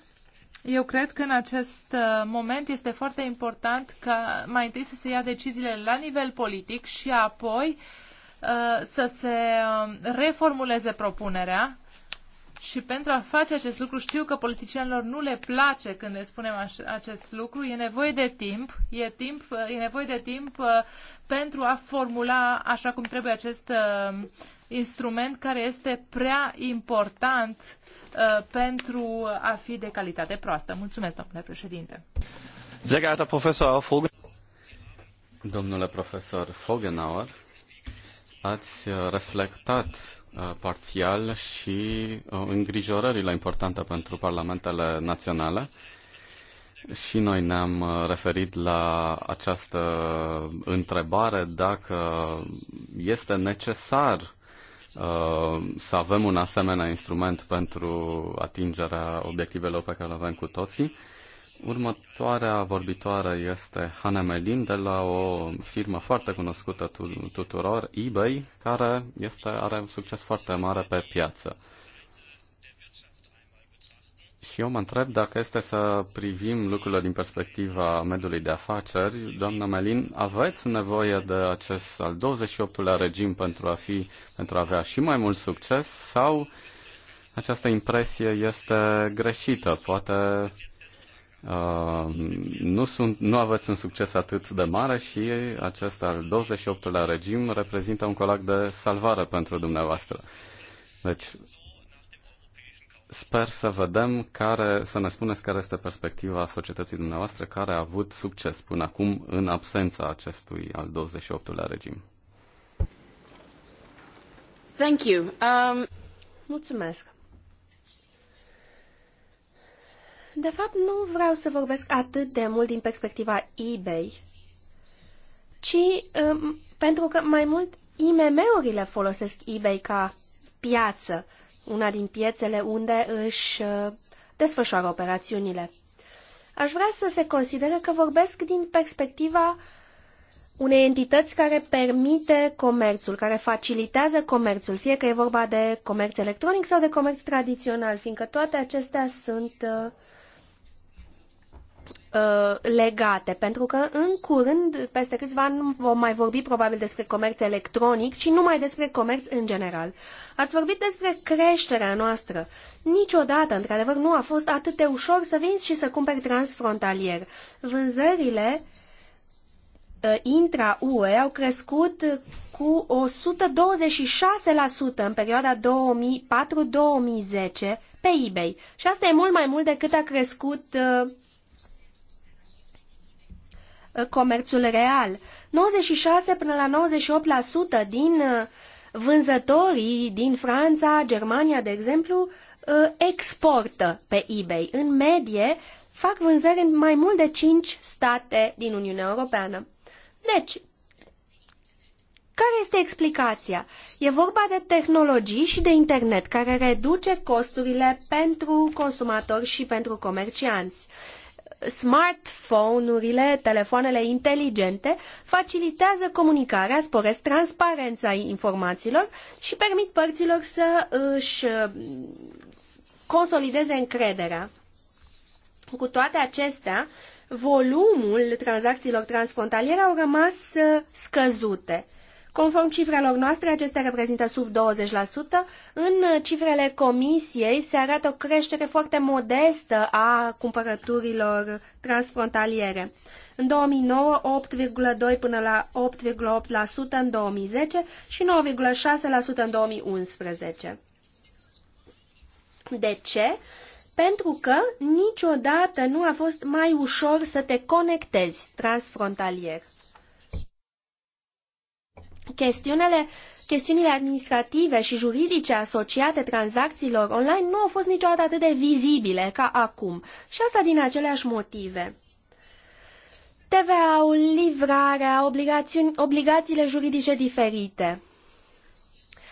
eu cred că în acest uh, moment este foarte important ca mai întâi să se ia deciziile la nivel politic și apoi uh, să se um, reformuleze propunerea și pentru a face acest lucru, știu că politicienilor nu le place când le spunem acest lucru, e nevoie de timp, e, timp, e nevoie de timp uh, pentru a formula așa cum trebuie acest uh, instrument care este prea important uh, pentru a fi de calitate proastă. Mulțumesc, domnule președinte. Zegata, profesor Professor Domnule profesor Fogenauer, ați uh, reflectat Uh, parțial și uh, îngrijorările importante pentru parlamentele naționale. Și noi ne-am uh, referit la această întrebare dacă este necesar să avem un asemenea instrument pentru atingerea obiectivelor pe care le avem cu toții Următoarea vorbitoare este Hana Melin de la o firmă foarte cunoscută tuturor, eBay, care este, are un succes foarte mare pe piață. Și eu mă întreb dacă este să privim lucrurile din perspectiva mediului de afaceri. Doamna Melin, aveți nevoie de acest al 28-lea regim pentru a, fi, pentru a avea și mai mult succes sau această impresie este greșită? Poate Uh, nu, sunt, nu aveți un succes atât de mare și acest al 28-lea regim reprezintă un colac de salvare pentru dumneavoastră. Deci, sper să vedem care, să ne spuneți care este perspectiva societății dumneavoastră care a avut succes până acum în absența acestui al 28-lea regim. Thank you. Um... Mulțumesc. De fapt, nu vreau să vorbesc atât de mult din perspectiva eBay, ci um, pentru că mai mult IMM-urile folosesc eBay ca piață, una din piețele unde își uh, desfășoară operațiunile. Aș vrea să se considere că vorbesc din perspectiva unei entități care permite comerțul, care facilitează comerțul, fie că e vorba de comerț electronic sau de comerț tradițional, fiindcă toate acestea sunt uh, Uh, legate, pentru că în curând, peste câțiva ani, vom mai vorbi probabil despre comerț electronic, și numai despre comerț în general. Ați vorbit despre creșterea noastră. Niciodată, într-adevăr, nu a fost atât de ușor să vinzi și să cumperi transfrontalier. Vânzările uh, intra-UE au crescut cu 126% în perioada 2004-2010 pe eBay. Și asta e mult mai mult decât a crescut uh, Uh, comerțul real. 96 până la 98% din uh, vânzătorii din Franța, Germania, de exemplu, uh, exportă pe eBay. În medie, fac vânzări în mai mult de 5 state din Uniunea Europeană. Deci, care este explicația? E vorba de tehnologii și de internet care reduce costurile pentru consumatori și pentru comercianți smartphone-urile, telefoanele inteligente, facilitează comunicarea, sporesc transparența informațiilor și permit părților să își uh, consolideze încrederea. Cu toate acestea, volumul tranzacțiilor transfrontaliere au rămas uh, scăzute. Conform cifrelor noastre, acestea reprezintă sub 20%. În cifrele comisiei se arată o creștere foarte modestă a cumpărăturilor transfrontaliere. În 2009, 8,2 până la 8,8% în 2010 și 9,6% în 2011. De ce? Pentru că niciodată nu a fost mai ușor să te conectezi transfrontalier. Chestiunile, chestiunile administrative și juridice asociate tranzacțiilor online nu au fost niciodată atât de vizibile ca acum și asta din aceleași motive. TVA-ul, livrarea, obligațiile juridice diferite.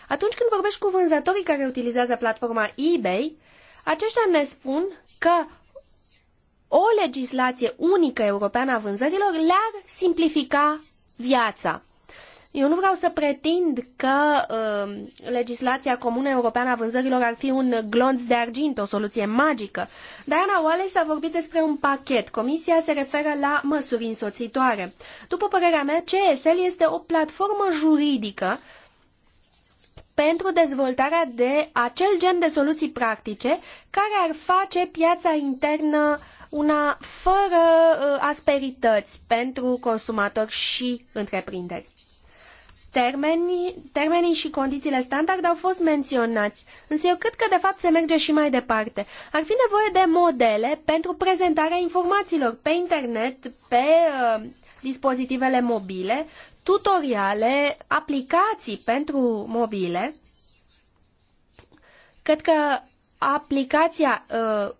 Atunci când vorbești cu vânzătorii care utilizează platforma eBay, aceștia ne spun că o legislație unică europeană a vânzărilor le-ar simplifica viața. Eu nu vreau să pretind că uh, legislația comună europeană a vânzărilor ar fi un glonț de argint, o soluție magică. Diana Wallace a vorbit despre un pachet. Comisia se referă la măsuri însoțitoare. După părerea mea, CSL este o platformă juridică pentru dezvoltarea de acel gen de soluții practice care ar face piața internă una fără uh, asperități pentru consumatori și întreprinderi. Termenii, termenii și condițiile standard au fost menționați, însă eu cred că de fapt se merge și mai departe. Ar fi nevoie de modele pentru prezentarea informațiilor pe internet, pe uh, dispozitivele mobile, tutoriale, aplicații pentru mobile. Cred că aplicația uh, uh,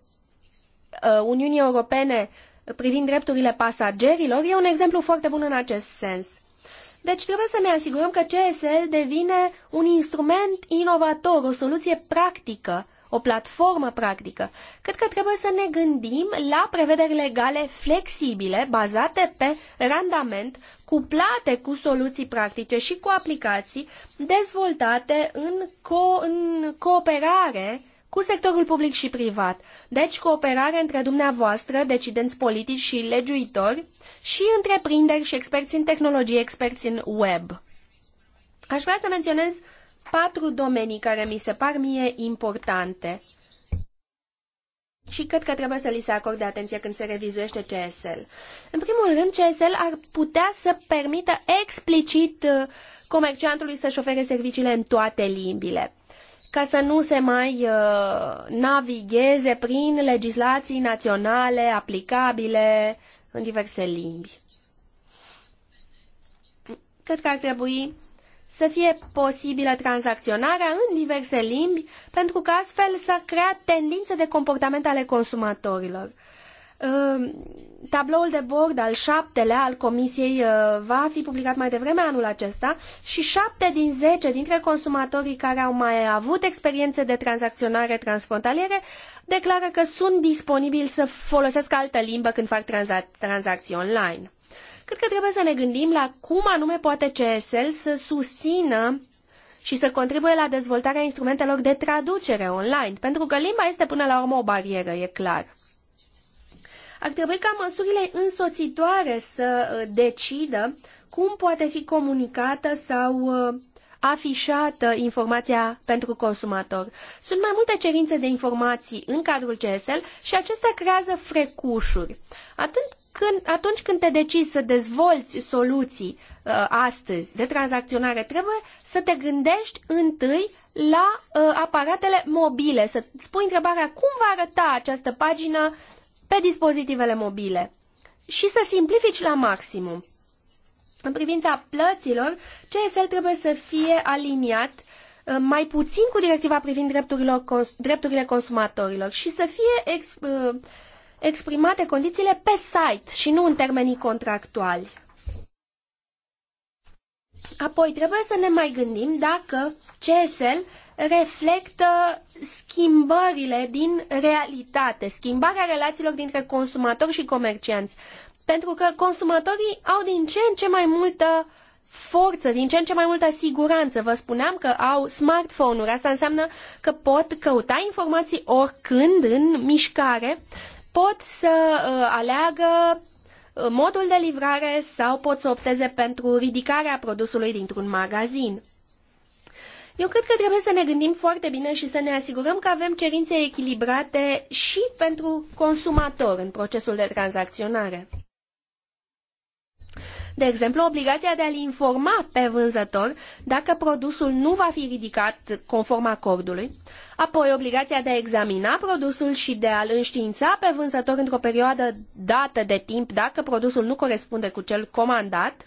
Uniunii Europene privind drepturile pasagerilor e un exemplu foarte bun în acest sens. Deci trebuie să ne asigurăm că CSL devine un instrument inovator, o soluție practică, o platformă practică. Cred că trebuie să ne gândim la prevederi legale flexibile, bazate pe randament, cuplate cu soluții practice și cu aplicații dezvoltate în, co- în cooperare cu sectorul public și privat. Deci cooperare între dumneavoastră, decidenți politici și legiuitori și întreprinderi și experți în tehnologie, experți în web. Aș vrea să menționez patru domenii care mi se par mie importante și cred că trebuie să li se acorde atenție când se revizuiește CSL. În primul rând, CSL ar putea să permită explicit uh, comerciantului să-și ofere serviciile în toate limbile ca să nu se mai uh, navigheze prin legislații naționale aplicabile în diverse limbi. Cred că ar trebui să fie posibilă tranzacționarea în diverse limbi pentru că astfel să crea tendințe de comportament ale consumatorilor. Uh, Ehm, tabloul de bord al șaptelea al Comisiei eh, va fi publicat mai devreme anul acesta și șapte din zece dintre consumatorii care au mai avut experiențe de tranzacționare transfrontaliere declară că sunt disponibili să folosească altă limbă când fac tranza- tranzacții online. Cred că trebuie să ne gândim la cum anume poate CSL să susțină și să contribuie la dezvoltarea instrumentelor de traducere online, pentru că limba este până la urmă o barieră, e clar. Ar trebui ca măsurile însoțitoare să uh, decidă cum poate fi comunicată sau uh, afișată informația pentru consumator. Sunt mai multe cerințe de informații în cadrul CSL și acestea creează frecușuri. Atunci când, atunci când te decizi să dezvolți soluții uh, astăzi de tranzacționare, trebuie să te gândești întâi la uh, aparatele mobile, să îți pui întrebarea cum va arăta această pagină pe dispozitivele mobile și să simplifici la maximum. În privința plăților, CSL trebuie să fie aliniat uh, mai puțin cu directiva privind cons drepturile consumatorilor și să fie ex, uh, exprimate condițiile pe site și nu în termenii contractuali. Apoi trebuie să ne mai gândim dacă CSL reflectă schimbările din realitate, schimbarea relațiilor dintre consumatori și comercianți. Pentru că consumatorii au din ce în ce mai multă forță, din ce în ce mai multă siguranță. Vă spuneam că au smartphone-uri. Asta înseamnă că pot căuta informații oricând în mișcare, pot să uh, aleagă uh, modul de livrare sau pot să opteze pentru ridicarea produsului dintr-un magazin. Eu cred că trebuie să ne gândim foarte bine și să ne asigurăm că avem cerințe echilibrate și pentru consumator în procesul de tranzacționare. De exemplu, obligația de a-l informa pe vânzător dacă produsul nu va fi ridicat conform acordului, apoi obligația de a examina produsul și de a-l înștiința pe vânzător într-o perioadă dată de timp dacă produsul nu corespunde cu cel comandat,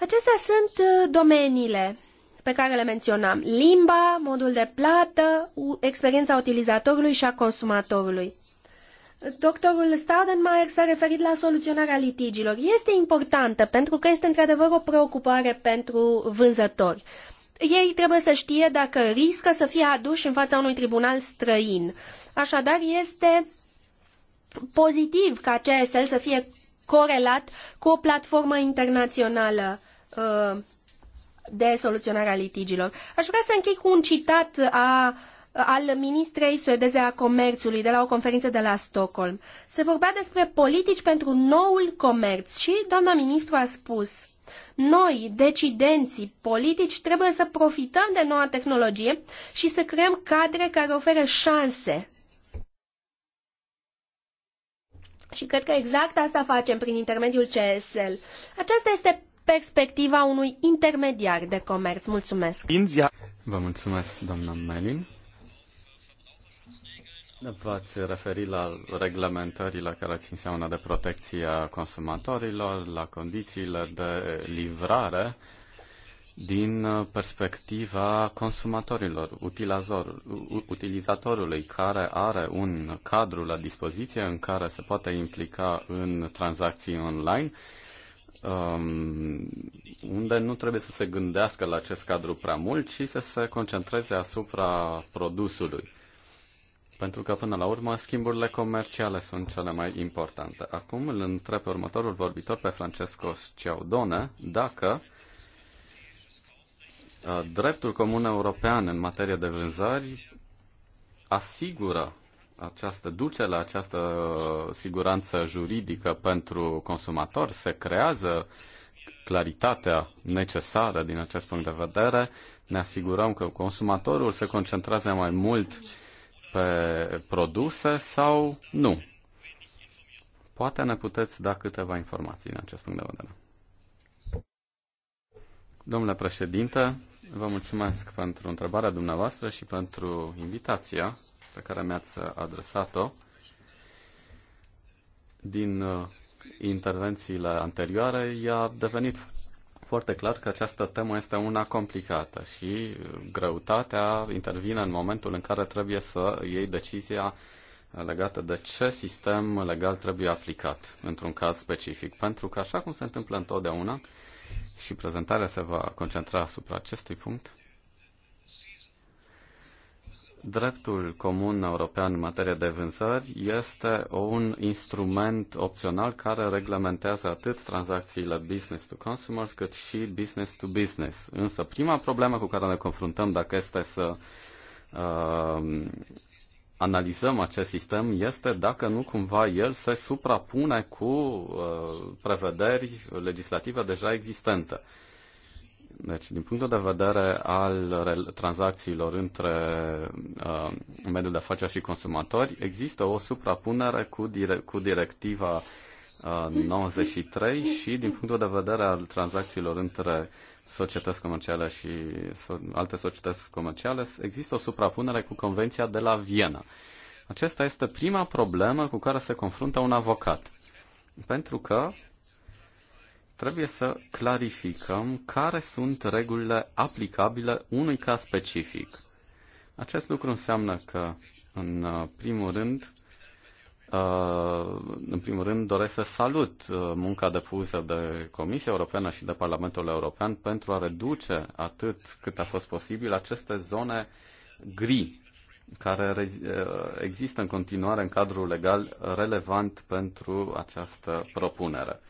Acestea sunt uh, domeniile pe care le menționam. Limba, modul de plată, experiența utilizatorului și a consumatorului. Doctorul Staudenmayer s-a referit la soluționarea litigiilor. Este importantă pentru că este într-adevăr o preocupare pentru vânzători. Ei trebuie să știe dacă riscă să fie aduși în fața unui tribunal străin. Așadar, este pozitiv ca CSL să fie corelat cu o platformă internațională uh, de soluționare a litigilor. Aș vrea să închei cu un citat a, al ministrei suedeze a comerțului de la o conferință de la Stockholm. Se vorbea despre politici pentru noul comerț și doamna ministru a spus noi, decidenții politici, trebuie să profităm de noua tehnologie și să creăm cadre care oferă șanse Și cred că exact asta facem prin intermediul CSL. Aceasta este perspectiva unui intermediar de comerț. Mulțumesc! Vă mulțumesc, doamna Melin. V-ați referit la reglementările care țin seama de protecția consumatorilor, la condițiile de livrare din uh, perspectiva consumatorilor, utilizatorului care are un cadru la dispoziție în care se poate implica în tranzacții online, um, unde nu trebuie să se gândească la acest cadru prea mult, ci să se concentreze asupra produsului. Pentru că, până la urmă, schimburile comerciale sunt cele mai importante. Acum îl întreb următorul vorbitor pe Francesco Sciaudone dacă uh, Uh, dreptul comun european în materie de vânzări asigură această, duce la această siguranță juridică pentru consumator, se creează claritatea necesară din acest punct de vedere, ne asigurăm că consumatorul se concentrează mai mult pe produse sau nu. Poate ne puteți da câteva informații în acest punct de vedere. Domnule președinte, Vă mulțumesc pentru întrebarea dumneavoastră și pentru invitația pe care mi-ați adresat-o. Din uh, intervențiile anterioare i-a devenit foarte clar că această temă este una complicată și uh, greutatea intervine în momentul în care trebuie să iei decizia legată de ce sistem legal trebuie aplicat într-un caz specific. Pentru că, așa cum se întâmplă întotdeauna, și prezentarea se va concentra asupra acestui punct. Dreptul comun european în materie de vânzări este un instrument opțional care reglementează atât tranzacțiile business to consumers cât și business to business. Însă prima problemă cu care ne confruntăm dacă este să uh, analizăm acest sistem este dacă nu cumva el se suprapune cu uh, prevederi legislative deja existente. Deci, din punctul de vedere al tranzacțiilor între uh, mediul de afaceri și consumatori, există o suprapunere cu, dire- cu directiva uh, 93 și din punctul de vedere al tranzacțiilor între societăți comerciale și alte societăți comerciale, există o suprapunere cu Convenția de la Viena. Acesta este prima problemă cu care se confruntă un avocat. Pentru că trebuie să clarificăm care sunt regulile aplicabile unui caz specific. Acest lucru înseamnă că, în uh, primul rând, Uh, în primul rând, doresc să salut uh, munca depusă de Comisia Europeană și de Parlamentul European pentru a reduce atât cât a fost posibil aceste zone gri care uh, există în continuare în cadrul legal relevant pentru această propunere.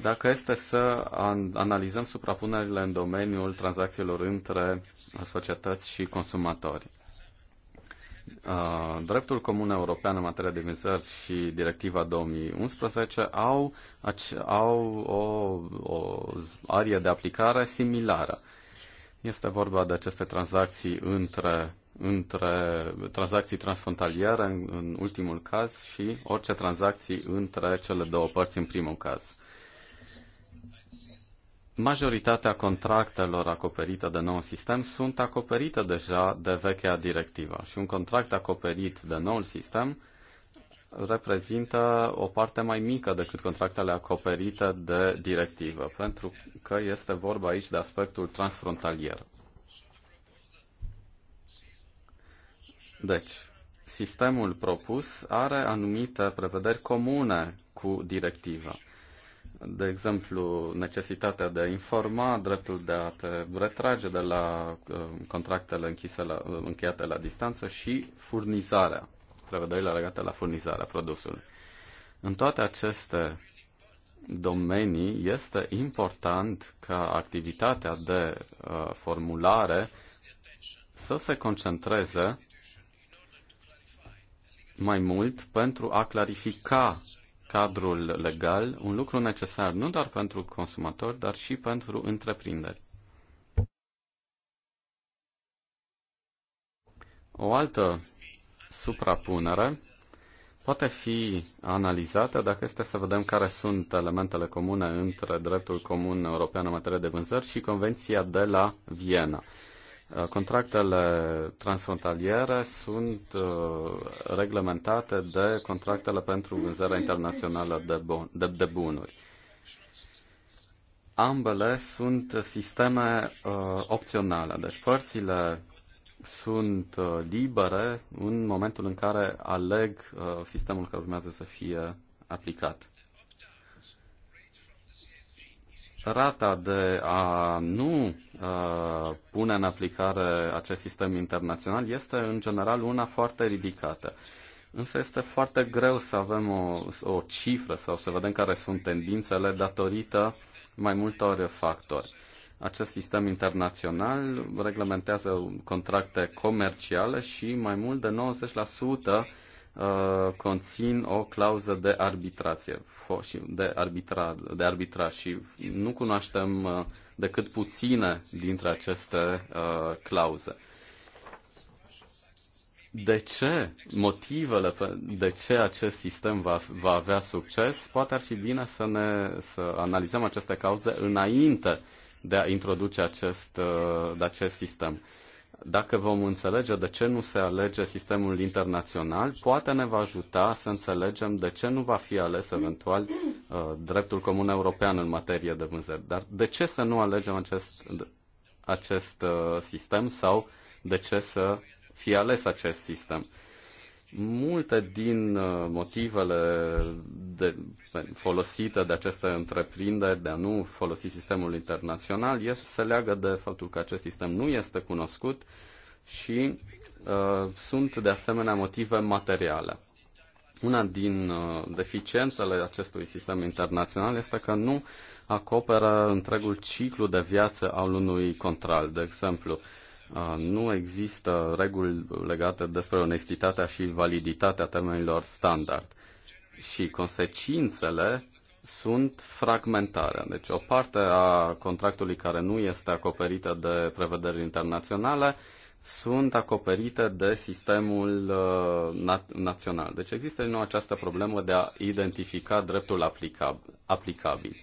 Dacă este să analizăm suprapunerile în domeniul tranzacțiilor între societăți și consumatori, Uh, dreptul comun european în materie de vânzări și directiva 2011 au, au o, o arie de aplicare similară. Este vorba de aceste tranzacții între, între tranzacții transfrontaliere în, în ultimul caz și orice tranzacții între cele două părți în primul caz. Majoritatea contractelor acoperite de nou sistem sunt acoperite deja de vechea directivă și un contract acoperit de noul sistem reprezintă o parte mai mică decât contractele acoperite de directivă, pentru că este vorba aici de aspectul transfrontalier. Deci, sistemul propus are anumite prevederi comune cu directiva de exemplu, necesitatea de a informa, dreptul de a te retrage de la uh, contractele închise la, uh, încheiate la distanță și furnizarea, prevederile legate la furnizarea produsului. În toate aceste domenii este important ca activitatea de uh, formulare să se concentreze mai mult pentru a clarifica cadrul legal un lucru necesar nu doar pentru consumatori, dar și pentru întreprinderi. O altă suprapunere poate fi analizată dacă este să vedem care sunt elementele comune între dreptul comun european în materie de vânzări și Convenția de la Viena. Contractele transfrontaliere sunt uh, reglementate de contractele pentru vânzarea internațională de, bun, de, de bunuri. Ambele sunt sisteme uh, opționale, deci părțile sunt uh, libere în momentul în care aleg uh, sistemul care urmează să fie aplicat. rata de a nu uh, pune în aplicare acest sistem internațional este în general una foarte ridicată. Însă este foarte greu să avem o, o cifră sau să vedem care sunt tendințele datorită mai multor factori. Acest sistem internațional reglementează contracte comerciale și mai mult de 90% Uh, conțin o clauză de arbitrație, de, arbitra, de arbitra și nu cunoaștem uh, decât puține dintre aceste uh, clauze. De ce motivele, de ce acest sistem va, va avea succes? Poate ar fi bine să, ne, să analizăm aceste cauze înainte de a introduce acest, de acest sistem. Dacă vom înțelege de ce nu se alege sistemul internațional, poate ne va ajuta să înțelegem de ce nu va fi ales eventual uh, dreptul comun european în materie de vânzări. Dar de ce să nu alegem acest, acest uh, sistem sau de ce să fie ales acest sistem? Multe din uh, motivele de, folosite de aceste întreprinderi de a nu folosi sistemul internațional este, se leagă de faptul că acest sistem nu este cunoscut și uh, sunt de asemenea motive materiale. Una din uh, deficiențele acestui sistem internațional este că nu acoperă întregul ciclu de viață al unui contract. De exemplu, uh, Uh, nu există reguli legate despre onestitatea și validitatea termenilor standard și consecințele sunt fragmentare. Deci o parte a contractului care nu este acoperită de prevederi internaționale sunt acoperite de sistemul uh, na- național. Deci există din nou această problemă de a identifica dreptul aplicabil.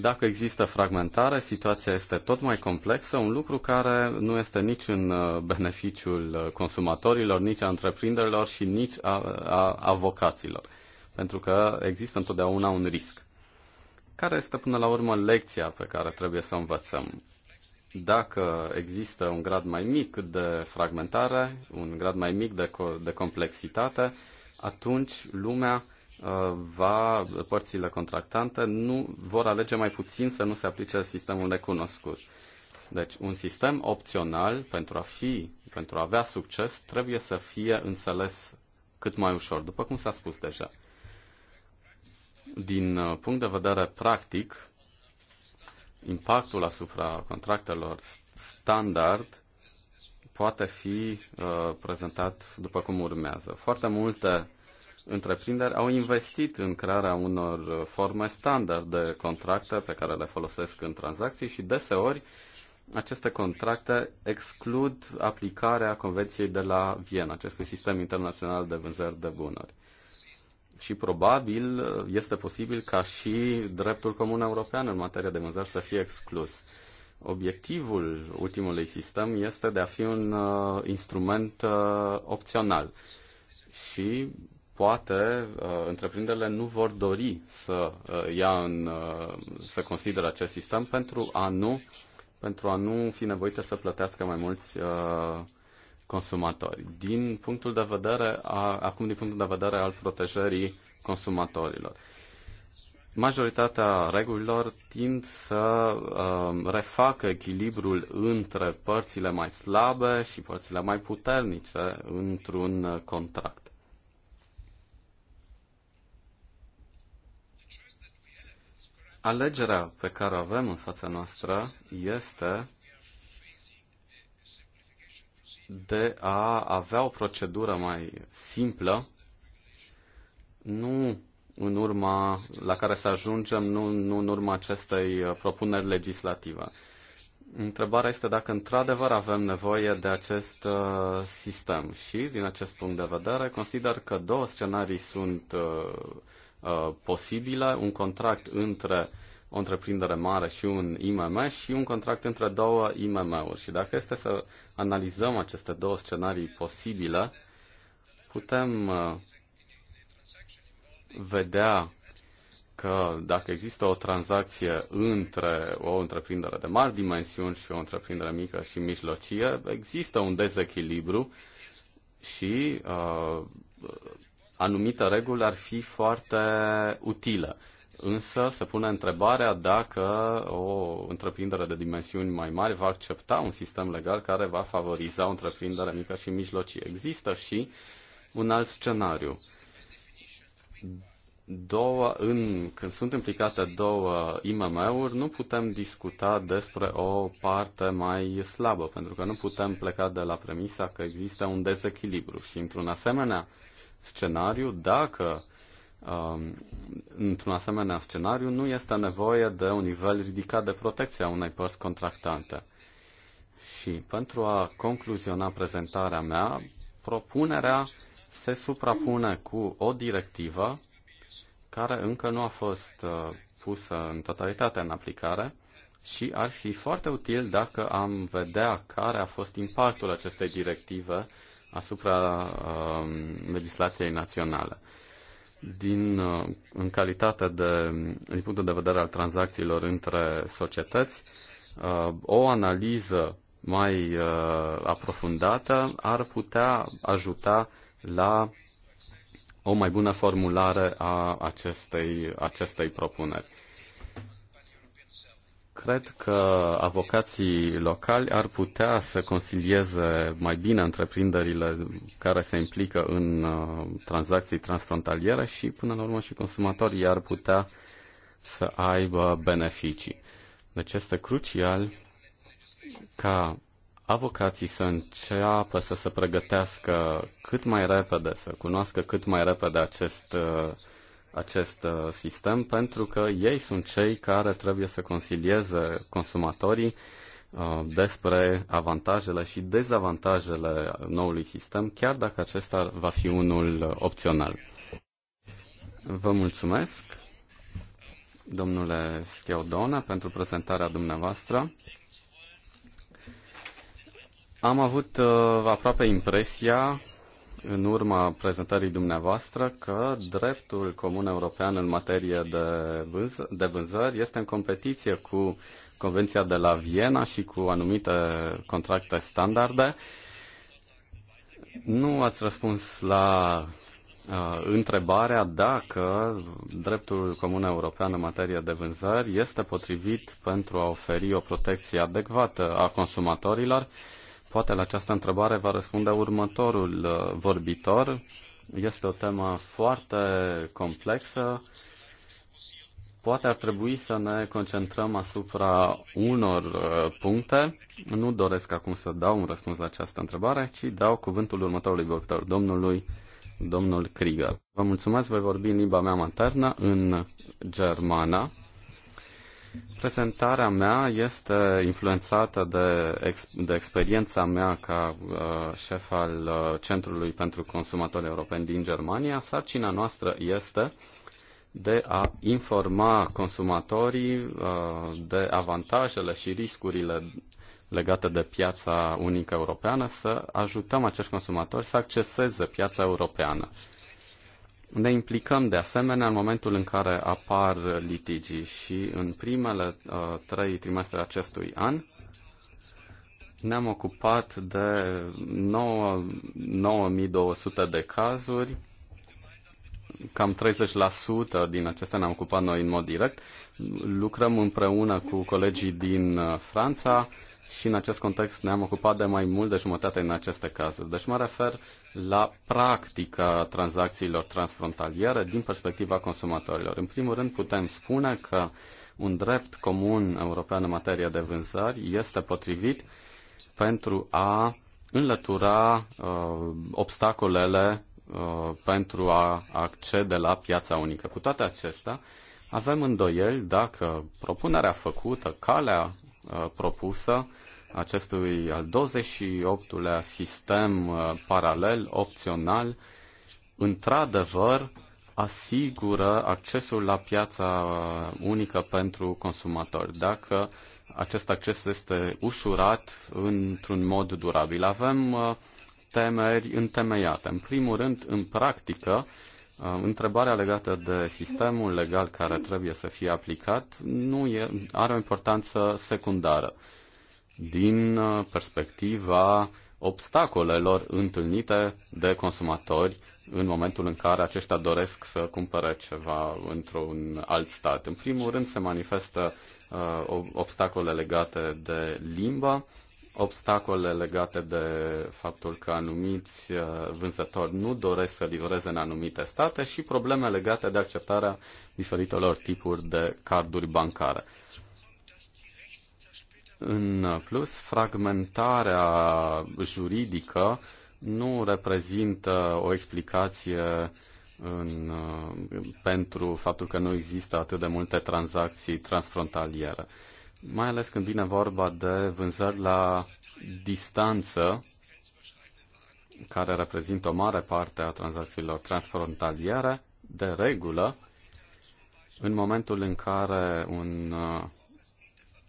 Dacă există fragmentare, situația este tot mai complexă, un lucru care nu este nici în uh, beneficiul uh, consumatorilor, nici a întreprinderilor și nici a, a avocaților, pentru că există întotdeauna un risc. Care este până la urmă lecția pe care trebuie să o învățăm? Dacă există un grad mai mic de fragmentare, un grad mai mic de, co- de complexitate, atunci lumea va, părțile contractante nu vor alege mai puțin să nu se aplice sistemul necunoscut. Deci un sistem opțional pentru a fi, pentru a avea succes, trebuie să fie înțeles cât mai ușor, după cum s-a spus deja. Din uh, punct de vedere practic, impactul asupra contractelor standard poate fi uh, prezentat după cum urmează. Foarte multe întreprinderi au investit în crearea unor forme standard de contracte pe care le folosesc în tranzacții și deseori aceste contracte exclud aplicarea Convenției de la Viena, acestui sistem internațional de vânzări de bunuri. Și probabil este posibil ca și dreptul comun european în materie de vânzări să fie exclus. Obiectivul ultimului sistem este de a fi un uh, instrument uh, opțional și poate uh, întreprinderile nu vor dori să uh, ia în, uh, să consideră acest sistem pentru a nu pentru a nu fi nevoite să plătească mai mulți uh, consumatori. Din punctul de vedere a, acum din punctul de vedere al protejării consumatorilor. Majoritatea regulilor tind să uh, refacă echilibrul între părțile mai slabe și părțile mai puternice într-un contract. Alegerea pe care o avem în fața noastră este de a avea o procedură mai simplă, nu în urma la care să ajungem, nu, nu în urma acestei propuneri legislative. Întrebarea este dacă într-adevăr avem nevoie de acest uh, sistem și, din acest punct de vedere, consider că două scenarii sunt uh, posibilă uh, posibile, un contract între o întreprindere mare și un IMM și un contract între două IMM-uri. Și dacă este să analizăm aceste două scenarii posibile, putem uh, vedea că dacă există o tranzacție între o întreprindere de mari dimensiuni și o întreprindere mică și mijlocie, există un dezechilibru și uh, anumite reguli ar fi foarte utile. Însă se pune întrebarea dacă o întreprindere de dimensiuni mai mari va accepta un sistem legal care va favoriza o întreprindere mică și mijlocie. Există și un alt scenariu. Două, în, când sunt implicate două IMM-uri, nu putem discuta despre o parte mai slabă, pentru că nu putem pleca de la premisa că există un dezechilibru. Și într-un asemenea scenariu dacă um, într-un asemenea scenariu nu este nevoie de un nivel ridicat de protecție a unei părți contractante. Și pentru a concluziona prezentarea mea, propunerea se suprapune cu o directivă care încă nu a fost uh, pusă în totalitate în aplicare și ar fi foarte util dacă am vedea care a fost impactul acestei directive asupra um, legislației naționale. Din, uh, în calitate de, din punctul de vedere al tranzacțiilor între societăți, uh, o analiză mai uh, aprofundată ar putea ajuta la o mai bună formulare a acestei, acestei propuneri cred că avocații locali ar putea să consilieze mai bine întreprinderile care se implică în uh, tranzacții transfrontaliere și, până la urmă, și consumatorii ar putea să aibă beneficii. Deci este crucial ca avocații să înceapă să se pregătească cât mai repede, să cunoască cât mai repede acest uh, acest uh, sistem pentru că ei sunt cei care trebuie să consilieze consumatorii uh, despre avantajele și dezavantajele noului sistem, chiar dacă acesta va fi unul opțional. Vă mulțumesc, domnule Scheodona, pentru prezentarea dumneavoastră. Am avut uh, aproape impresia în urma prezentării dumneavoastră că dreptul comun european în materie de, vânz- de vânzări este în competiție cu Convenția de la Viena și cu anumite contracte standarde. Nu ați răspuns la uh, întrebarea dacă dreptul comun european în materie de vânzări este potrivit pentru a oferi o protecție adecvată a consumatorilor Poate la această întrebare va răspunde următorul uh, vorbitor. Este o temă foarte complexă. Poate ar trebui să ne concentrăm asupra unor uh, puncte. Nu doresc acum să dau un răspuns la această întrebare, ci dau cuvântul următorului vorbitor, domnului domnul Krieger. Vă mulțumesc, voi vorbi în limba mea maternă, în germana. Prezentarea mea este influențată de, ex- de experiența mea ca uh, șef al uh, Centrului pentru Consumatori Europeni din Germania. Sarcina noastră este de a informa consumatorii uh, de avantajele și riscurile legate de piața unică europeană, să ajutăm acești consumatori să acceseze piața europeană. Ne implicăm de asemenea în momentul în care apar litigii și în primele uh, trei trimestre acestui an ne-am ocupat de 9200 de cazuri, cam 30% din acestea ne-am ocupat noi în mod direct. Lucrăm împreună cu colegii din uh, Franța, și în acest context ne-am ocupat de mai mult de jumătate în aceste cazuri. Deci mă refer la practica tranzacțiilor transfrontaliere din perspectiva consumatorilor. În primul rând putem spune că un drept comun european în materie de vânzări este potrivit pentru a înlătura uh, obstacolele uh, pentru a accede la piața unică. Cu toate acestea, avem îndoieli dacă propunerea făcută, calea Uh, propusă acestui al 28-lea sistem uh, paralel, opțional, într-adevăr asigură accesul la piața uh, unică pentru consumatori. Dacă acest acces este ușurat într-un mod durabil. Avem temeri întemeiate. În primul rând, în practică, Întrebarea legată de sistemul legal care trebuie să fie aplicat nu e, are o importanță secundară din uh, perspectiva obstacolelor întâlnite de consumatori în momentul în care aceștia doresc să cumpere ceva într-un alt stat. În primul rând se manifestă uh, obstacole legate de limba, obstacole legate de faptul că anumiți uh, vânzători nu doresc să livreze în anumite state și probleme legate de acceptarea diferitelor tipuri de carduri bancare. În plus, fragmentarea juridică nu reprezintă o explicație în, uh, pentru faptul că nu există atât de multe tranzacții transfrontaliere mai ales când vine vorba de vânzări la distanță, care reprezintă o mare parte a tranzacțiilor transfrontaliere, de regulă, în momentul în care un uh,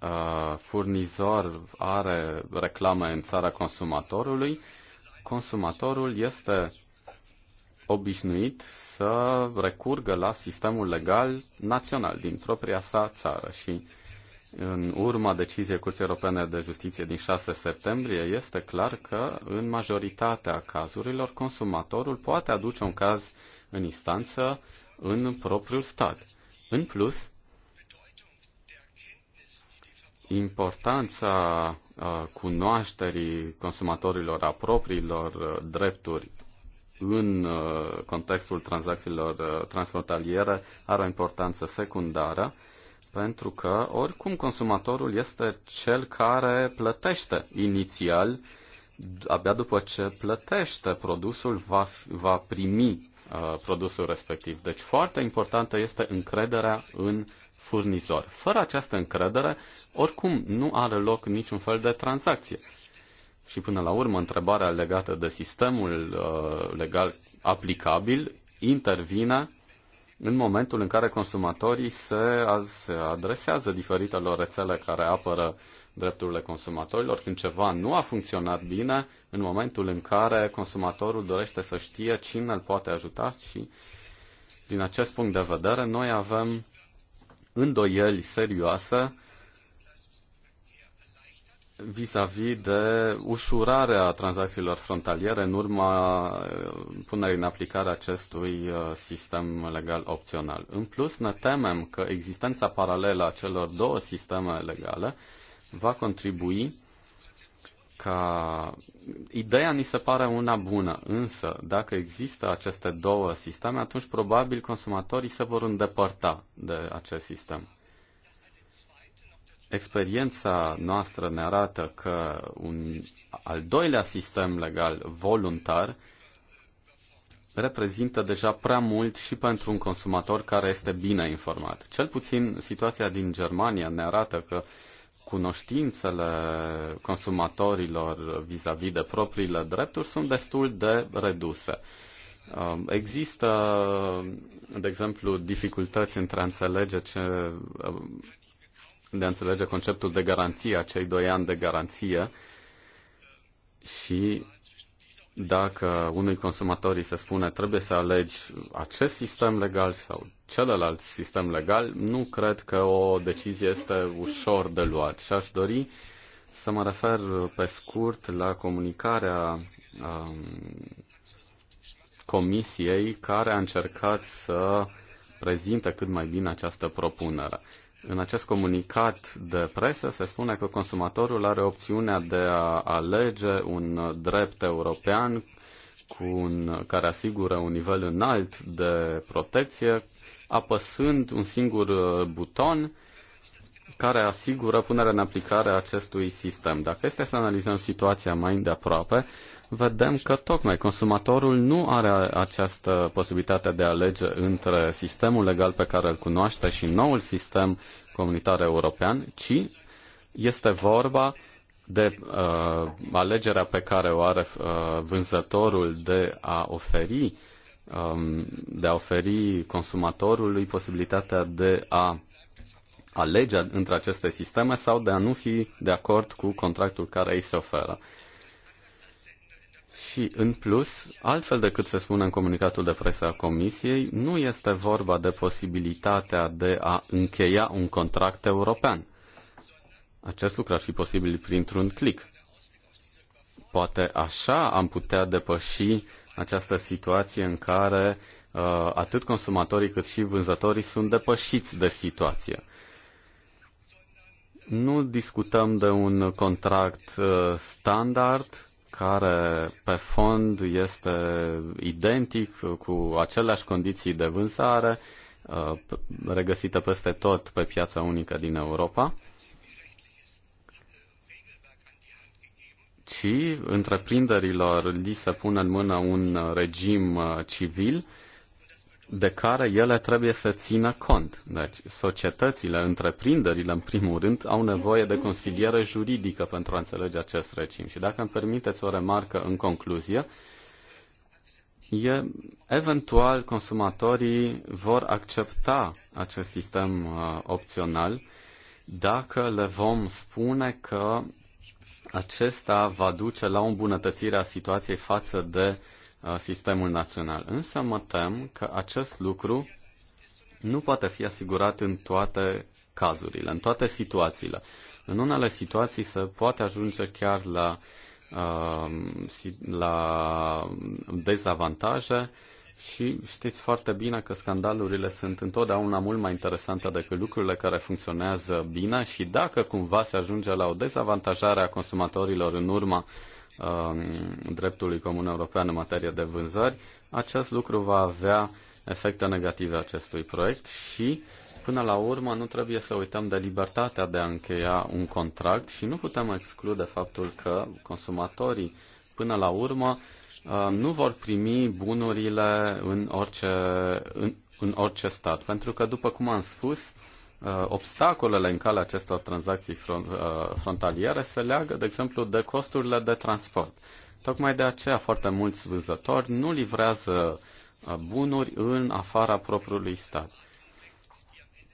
uh furnizor are reclame în țara consumatorului, consumatorul este obișnuit să recurgă la sistemul legal național din propria sa țară și uh, în urma deciziei Curții Europene de Justiție din 6 septembrie, este clar că în majoritatea cazurilor consumatorul poate aduce un caz în instanță în propriul stat. În plus, importanța uh, cunoașterii consumatorilor a propriilor uh, drepturi în uh, contextul tranzacțiilor transfrontaliere are o importanță secundară pentru că oricum consumatorul este cel care plătește inițial, abia după ce plătește produsul va, va primi uh, produsul respectiv. Deci foarte importantă este încrederea în furnizor. Fără această încredere, oricum nu are loc niciun fel de tranzacție. Și până la urmă, întrebarea legată de sistemul uh, legal aplicabil intervine în momentul în care consumatorii se, adresează diferitelor rețele care apără drepturile consumatorilor, când ceva nu a funcționat bine, în momentul în care consumatorul dorește să știe cine îl poate ajuta și din acest punct de vedere noi avem îndoieli serioase vis-a-vis de ușurarea tranzacțiilor frontaliere în urma eh, punerii în aplicare acestui eh, sistem legal opțional. În plus, ne temem că existența paralelă a celor două sisteme legale va contribui ca ideea ni se pare una bună, însă dacă există aceste două sisteme, atunci probabil consumatorii se vor îndepărta de acest sistem. Experiența noastră ne arată că un al doilea sistem legal voluntar reprezintă deja prea mult și pentru un consumator care este bine informat. Cel puțin situația din Germania ne arată că cunoștințele consumatorilor vis-a-vis -vis de propriile drepturi sunt destul de reduse. Um, există, de exemplu, dificultăți între a înțelege ce um, de a înțelege conceptul de garanție, acei doi ani de garanție și dacă unui consumator îi se spune trebuie să alegi acest sistem legal sau celălalt sistem legal, nu cred că o decizie este ușor de luat și aș dori să mă refer pe scurt la comunicarea um, comisiei care a încercat să prezinte cât mai bine această propunere. În acest comunicat de presă se spune că consumatorul are opțiunea de a alege un drept european cu un, care asigură un nivel înalt de protecție, apăsând un singur uh, buton care asigură punerea în aplicare a acestui sistem. Dacă este să analizăm situația mai îndeaproape, vedem că tocmai consumatorul nu are această posibilitate de a alege între sistemul legal pe care îl cunoaște și noul sistem comunitar european, ci este vorba de uh, alegerea pe care o are uh, vânzătorul de a oferi um, de a oferi consumatorului posibilitatea de a alege între aceste sisteme sau de a nu fi de acord cu contractul care îi se oferă. Și, în plus, altfel decât se spune în comunicatul de presă a Comisiei, nu este vorba de posibilitatea de a încheia un contract european. Acest lucru ar fi posibil printr-un click. Poate așa am putea depăși această situație în care uh, atât consumatorii cât și vânzătorii sunt depășiți de situație. Nu discutăm de un contract uh, standard, care pe fond este identic cu aceleași condiții de vânzare uh, regăsită peste tot pe piața unică din Europa, ci întreprinderilor li se pune în mână un regim uh, civil de care ele trebuie să țină cont. Deci, societățile, întreprinderile, în primul rând, au nevoie de consiliere juridică pentru a înțelege acest regim. Și dacă îmi permiteți o remarcă în concluzie, e, eventual consumatorii vor accepta acest sistem uh, opțional dacă le vom spune că acesta va duce la o îmbunătățire a situației față de uh, Uh, sistemul național. Însă mă tem că acest lucru nu poate fi asigurat în toate cazurile, în toate situațiile. În unele situații se poate ajunge chiar la, uh, la dezavantaje și știți foarte bine că scandalurile sunt întotdeauna mult mai interesante decât lucrurile care funcționează bine și dacă cumva se ajunge la o dezavantajare a consumatorilor în urma uh, Um, dreptului comun european în materie de vânzări, acest lucru va avea efecte negative acestui proiect și, până la urmă, nu trebuie să uităm de libertatea de a încheia un contract și nu putem exclude faptul că consumatorii, până la urmă, um, nu vor primi bunurile în orice, în, în orice stat. Pentru că, după cum am spus, Uh, obstacolele în calea acestor tranzacții uh, frontaliere se leagă, de exemplu, de costurile de transport. Tocmai de aceea foarte mulți vânzători nu livrează uh, bunuri în afara propriului stat.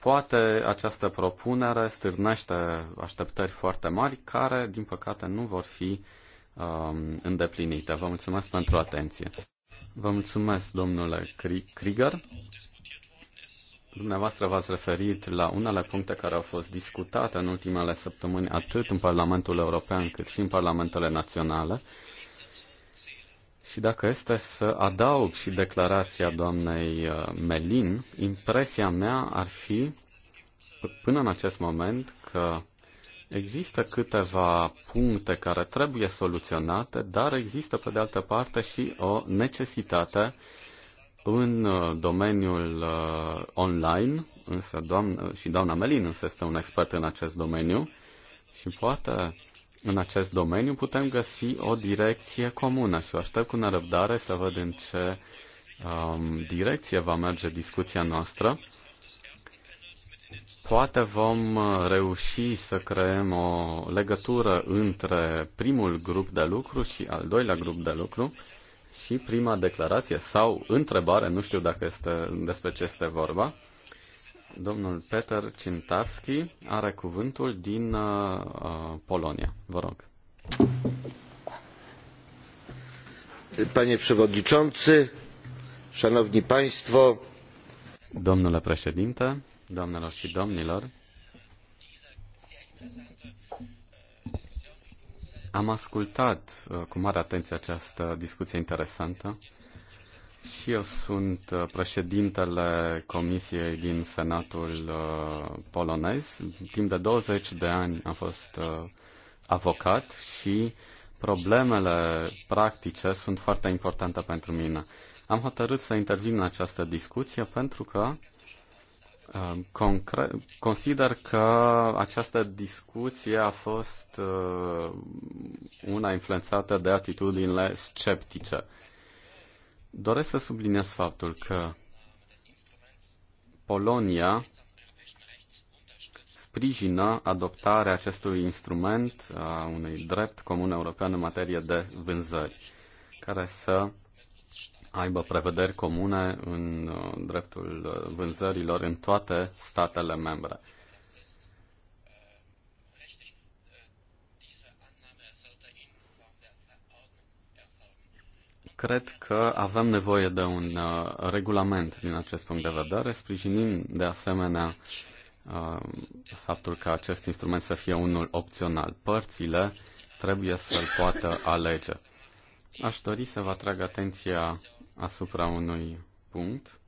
Poate această propunere stârnește așteptări foarte mari care, din păcate, nu vor fi um, îndeplinite. Vă mulțumesc pentru atenție. Vă mulțumesc, domnule Krieger. Dumneavoastră v-ați referit la unele puncte care au fost discutate în ultimele săptămâni atât în Parlamentul European cât și în Parlamentele Naționale. Și dacă este să adaug și declarația doamnei uh, Melin, impresia mea ar fi până în acest moment că există câteva puncte care trebuie soluționate, dar există pe de altă parte și o necesitate uh, în uh, domeniul uh, online, însă doamna, uh, și doamna Melin însă este un expert în acest domeniu și poate în acest domeniu putem găsi o direcție comună și o aștept cu nerăbdare să văd în ce um, direcție va merge discuția noastră. Poate vom reuși să creăm o legătură între primul grup de lucru și al doilea grup de lucru și prima declarație sau întrebare, nu știu dacă este despre ce este vorba, domnul Peter Cintarski are cuvântul din uh, uh Polonia. Vă rog. Panie Przewodniczący, Szanowni Państwo. Domnule președinte, domnilor și domnilor, am ascultat uh, cu mare atenție această discuție interesantă și eu sunt uh, președintele Comisiei din Senatul uh, polonez. Timp de 20 de ani am fost avocat și problemele practice sunt foarte importante pentru mine. Am hotărât să intervin în această discuție pentru că Um, concre- consider că această discuție a fost uh, una influențată de atitudinile sceptice. Doresc să subliniez faptul că Polonia sprijină adoptarea acestui instrument a uh, unui drept comun european în materie de vânzări, care să aibă prevederi comune în uh, dreptul uh, vânzărilor în toate statele membre. Cred că avem nevoie de un uh, regulament din acest punct de vedere. Sprijinim de asemenea faptul că acest instrument să fie unul opțional. Părțile trebuie să-l poată alege. Aș dori să vă atrag atenția asupra unui punct.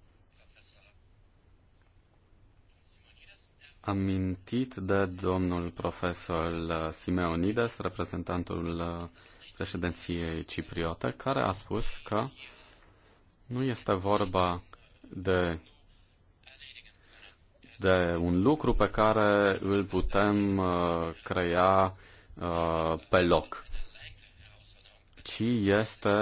Amintit de domnul profesor Simeonides, reprezentantul uh, președinției cipriote, care a spus că nu este vorba de, de un lucru pe care îl putem uh, crea uh, pe loc ci este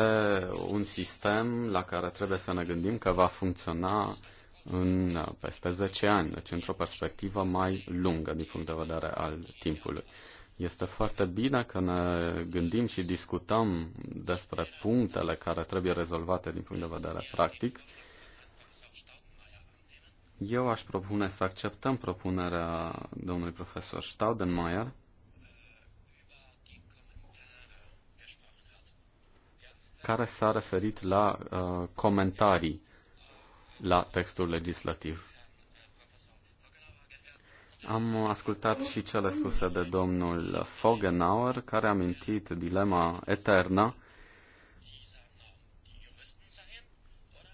un sistem la care trebuie să ne gândim că va funcționa în uh, peste 10 ani, deci într-o perspectivă mai lungă din punct de vedere al timpului. Este foarte bine că ne gândim și discutăm despre punctele care trebuie rezolvate din punct de vedere practic. Eu aș propune să acceptăm propunerea domnului profesor Staudenmayer care s-a referit la uh, comentarii la textul legislativ. Am ascultat și cele spuse de domnul Fogenauer, care a mintit dilema eternă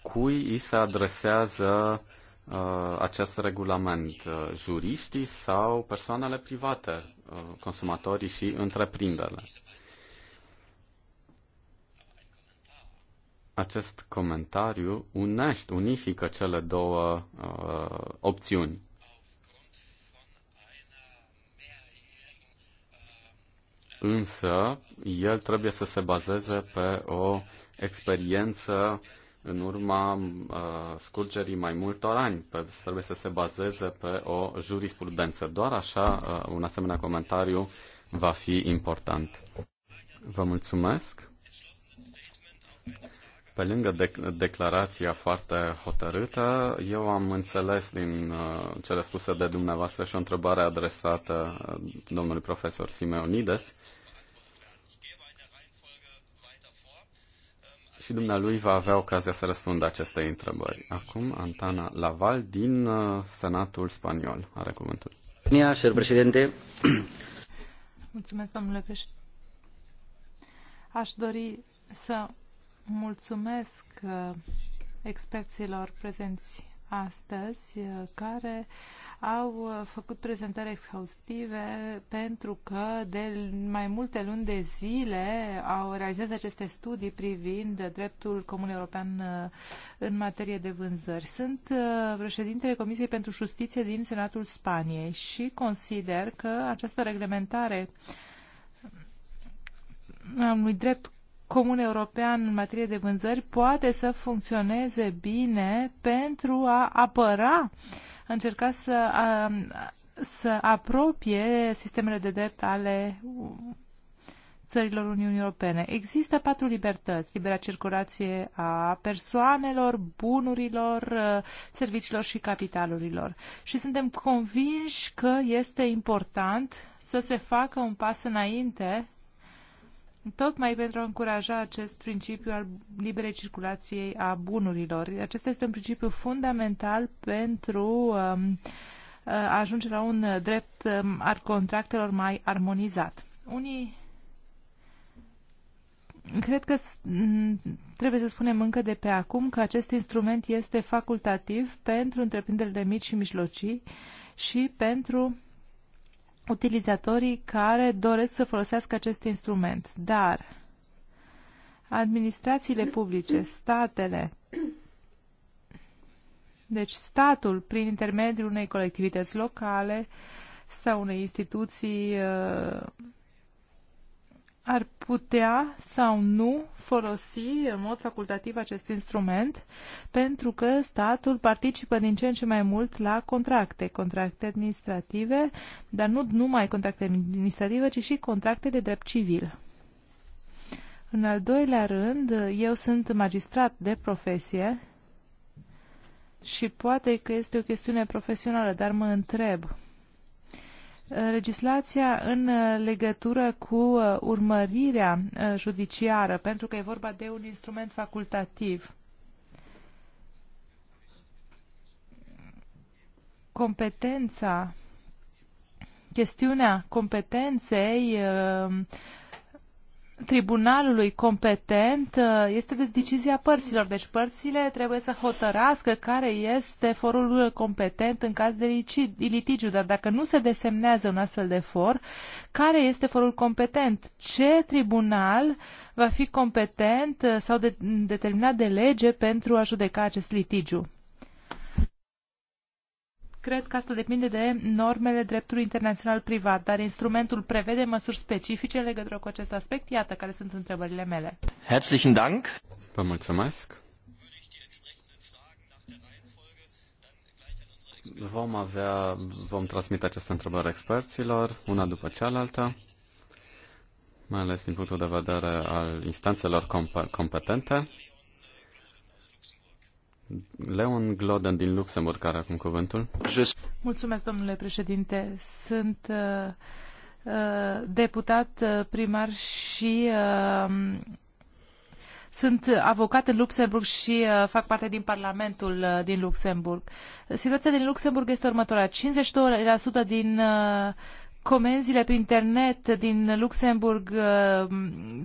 cui îi se adresează uh, acest regulament, uh, juriștii sau persoanele private, uh, consumatorii și întreprinderile. acest comentariu unește, unifică cele două uh, opțiuni. Însă, el trebuie să se bazeze pe o experiență în urma uh, scurgerii mai multor ani. Pe, trebuie să se bazeze pe o jurisprudență. Doar așa uh, un asemenea comentariu va fi important. Vă mulțumesc. Pe lângă dec- declarația foarte hotărâtă, eu am înțeles din uh, cele spuse de dumneavoastră și o întrebare adresată uh, domnului profesor Simeonides. Și dumnealui va avea ocazia să răspundă acestei întrebări. Acum, Antana Laval din uh, Senatul Spaniol are cuvântul. Mulțumesc, domnule președinte. Aș dori să Mulțumesc uh, experților prezenți astăzi uh, care au uh, făcut prezentări exhaustive pentru că de mai multe luni de zile au realizat aceste studii privind dreptul comun european în materie de vânzări. Sunt președintele Comisiei pentru Justiție din Senatul Spaniei și consider că această reglementare unui drept comun european în materie de vânzări poate să funcționeze bine pentru a apăra, a încerca să, a, să apropie sistemele de drept ale țărilor Uniunii Europene. Există patru libertăți. Libera circulație a persoanelor, bunurilor, uh, serviciilor și capitalurilor. Și suntem convinși că este important să se facă un pas înainte tocmai pentru a încuraja acest principiu al liberei circulației a bunurilor. Acesta este un principiu fundamental pentru um, uh, a ajunge la un drept um, al contractelor mai armonizat. Unii cred că trebuie să spunem încă de pe acum că acest instrument este facultativ pentru întreprinderile mici și mijlocii și pentru utilizatorii care doresc să folosească acest instrument. Dar administrațiile publice, statele, deci statul, prin intermediul unei colectivități locale sau unei instituții uh, ar putea sau nu folosi în mod facultativ acest instrument, pentru că statul participă din ce în ce mai mult la contracte, contracte administrative, dar nu numai contracte administrative, ci și contracte de drept civil. În al doilea rând, eu sunt magistrat de profesie și poate că este o chestiune profesională, dar mă întreb – legislația în uh, legătură cu uh, urmărirea uh, judiciară, pentru că e vorba de un instrument facultativ. Competența, chestiunea competenței tribunalului competent uh, este de decizia părților. Deci părțile trebuie să hotărască care este forul uh, competent în caz de litigiu, dar dacă nu se desemnează un astfel de for, care este forul competent? Ce tribunal va fi competent uh, sau de, determinat de lege pentru a judeca acest litigiu? Cred că asta depinde de normele dreptului internațional privat, dar instrumentul prevede măsuri specifice în legătură cu acest aspect. Iată care sunt întrebările mele. Herzlichen Dank! Vă mulțumesc! Vom avea, vom transmite aceste întrebări experților, una după cealaltă, mai ales din punctul de vedere al instanțelor comp- competente. Leon Gloden din Luxemburg care acum cuvântul. Mulțumesc, domnule președinte. Sunt uh, uh, deputat uh, primar și uh, sunt avocat în Luxemburg și uh, fac parte din Parlamentul uh, din Luxemburg. Situația din Luxemburg este următoarea. 52% din uh, comenzile pe internet din Luxemburg uh,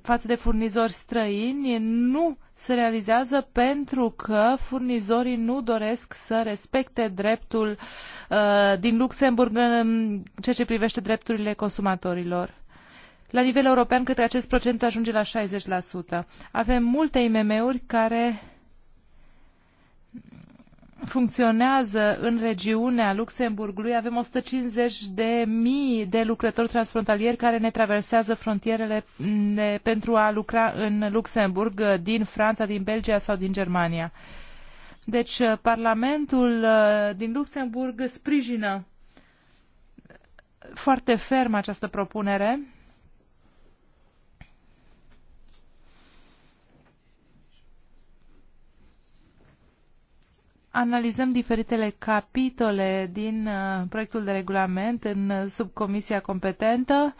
față de furnizori străini nu se realizează pentru că furnizorii nu doresc să respecte dreptul uh, din Luxemburg în ceea ce privește drepturile consumatorilor. La nivel european, cred că acest procent ajunge la 60%. Avem multe IMM-uri care funcționează în regiunea Luxemburgului. Avem 150 de mii de lucrători transfrontalieri care ne traversează frontierele pentru a lucra în Luxemburg din Franța, din Belgia sau din Germania. Deci uh, Parlamentul uh, din Luxemburg sprijină foarte ferm această propunere analizăm diferitele capitole din uh, proiectul de regulament în uh, subcomisia competentă.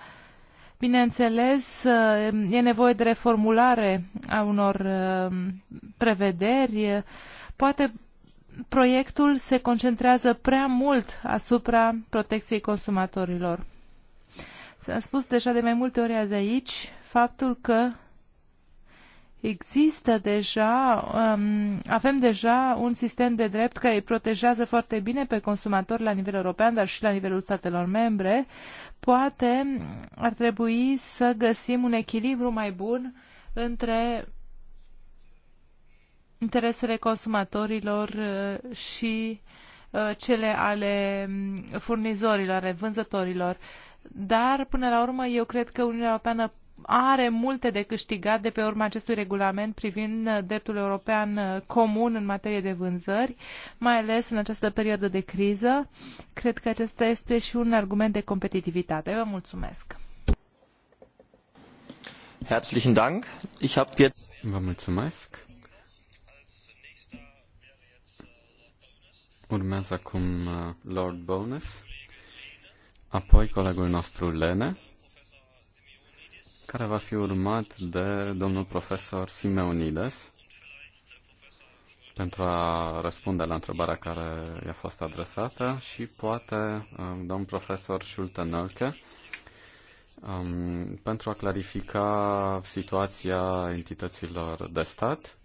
Bineînțeles, uh, e nevoie de reformulare a unor prevederi. Poate proiectul se concentrează prea mult asupra protecției consumatorilor. S-a spus deja de mai multe ori azi aici faptul că Există deja, um, avem deja un sistem de drept care îi protejează foarte bine pe consumatori la nivel european, dar și la nivelul statelor membre. Poate ar trebui să găsim un echilibru mai bun între interesele consumatorilor uh, și uh, cele ale um, furnizorilor, ale vânzătorilor dar până la urmă eu cred că Uniunea Europeană are multe de câștigat de pe urma acestui regulament privind dreptul european comun în materie de vânzări, mai ales în această perioadă de criză. Cred că acesta este și un argument de competitivitate. Vă mulțumesc! Herzlichen Dank. Ich habe jetzt Vă mulțumesc. Urmează acum uh, Lord Bonus apoi colegul nostru Lene, care va fi urmat de domnul profesor Simeonides pentru a răspunde la întrebarea care i-a fost adresată și poate um, domnul profesor Schulte-Nölke um, pentru a clarifica situația entităților de stat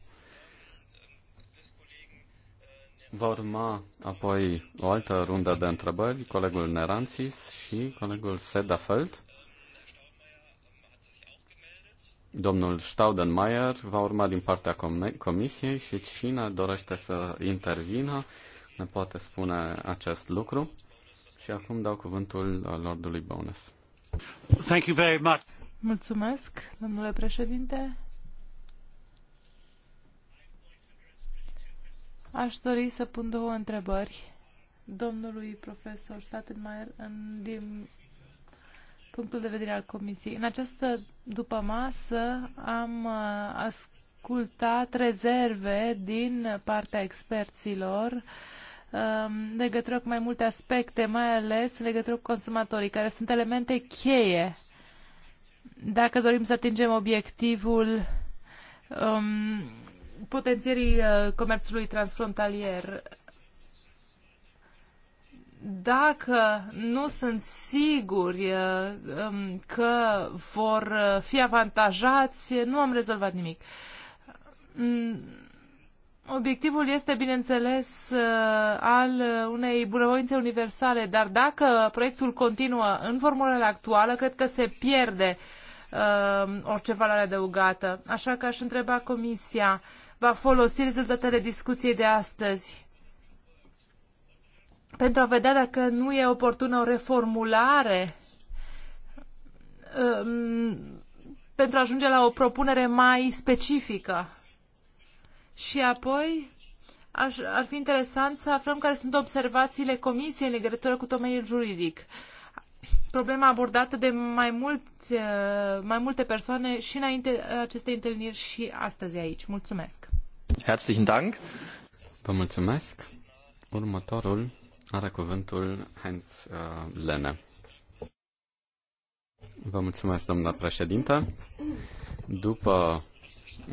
Va urma apoi o altă rundă de întrebări, colegul Neranțis și colegul Sedafeld. Domnul Staudenmayer va urma din partea com comisiei și cine dorește să intervină ne poate spune acest lucru. Și acum dau cuvântul Lordului Bones. Thank you very much. Mulțumesc, domnule președinte. Aș dori să pun două întrebări domnului profesor Statenmaier în, din punctul de vedere al comisiei. În această masă am uh, ascultat rezerve din partea experților um, legătură cu mai multe aspecte, mai ales legătură cu consumatorii, care sunt elemente cheie dacă dorim să atingem obiectivul um, potențierii uh, comerțului transfrontalier. Dacă nu sunt siguri uh, um, că vor uh, fi avantajați, nu am rezolvat nimic. Mm, obiectivul este, bineînțeles, al unei bunăvoințe universale, dar dacă proiectul continuă în formulele actuală, cred că se pierde uh, orice valoare adăugată. Așa că aș întreba Comisia va folosi rezultatele discuției de astăzi pentru a vedea dacă nu e oportună o reformulare um, pentru a ajunge la o propunere mai specifică. Și apoi ar fi interesant să aflăm care sunt observațiile comisiei în legătură cu domeniul juridic problema abordată de mai, mulți, eh, mai multe persoane și înainte acestei întâlniri și astăzi aici. Mulțumesc! Herzlichen Dank! Vă mulțumesc! Următorul are cuvântul Heinz uh, Lene. Vă mulțumesc, doamna președinte. După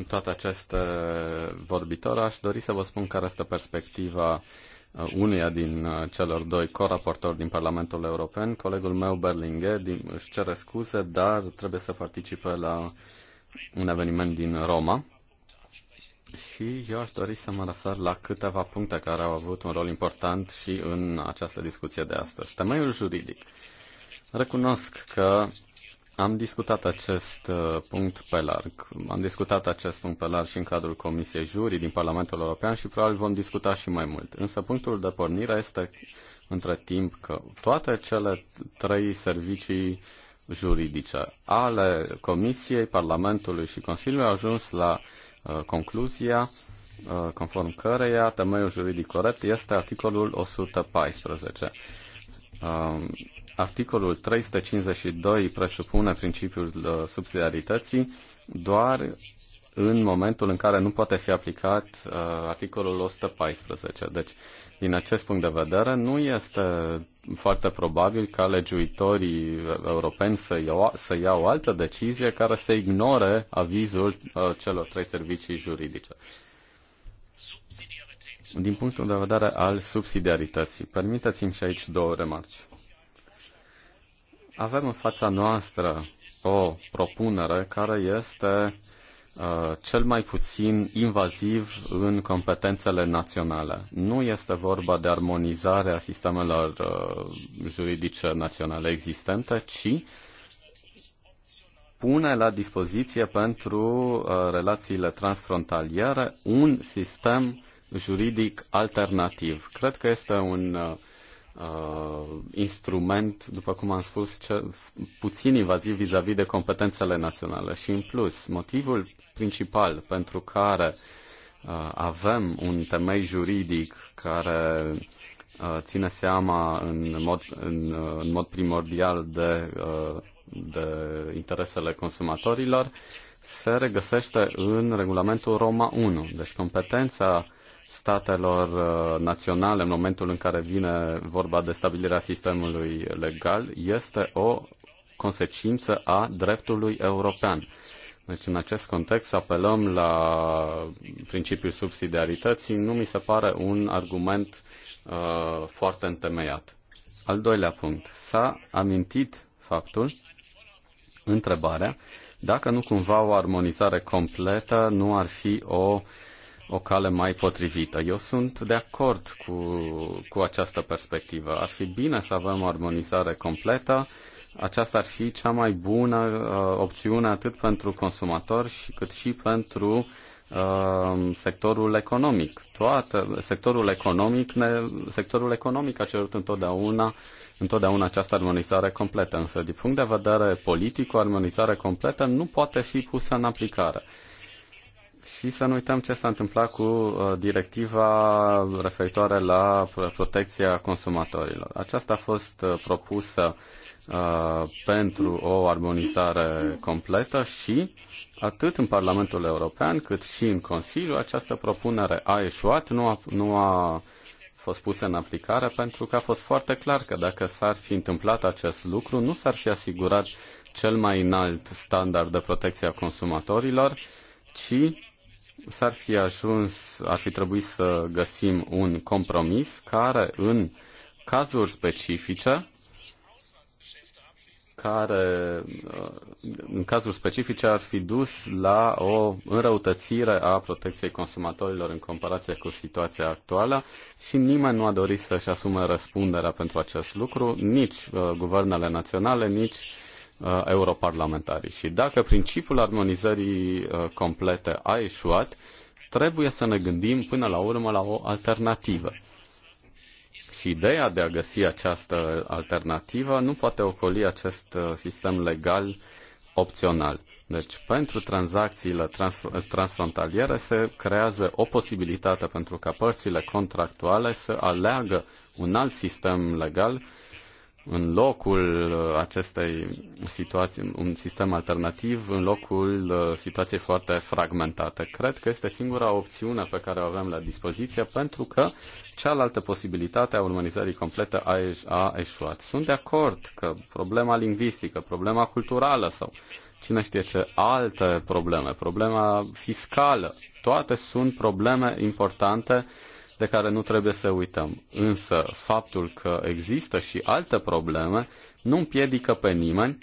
toate aceste vorbitori, aș dori să vă spun care este perspectiva Uh, uneia din uh, celor doi coraportori din Parlamentul European. Colegul meu, Berlinghe, din, își cere scuze, dar trebuie să participe la un eveniment din Roma. Și eu aș dori să mă refer la câteva puncte care au avut un rol important și în această discuție de astăzi. Temeiul juridic. Recunosc că am discutat acest uh, punct pe larg. Am discutat acest punct pe larg și în cadrul Comisiei juri din Parlamentul European și probabil vom discuta și mai mult. Însă punctul de pornire este între timp că toate cele trei servicii juridice ale Comisiei, Parlamentului și Consiliului au ajuns la uh, concluzia uh, conform căreia temeiul juridic corect este articolul 114. Uh, um, Articolul 352 presupune principiul uh, subsidiarității doar în momentul în care nu poate fi aplicat uh, articolul 114. Deci, din acest punct de vedere, nu este foarte probabil ca legiuitorii uh, europeni să iau, să iau altă decizie care să ignore avizul uh, celor trei servicii juridice. Din punctul de vedere al subsidiarității, permiteți-mi și aici două remarci. Avem în fața noastră o propunere care este uh, cel mai puțin invaziv în competențele naționale. Nu este vorba de armonizarea sistemelor uh, juridice naționale existente, ci pune la dispoziție pentru uh, relațiile transfrontaliere un sistem juridic alternativ. Cred că este un uh, uh, instrument, după cum am spus, ce, puțin invaziv vis-a-vis -vis de competențele naționale. Și în plus, motivul principal pentru care uh, avem un temei juridic care uh, ține seama în mod, în, uh, în mod primordial de, uh, de interesele consumatorilor, se regăsește în regulamentul Roma 1. Deci competența uh, statelor uh, naționale în momentul în care vine vorba de stabilirea sistemului legal este o consecință a dreptului european. Deci, în acest context, apelăm la principiul subsidiarității. Nu mi se pare un argument uh, foarte întemeiat. Al doilea punct. S-a amintit faptul, întrebarea, dacă nu cumva o armonizare completă nu ar fi o uh, o cale mai potrivită. Eu sunt de acord cu, cu această perspectivă. Ar fi bine să avem o armonizare completă. Aceasta ar fi cea mai bună uh, opțiune atât pentru consumatori cât și pentru uh, sectorul economic. Toată, sectorul economic, ne, sectorul economic a cerut întotdeauna, întotdeauna această armonizare completă, însă din punct de vedere politic, o armonizare completă nu poate fi pusă în aplicare. Și să nu uităm ce s-a întâmplat cu uh, directiva referitoare la protecția consumatorilor. Aceasta a fost uh, propusă uh, pentru o armonizare completă și atât în Parlamentul European cât și în Consiliu această propunere a ieșuat, nu a, nu a fost pusă în aplicare pentru că a fost foarte clar că dacă s-ar fi întâmplat acest lucru, nu s-ar fi asigurat cel mai înalt standard de protecție a consumatorilor, ci s-ar fi ajuns, ar fi trebuit să găsim un compromis care în cazuri specifice care uh, în cazuri specifice ar fi dus la o înrăutățire a protecției consumatorilor în comparație cu situația actuală și nimeni nu a dorit să-și asume răspunderea pentru acest lucru, nici uh, guvernele naționale, nici uh, europarlamentarii. Și dacă principiul armonizării uh, complete a eșuat, trebuie să ne gândim până la urmă la o alternativă. Și ideea de a găsi această alternativă nu poate ocoli acest uh, sistem legal opțional. Deci, pentru tranzacțiile transfrontaliere se creează o posibilitate pentru ca părțile contractuale să aleagă un alt sistem legal în locul uh, acestei situații, un sistem alternativ, în locul uh, situației foarte fragmentate. Cred că este singura opțiune pe care o avem la dispoziție pentru că cealaltă posibilitate a urmanizării complete a, a eșuat. Sunt de acord că problema lingvistică, problema culturală sau cine știe ce alte probleme, problema fiscală, toate sunt probleme importante uh, de care nu trebuie să uităm. Însă faptul că există și alte probleme nu împiedică pe nimeni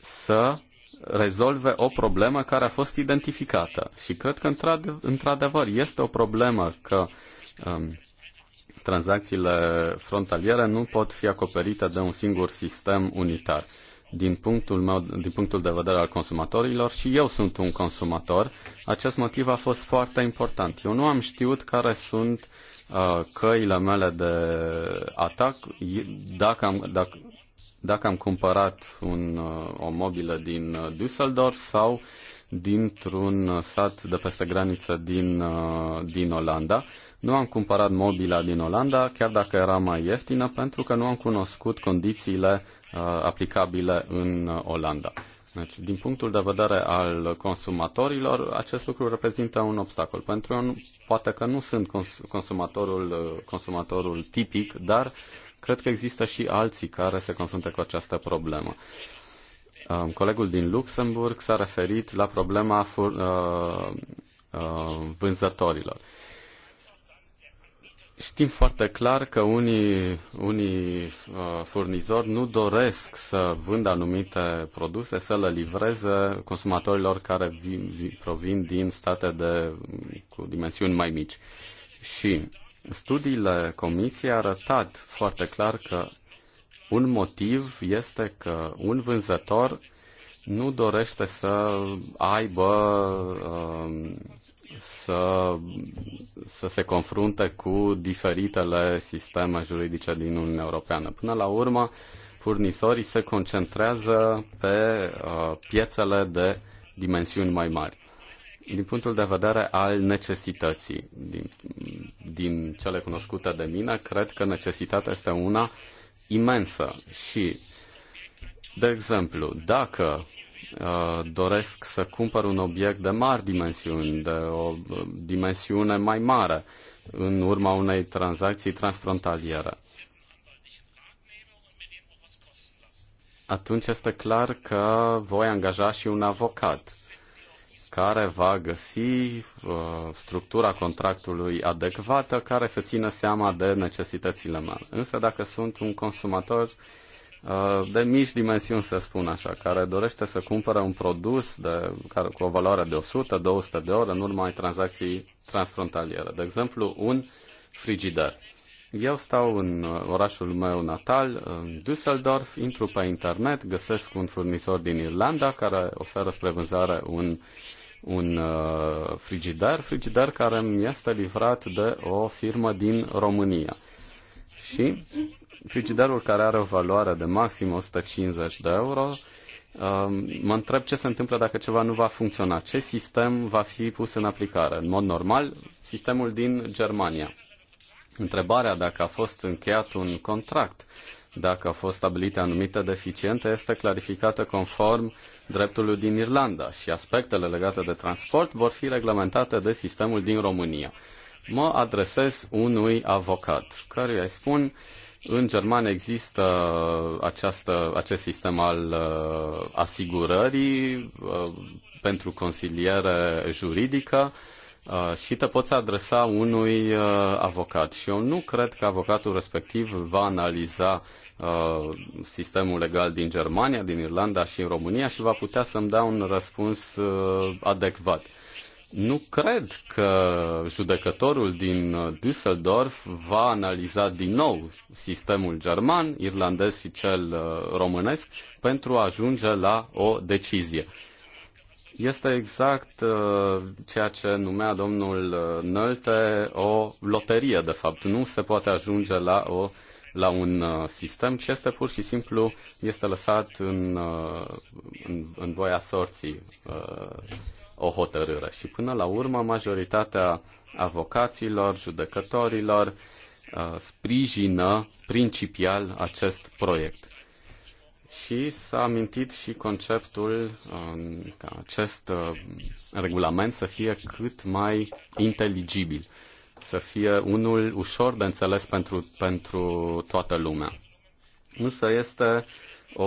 să rezolve o problemă care a fost identificată. Și cred că într-adevăr este o problemă că um, tranzacțiile frontaliere nu pot fi acoperite de un singur sistem unitar din punctul, meu, din punctul de vedere al consumatorilor și eu sunt un consumator. Acest motiv a fost foarte important. Eu nu am știut care sunt uh, căile mele de atac dacă am, dacă, dacă am cumpărat un, uh, o mobilă din uh, Düsseldorf sau uh, dintr-un sat de peste graniță din, uh, din Olanda. Nu am cumpărat mobila din Olanda, chiar dacă era mai ieftină, pentru că nu am cunoscut condițiile uh, aplicabile în Olanda. Deci, din punctul de vedere al consumatorilor, acest lucru reprezintă un obstacol. Pentru un, poate că nu sunt consumatorul, uh, consumatorul tipic, dar cred că există și alții care se confruntă cu această problemă. Um, colegul din Luxemburg s-a referit la problema fur, uh, uh, vânzătorilor. Știm foarte clar că unii, unii uh, furnizori nu doresc să vândă anumite produse, să le livreze consumatorilor care vin, provin din state de, cu dimensiuni mai mici. Și studiile comisiei a arătat foarte clar că un motiv este că un vânzător nu dorește să aibă um, să, să se confrunte cu diferitele sisteme juridice din Uniunea Europeană. Până la urmă, furnizorii se concentrează pe uh, piețele de dimensiuni mai mari. Din punctul de vedere al necesității, din, din cele cunoscute de mine, cred că necesitatea este una uh, imensă și, de exemplu, dacă uh, doresc să cumpăr un obiect de mari dimensiuni, de o uh, dimensiune mai mare, în urma unei tranzacții transfrontaliere. Atunci este clar că voi angaja și un avocat care va găsi uh, structura contractului adecvată care să țină seama de necesitățile mele. Însă dacă sunt un consumator uh, de mici dimensiuni, să spun așa, care dorește să cumpere un produs de, care, cu o valoare de 100-200 de ore în urma ai tranzacții transfrontaliere. De exemplu, un frigider. Eu stau în uh, orașul meu natal, în Düsseldorf, intru pe internet, găsesc un furnizor din Irlanda care oferă spre vânzare un un uh, frigider, frigider care mi este livrat de o firmă din România. Și frigiderul care are o valoare de maxim 150 de euro, um, mă întreb ce se întâmplă dacă ceva nu va funcționa, ce sistem va fi pus în aplicare. În mod normal, sistemul din Germania. Întrebarea dacă a fost încheiat un contract dacă au fost stabilite anumite deficiențe, este clarificată conform dreptului din Irlanda și aspectele legate de transport vor fi reglementate de sistemul din România. Mă adresez unui avocat, care îi spun în Germania există această, acest sistem al uh, asigurării uh, pentru consiliere juridică uh, și te poți adresa unui avocat. Și eu nu cred că avocatul respectiv va analiza Uh, sistemul legal din Germania, din Irlanda și în România și va putea să-mi dea un răspuns uh, adecvat. Nu cred că judecătorul din Düsseldorf va analiza din nou sistemul german, irlandez și cel uh, românesc pentru a ajunge la o decizie. Este exact ceea ce numea domnul Nălte o loterie, de fapt. Nu se poate ajunge la o la un uh, sistem, ci este pur și simplu este lăsat în, uh, în, în voia sorții uh, o hotărâre. Și până la urmă, majoritatea avocaților, judecătorilor sprijină principial acest proiect. Și s-a amintit și conceptul um, ca acest regulament să fie cât mai inteligibil să fie unul ușor de înțeles pentru, pentru toată lumea. Însă este o,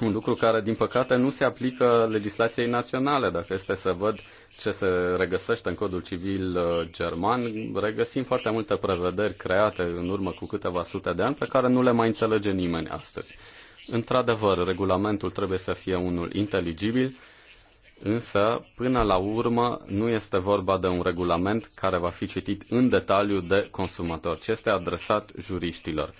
un lucru care, din păcate, nu se aplică legislației naționale. Dacă este să văd ce se regăsește în codul civil uh, german, regăsim foarte multe prevederi create în urmă cu câteva sute de ani pe care nu le mai înțelege nimeni astăzi. Într-adevăr, regulamentul trebuie să fie unul inteligibil, Însă, până la urmă, nu este vorba de un regulament care va fi citit în detaliu de consumator, ci este adresat juriștilor.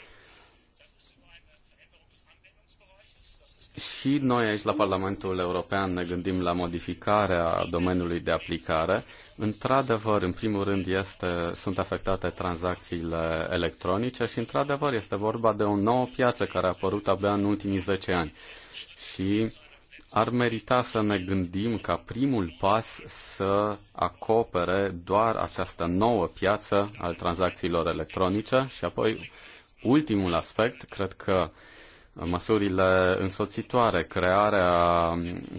Și noi aici la Parlamentul European ne gândim la modificarea domeniului de aplicare. Într-adevăr, în primul rând, este, sunt afectate tranzacțiile electronice și, într-adevăr, este vorba de o nouă piață care a apărut abia în ultimii 10 ani. Și ar merita să ne gândim ca primul pas să acopere doar această nouă piață al tranzacțiilor electronice și apoi ultimul aspect, cred că măsurile însoțitoare, crearea,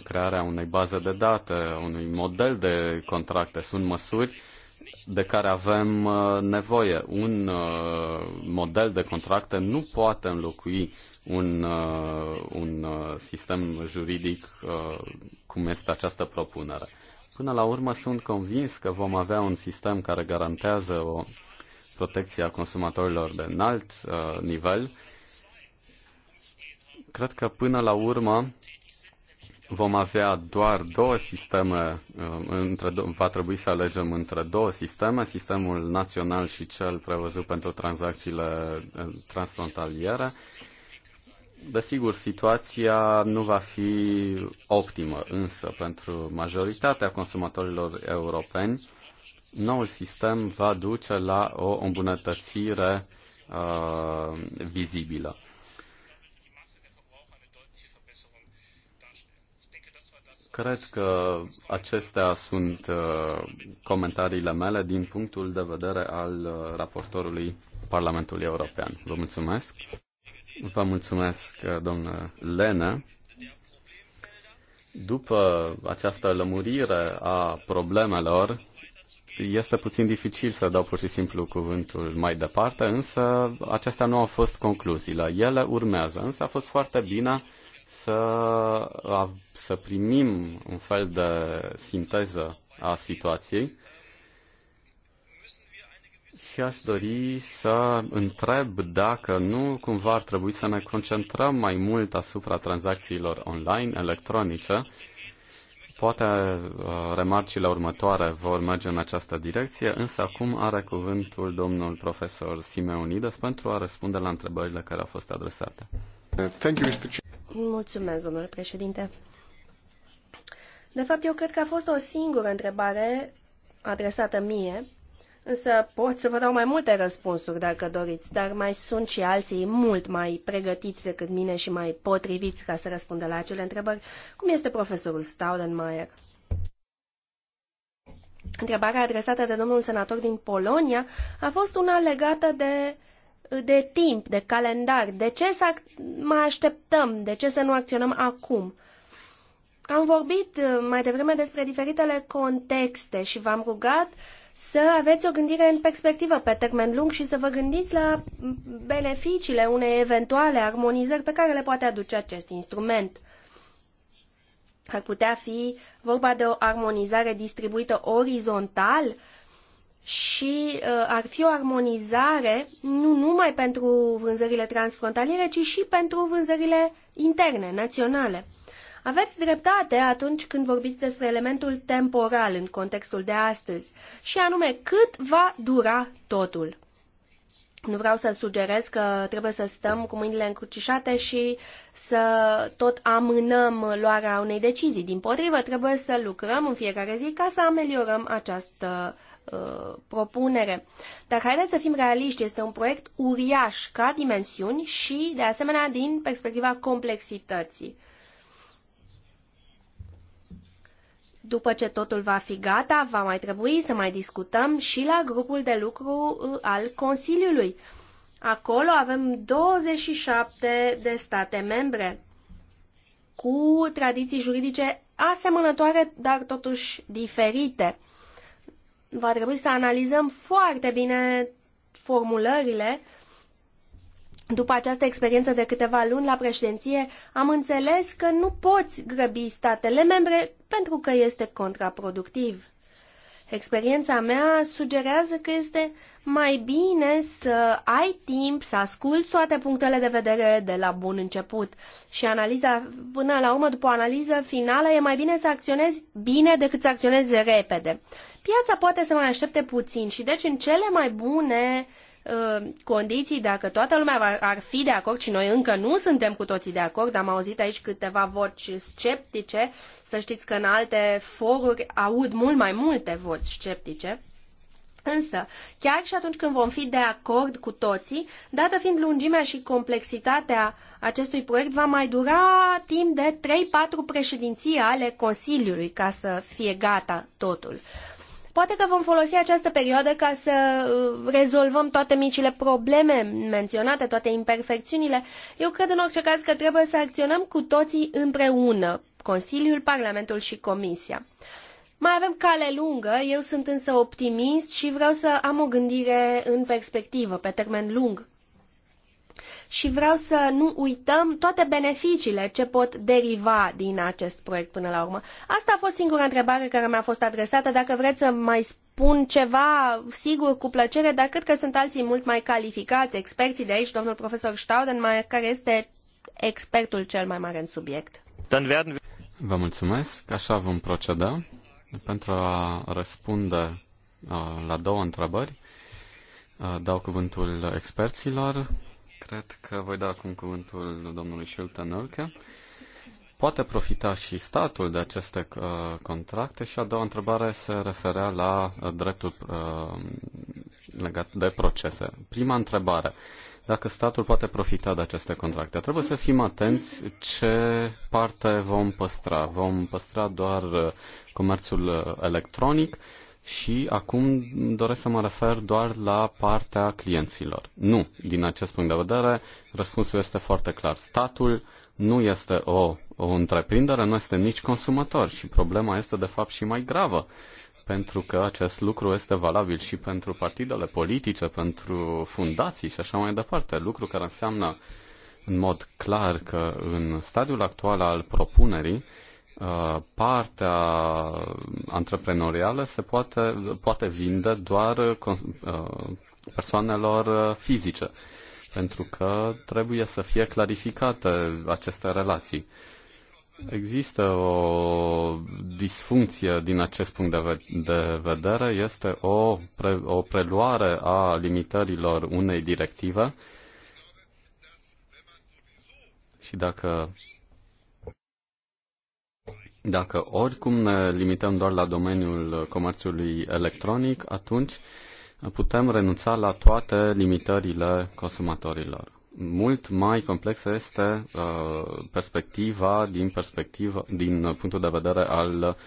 crearea unei baze de date, unui model de contracte sunt măsuri de care avem uh, nevoie. Un uh, model de contracte nu poate înlocui un, uh, un sistem juridic cum este această propunere. Până la urmă sunt convins că vom avea un sistem care garantează o protecție a consumatorilor de înalt nivel. Cred că până la urmă vom avea doar două sisteme, uh, între, va trebui să alegem între două sisteme, sistemul național și cel prevăzut pentru tranzacțiile uh, transfrontaliere. Desigur, situația nu va fi optimă, însă pentru majoritatea consumatorilor europeni, noul sistem va duce la o îmbunătățire uh, vizibilă. Cred că acestea sunt uh, comentariile mele din punctul de vedere al uh, raportorului Parlamentului European. Vă mulțumesc. Vă mulțumesc, uh, domnule Lene. După această lămurire a problemelor, este puțin dificil să dau pur și simplu cuvântul mai departe, însă acestea nu au fost concluziile. Ele urmează, însă a fost foarte bine să, să primim un fel de sinteză a situației și aș dori să întreb dacă nu cumva ar trebui să ne concentrăm mai mult asupra tranzacțiilor online, electronice. Poate uh, remarcile următoare vor merge în această direcție, însă acum are cuvântul domnul profesor Simeonides pentru a răspunde la întrebările care au fost adresate. Thank you, Mr. Mulțumesc, domnule președinte. De fapt, eu cred că a fost o singură întrebare adresată mie, însă pot să vă dau mai multe răspunsuri dacă doriți, dar mai sunt și alții mult mai pregătiți decât mine și mai potriviți ca să răspundă la acele întrebări, cum este profesorul Staudenmayer. Întrebarea adresată de domnul senator din Polonia a fost una legată de uh, de timp, de calendar. De ce să mai așteptăm? De ce să nu acționăm acum? Am vorbit uh, mai devreme despre diferitele contexte și v-am rugat să aveți o gândire în perspectivă pe termen lung și să vă gândiți la beneficiile unei eventuale armonizări pe care le poate aduce acest instrument. Ar putea fi vorba de o armonizare distribuită orizontal și uh, ar fi o armonizare nu numai pentru vânzările transfrontaliere, ci și pentru vânzările interne, naționale. Aveți dreptate atunci când vorbiți despre elementul temporal în contextul de astăzi, și anume cât va dura totul. Nu vreau să sugerez că trebuie să stăm cu mâinile încrucișate și să tot amânăm luarea unei decizii. Din potrivă, trebuie să lucrăm în fiecare zi ca să ameliorăm această Uh, propunere. Dar haideți să fim realiști, este un proiect uriaș ca dimensiuni și, de asemenea, din perspectiva complexității. După ce totul va fi gata, va mai trebui să mai discutăm și la grupul de lucru uh, al Consiliului. Acolo avem 27 de state membre cu tradiții juridice asemănătoare, dar totuși diferite va trebui să analizăm foarte bine formulările. După această experiență de câteva luni la președinție, am înțeles că nu poți grăbi statele membre pentru că este contraproductiv. Experiența mea sugerează că este mai bine să ai timp să asculți toate punctele de vedere de la bun început și analiza, până la urmă, după o analiză finală, e mai bine să acționezi bine decât să acționezi repede. Piața poate să mai aștepte puțin și deci în cele mai bune Uh, condiții, dacă toată lumea ar fi de acord și noi încă nu suntem cu toții de acord, am auzit aici câteva voci sceptice, să știți că în alte foruri aud mult mai multe voci sceptice, Însă, chiar și atunci când vom fi de acord cu toții, dată fiind lungimea și complexitatea acestui proiect, va mai dura timp de 3-4 președinții ale Consiliului ca să fie gata totul. Poate că vom folosi această perioadă ca să uh, rezolvăm toate micile probleme menționate, toate imperfecțiunile. Eu cred în orice caz că trebuie să acționăm cu toții împreună, Consiliul, Parlamentul și Comisia. Mai avem cale lungă, eu sunt însă optimist și vreau să am o gândire în perspectivă, pe termen lung și vreau să nu uităm toate beneficiile ce pot deriva din acest proiect până la urmă. Asta a fost singura întrebare care mi-a fost adresată. Dacă vreți să mai spun ceva, sigur, cu plăcere, dar cred că sunt alții mult mai calificați, experții de aici, domnul profesor Staudenmayer, care este expertul cel mai mare în subiect. Vă mulțumesc, așa vom proceda. Pentru a răspunde uh, la două întrebări, uh, dau cuvântul experților. Cred că voi da acum cuvântul domnului Schultenolke. Poate profita și statul de aceste uh, contracte și a doua întrebare se referea la uh, dreptul uh, legat de procese. Prima întrebare dacă statul poate profita de aceste contracte. Trebuie să fim atenți ce parte vom păstra. Vom păstra doar uh, comerțul uh, electronic și acum doresc să mă refer doar la partea clienților. Nu, din acest punct de vedere, răspunsul este foarte clar. Statul nu este o, o întreprindere, nu este nici consumator și problema este de fapt și mai gravă, pentru că acest lucru este valabil și pentru partidele politice, pentru fundații și așa mai departe, lucru care înseamnă în mod clar că în stadiul actual al propunerii, Uh, partea antreprenorială se poate, poate vinde doar uh, uh, persoanelor fizice, pentru că trebuie să fie clarificate aceste relații. Există o disfuncție din acest punct de, de vedere, este o, pre- o preluare a limitărilor unei directive și dacă dacă oricum ne limităm doar la domeniul comerțului electronic, atunci putem renunța la toate limitările consumatorilor. Mult mai complexă este uh, perspectiva din, perspectiva din punctul de vedere al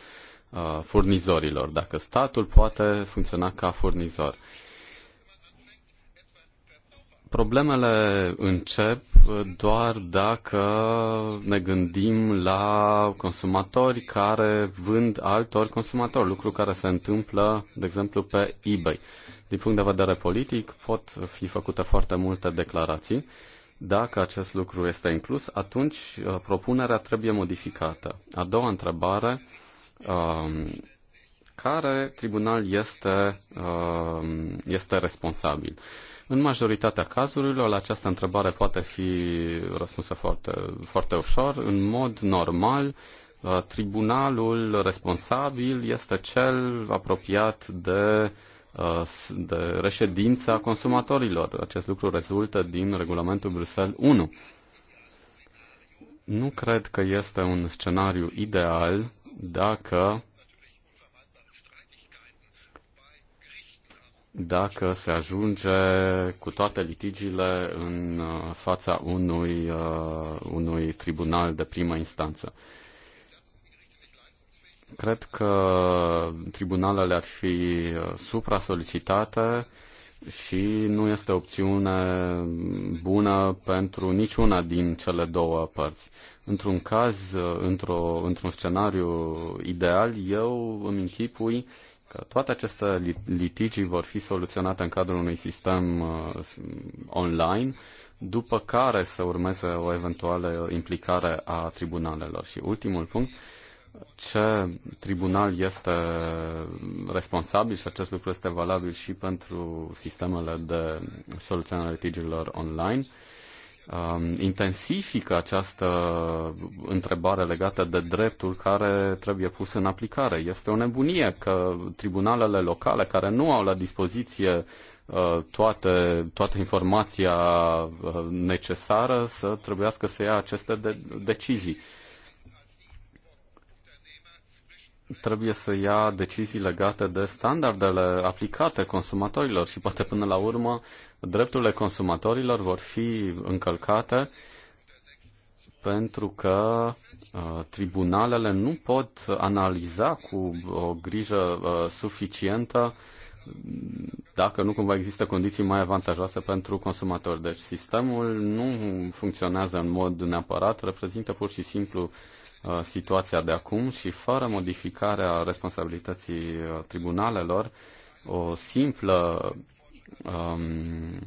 uh, furnizorilor, dacă statul poate funcționa ca furnizor. Uh, Problemele încep doar dacă ne gândim la consumatori care vând altor consumatori, lucru care se întâmplă, de exemplu, pe eBay. Din punct de vedere politic, pot fi făcute foarte multe declarații. Dacă acest lucru este inclus, atunci uh, propunerea trebuie modificată. A doua întrebare um, care tribunal este, uh, este responsabil. În majoritatea cazurilor, la această întrebare poate fi răspunsă foarte, foarte ușor. În mod normal, uh, tribunalul responsabil este cel apropiat de, uh, de reședința consumatorilor. Acest lucru rezultă din regulamentul Bruxelles 1. Nu cred că este un scenariu ideal dacă dacă se ajunge cu toate litigiile în uh, fața unui, uh, unui tribunal de primă instanță. Cred că tribunalele ar fi uh, supra-solicitate și nu este opțiune bună pentru niciuna din cele două părți. Într-un caz, într-o, într-un scenariu ideal, eu îmi închipui că toate aceste litigii vor fi soluționate în cadrul unui sistem uh, online, după care să urmeze o eventuală implicare a tribunalelor. Și ultimul punct, ce tribunal este responsabil și acest lucru este valabil și pentru sistemele de soluționare litigiilor online. Uh, Um, intensifică această întrebare legată de dreptul care trebuie pus în aplicare. Este o nebunie că tribunalele locale care nu au la dispoziție uh, toate, toată informația uh, necesară să trebuiască să ia aceste de- decizii. Trebuie să ia decizii legate de standardele aplicate consumatorilor și poate până la urmă uh, drepturile consumatorilor vor fi încălcate pentru că uh, tribunalele nu pot analiza cu o grijă uh, suficientă dacă nu cumva există condiții mai avantajoase pentru consumatori. Deci sistemul nu funcționează în mod neapărat, reprezintă pur și simplu uh, situația de acum și fără modificarea responsabilității tribunalelor, o simplă um,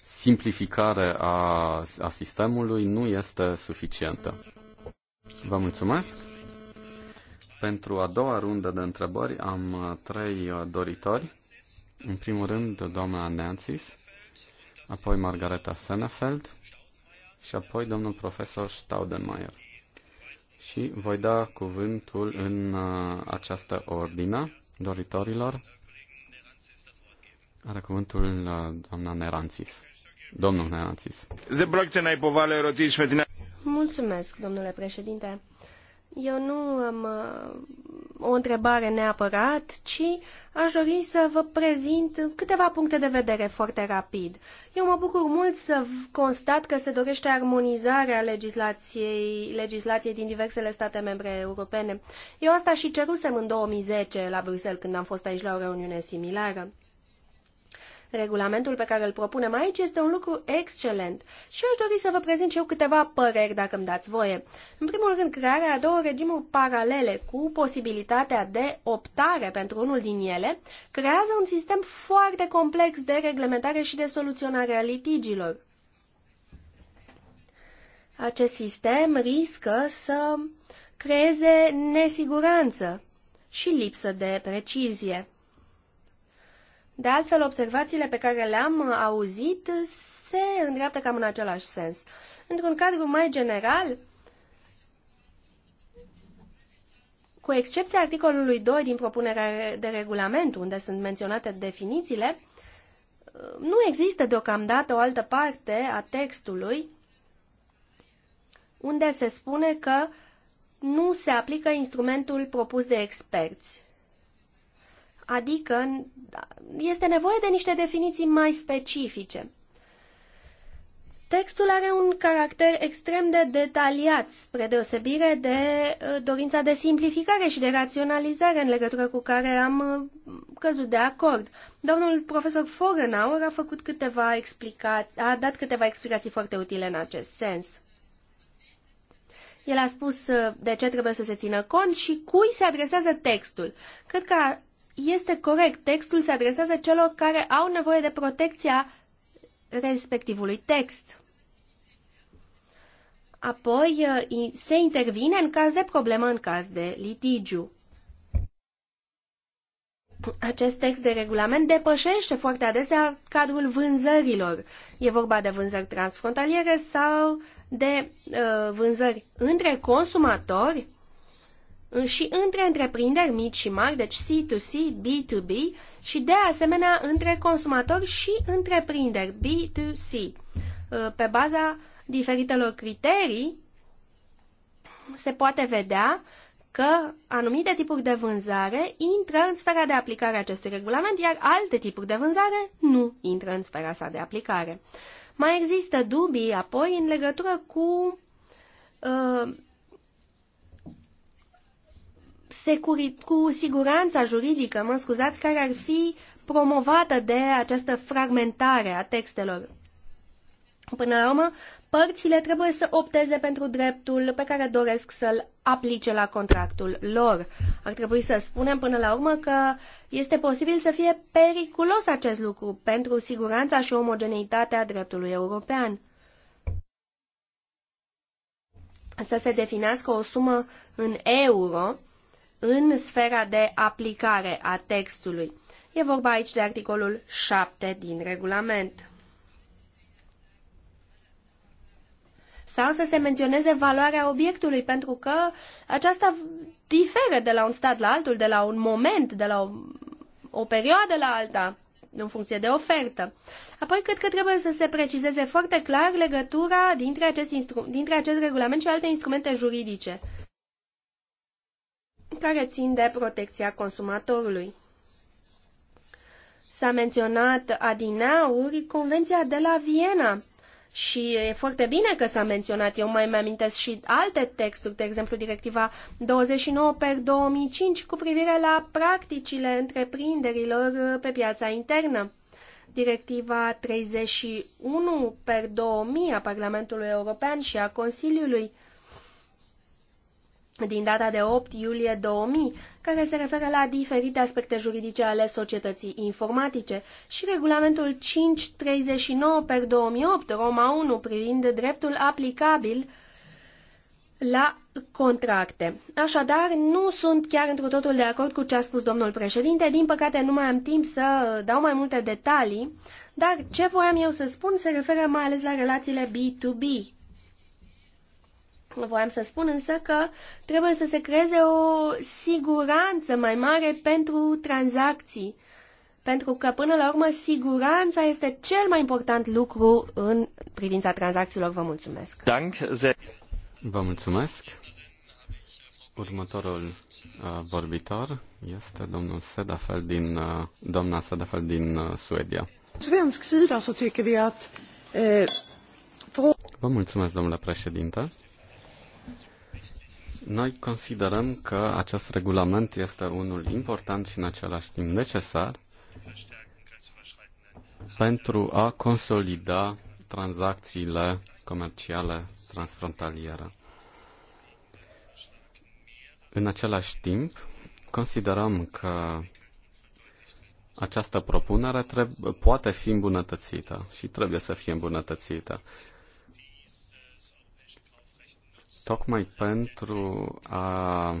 simplificare a, a sistemului nu este suficientă. Vă mulțumesc! Pentru a doua rundă de întrebări am uh, trei uh, doritori. În primul rând, doamna Neanțis, apoi Margareta Senefeld și apoi domnul profesor Staudenmayer. Și voi da cuvântul în uh, această ordine doritorilor. Are cuvântul uh, doamna Neranțis. Domnul Neranțis. Δεν πρόκειται να υποβάλω ερωτήσεις με την... Mulțumesc, domnule președinte. Eu nu am uh, o întrebare neapărat, ci aș dori să vă prezint câteva puncte de vedere foarte rapid. Eu mă bucur mult să constat că se dorește armonizarea legislației, legislației din diversele state membre europene. Eu asta și cerusem în 2010 la Bruxelles, când am fost aici la o reuniune similară. Regulamentul pe care îl propunem aici este un lucru excelent și aș dori să vă prezint și eu câteva păreri, dacă îmi dați voie. În primul rând, crearea a două regimuri paralele cu posibilitatea de optare pentru unul din ele creează un sistem foarte complex de reglementare și de soluționare a litigilor. Acest sistem riscă să creeze nesiguranță și lipsă de precizie. De altfel, observațiile pe care le-am auzit se îndreaptă cam în același sens. Într-un cadru mai general, cu excepția articolului 2 din propunerea de regulament, unde sunt menționate definițiile, nu există deocamdată o altă parte a textului unde se spune că nu se aplică instrumentul propus de experți. Adică este nevoie de niște definiții mai specifice. Textul are un caracter extrem de detaliat, spre deosebire de uh, dorința de simplificare și de raționalizare în legătură cu care am uh, căzut de acord. Domnul profesor Forenauer a, făcut câteva explica- a dat câteva explicații foarte utile în acest sens. El a spus uh, de ce trebuie să se țină cont și cui se adresează textul. Cred că este corect. Textul se adresează celor care au nevoie de protecția respectivului text. Apoi se intervine în caz de problemă, în caz de litigiu. Acest text de regulament depășește foarte adesea cadrul vânzărilor. E vorba de vânzări transfrontaliere sau de uh, vânzări între consumatori și între întreprinderi mici și mari, deci C2C, B2B și de asemenea între consumatori și întreprinderi B2C. Uh, pe baza diferitelor criterii se poate vedea că anumite tipuri de vânzare intră în sfera de aplicare a acestui regulament, iar alte tipuri de vânzare nu intră în sfera sa de aplicare. Mai există dubii apoi în legătură cu uh, cu siguranța juridică, mă scuzați, care ar fi promovată de această fragmentare a textelor. Până la urmă, părțile trebuie să opteze pentru dreptul pe care doresc să-l aplice la contractul lor. Ar trebui să spunem până la urmă că este posibil să fie periculos acest lucru pentru siguranța și omogeneitatea dreptului european. Să se definească o sumă în euro în sfera de aplicare a textului. E vorba aici de articolul 7 din regulament. Sau să se menționeze valoarea obiectului, pentru că aceasta diferă de la un stat la altul, de la un moment, de la o, o perioadă la alta, în funcție de ofertă. Apoi, cred că trebuie să se precizeze foarte clar legătura dintre acest, dintre acest regulament și alte instrumente juridice care țin de protecția consumatorului. S-a menționat adineauri Convenția de la Viena și e foarte bine că s-a menționat. Eu mai mi-amintesc și alte texturi, de exemplu Directiva 29 per 2005 cu privire la practicile întreprinderilor uh, pe piața internă. Directiva 31 per 2000 a Parlamentului European și a Consiliului din data de 8 iulie 2000, care se referă la diferite aspecte juridice ale societății informatice, și regulamentul 539 per 2008, Roma 1, privind dreptul aplicabil la contracte. Așadar, nu sunt chiar într totul de acord cu ce a spus domnul președinte, din păcate nu mai am timp să dau mai multe detalii, dar ce voiam eu să spun se referă mai ales la relațiile B2B, Voiam să spun însă că trebuie să se creeze o siguranță mai mare pentru tranzacții. Pentru că, până la urmă, siguranța este cel mai important lucru în privința tranzacțiilor. Vă mulțumesc. Vă mulțumesc. Următorul uh, vorbitor este domnul Sedafel din, uh, doamna Sedafel din uh, Suedia. Svensk sida vi eh, Vă mulțumesc, domnule președinte. Noi considerăm că acest regulament este unul important și în același timp necesar pentru a consolida tranzacțiile comerciale transfrontaliere. În același timp, considerăm că această propunere poate fi îmbunătățită și trebuie să fie îmbunătățită tocmai pentru a,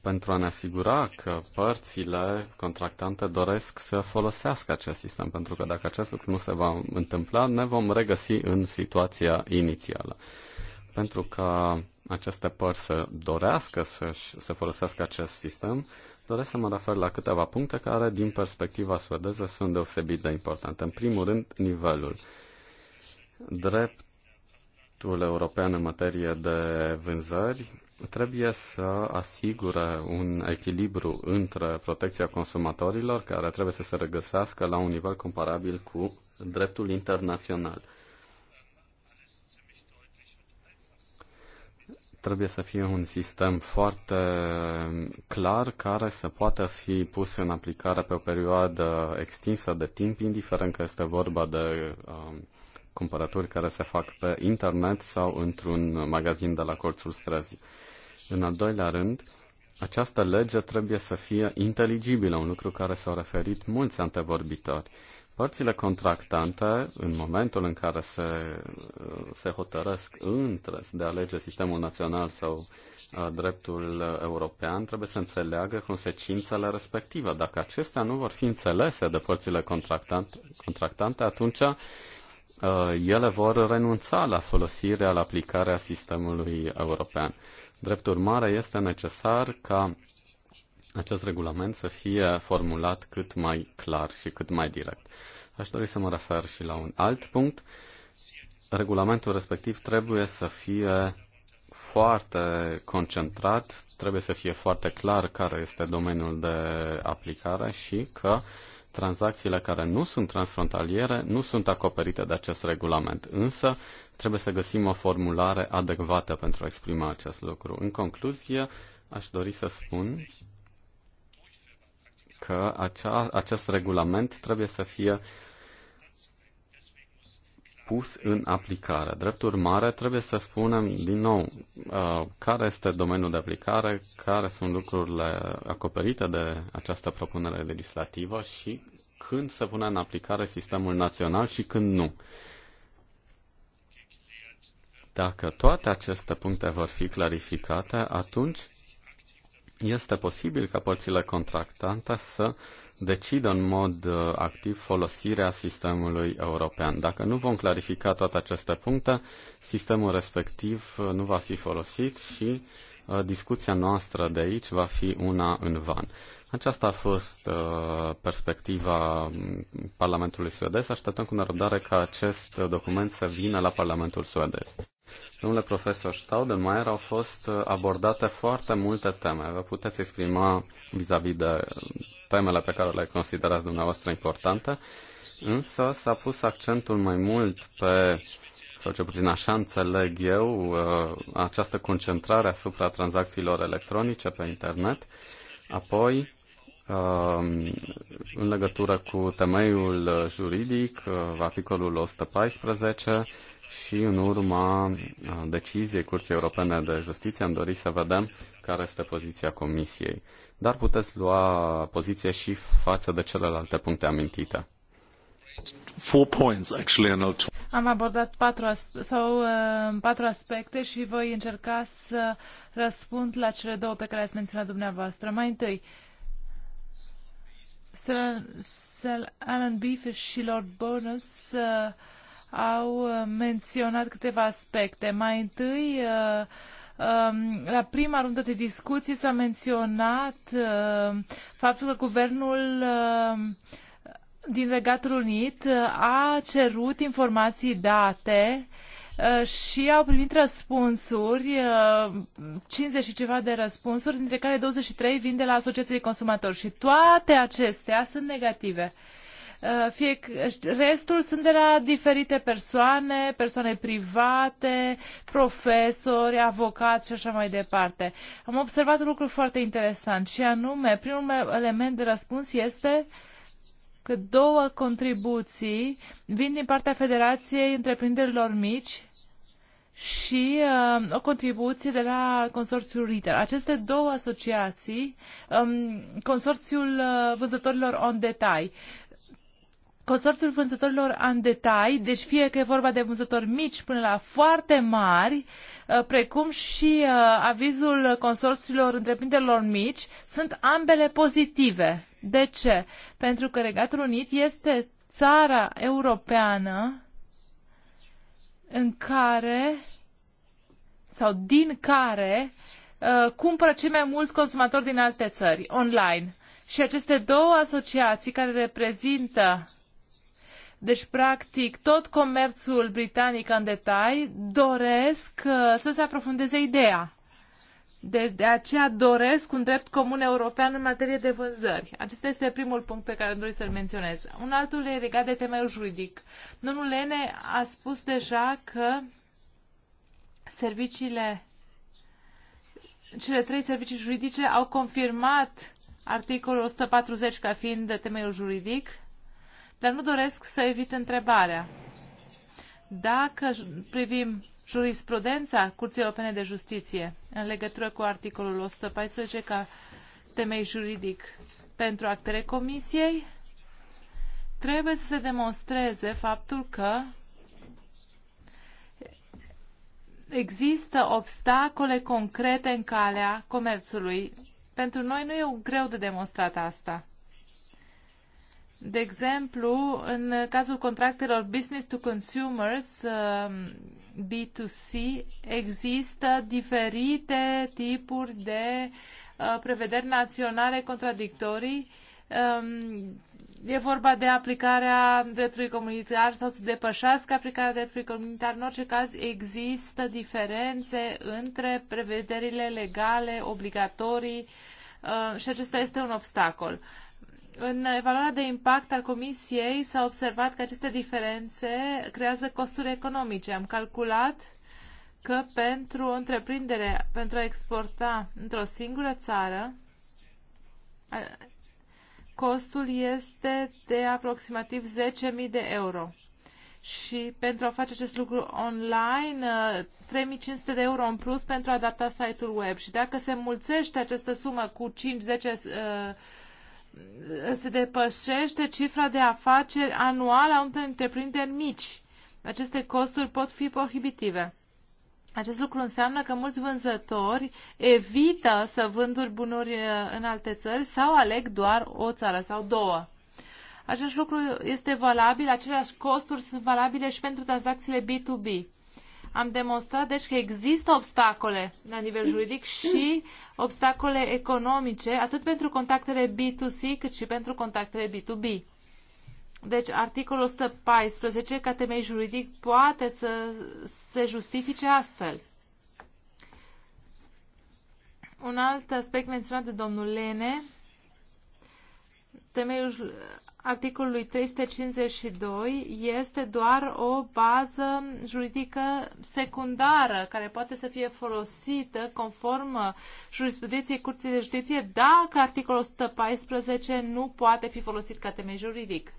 pentru a ne asigura că părțile contractante doresc să folosească acest sistem, pentru că dacă acest lucru nu se va întâmpla, ne vom regăsi în situația inițială. Pentru că aceste părți să dorească să, să folosească acest sistem, doresc să mă refer la câteva puncte care, din perspectiva suedeză, sunt deosebit de importante. În primul rând, nivelul. Drept dreptul european în materie de vânzări trebuie să asigure un echilibru între protecția consumatorilor, care trebuie să se regăsească la un nivel comparabil cu dreptul internațional. Trebuie să fie un sistem foarte clar care să poată fi pus în aplicare pe o perioadă extinsă de timp, indiferent că este vorba de um, cumpărături care se fac pe internet sau într-un magazin de la colțul străzii. În al doilea rând, această lege trebuie să fie inteligibilă, un lucru care s-au referit mulți antevorbitori. Părțile contractante, în momentul în care se, se hotărăsc între de a alege sistemul național sau dreptul european, trebuie să înțeleagă consecințele respective. Dacă acestea nu vor fi înțelese de părțile contractante, contractante atunci Uh, ele vor renunța la folosirea, la aplicarea sistemului european. Drept urmare, este necesar ca acest regulament să fie formulat cât mai clar și cât mai direct. Aș dori să mă refer și la un alt punct. Regulamentul respectiv trebuie să fie foarte concentrat, trebuie să fie foarte clar care este domeniul de aplicare și că uh, tranzacțiile care nu sunt transfrontaliere nu sunt acoperite de acest regulament, însă trebuie să găsim o formulare adecvată pentru a exprima acest lucru. În concluzie, aș dori să spun că acea, acest regulament trebuie să fie pus în aplicare. Drept urmare, trebuie să spunem din nou uh, care este domeniul de aplicare, care sunt lucrurile acoperite de această propunere legislativă și când se pune în aplicare sistemul național și când nu. Dacă toate aceste puncte vor fi clarificate, atunci este posibil ca părțile contractante să decidă în mod uh, activ folosirea sistemului european. Dacă nu vom clarifica toate aceste puncte, sistemul respectiv uh, nu va fi folosit și uh, discuția noastră de aici va fi una în van. Aceasta a fost perspectiva mm, Parlamentului suedez. Așteptăm cu nerăbdare ca acest document să vină la Parlamentul suedez. Domnule profesor Staudemeyer, au fost uh, abordate foarte multe teme. Vă puteți exprima vis-a-vis -vis de uh, temele pe care le considerați dumneavoastră importante, însă s-a pus accentul mai mult pe, sau ce puțin așa înțeleg eu, uh, această concentrare asupra tranzacțiilor electronice pe internet, apoi în legătură cu temeiul juridic, articolul 114, și în urma deciziei Curții Europene de Justiție am dorit să vedem care este poziția Comisiei. Dar puteți lua poziție și față de celelalte puncte amintite. Four points, actually, and I'll... Am abordat patru, sau, uh, patru aspecte și voi încerca să răspund la cele două pe care ați menționat dumneavoastră. Mai întâi, Sir Alan Beef și Lord Bonus uh, au uh, menționat câteva aspecte. Mai întâi, uh, um, la prima rundă de discuții s-a menționat uh, faptul că guvernul din Regatul Unit a cerut informații date și au primit răspunsuri, 50 și ceva de răspunsuri, dintre care 23 vin de la asociații de consumatori și toate acestea sunt negative. Uh, Fie, restul sunt de la diferite persoane, persoane private, profesori, avocați și așa mai departe. Am observat un lucru foarte interesant și anume, primul element de răspuns este că două contribuții vin din partea Federației Întreprinderilor Mici și uh, o contribuție de la consorțiul Ritter. Aceste două asociații, um, consorțiul uh, văzătorilor on detail, Consorțiul vânzătorilor în detai, deci fie că e vorba de vânzători mici până la foarte mari, uh, precum și uh, avizul consorțiilor întreprinderilor mici, sunt ambele pozitive. De ce? Pentru că Regatul Unit este țara europeană în care sau din care uh, cumpără cei mai mulți consumatori din alte țări online. Și aceste două asociații care reprezintă deci, practic, tot comerțul britanic în detai doresc uh, să se aprofundeze ideea. Deci, de aceea doresc un drept comun european în materie de vânzări. Acesta este primul punct pe care doresc să-l menționez. Un altul e legat de temeiul juridic. Domnul Lene a spus deja că serviciile, cele trei servicii juridice au confirmat articolul 140 ca fiind de temeiul juridic dar nu doresc să evit întrebarea. Dacă privim jurisprudența Curții Europene de Justiție în legătură cu articolul 114 ca temei juridic pentru actele comisiei, trebuie să se demonstreze faptul că există obstacole concrete în calea comerțului. Pentru noi nu e greu de demonstrat asta. De exemplu, în cazul contractelor business to consumers, um, B2C, există diferite tipuri de uh, prevederi naționale contradictorii. Um, e vorba de aplicarea dreptului comunitar sau să depășească aplicarea dreptului comunitar. În orice caz, există diferențe între prevederile legale obligatorii uh, și acesta este un obstacol. În evaluarea de impact a Comisiei s-a observat că aceste diferențe creează costuri economice. Am calculat că pentru o întreprindere, pentru a exporta într-o singură țară, costul este de aproximativ 10.000 de euro. Și pentru a face acest lucru online, 3500 de euro în plus pentru a adapta site-ul web. Și dacă se mulțește această sumă cu 5-10 se depășește cifra de afaceri anuală a unor întreprinderi mici. Aceste costuri pot fi prohibitive. Acest lucru înseamnă că mulți vânzători evită să vânduri bunuri uh, în alte țări sau aleg doar o țară sau două. Același lucru este valabil, aceleași costuri sunt valabile și pentru tranzacțiile B2B. Am demonstrat, deci, că există obstacole la nivel juridic și obstacole economice, atât pentru contactele B2C, cât și pentru contactele B2B. Deci, articolul 114, ca temei juridic, poate să se justifice astfel. Un alt aspect menționat de domnul Lene, temeiul articolului 352 este doar o bază juridică secundară care poate să fie folosită conform jurisprudenției Curții de Justiție dacă articolul 114 nu poate fi folosit ca temei juridic.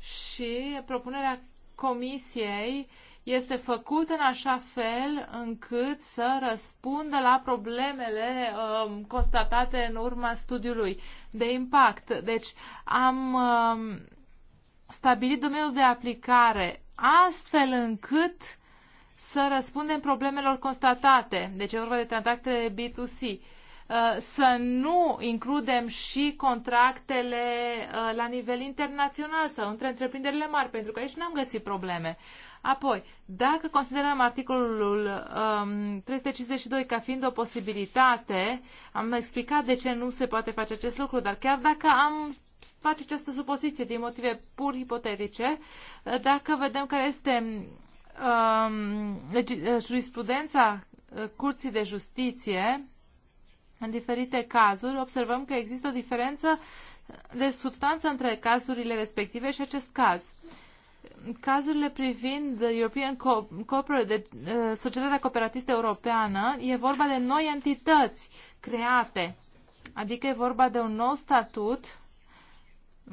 Și propunerea Comisiei este făcut în așa fel încât să răspundă la problemele uh, constatate în urma studiului de impact. Deci am uh, stabilit domeniul de aplicare astfel încât să răspundem problemelor constatate. Deci e vorba de contractele B2C uh, să nu includem și contractele uh, la nivel internațional sau între întreprinderile mari, pentru că aici n-am găsit probleme. Apoi, dacă considerăm articolul um, 352 ca fiind o posibilitate, am explicat de ce nu se poate face acest lucru, dar chiar dacă am face această supoziție din motive pur ipotetice, dacă vedem care este um, jurisprudența uh, Curții de Justiție în diferite cazuri, observăm că există o diferență de substanță între cazurile respective și acest caz. Uh, cazurile privind European Co Corporate, de, uh, Societatea Cooperatistă Europeană, e vorba de noi entități create. Adică e vorba de un nou statut,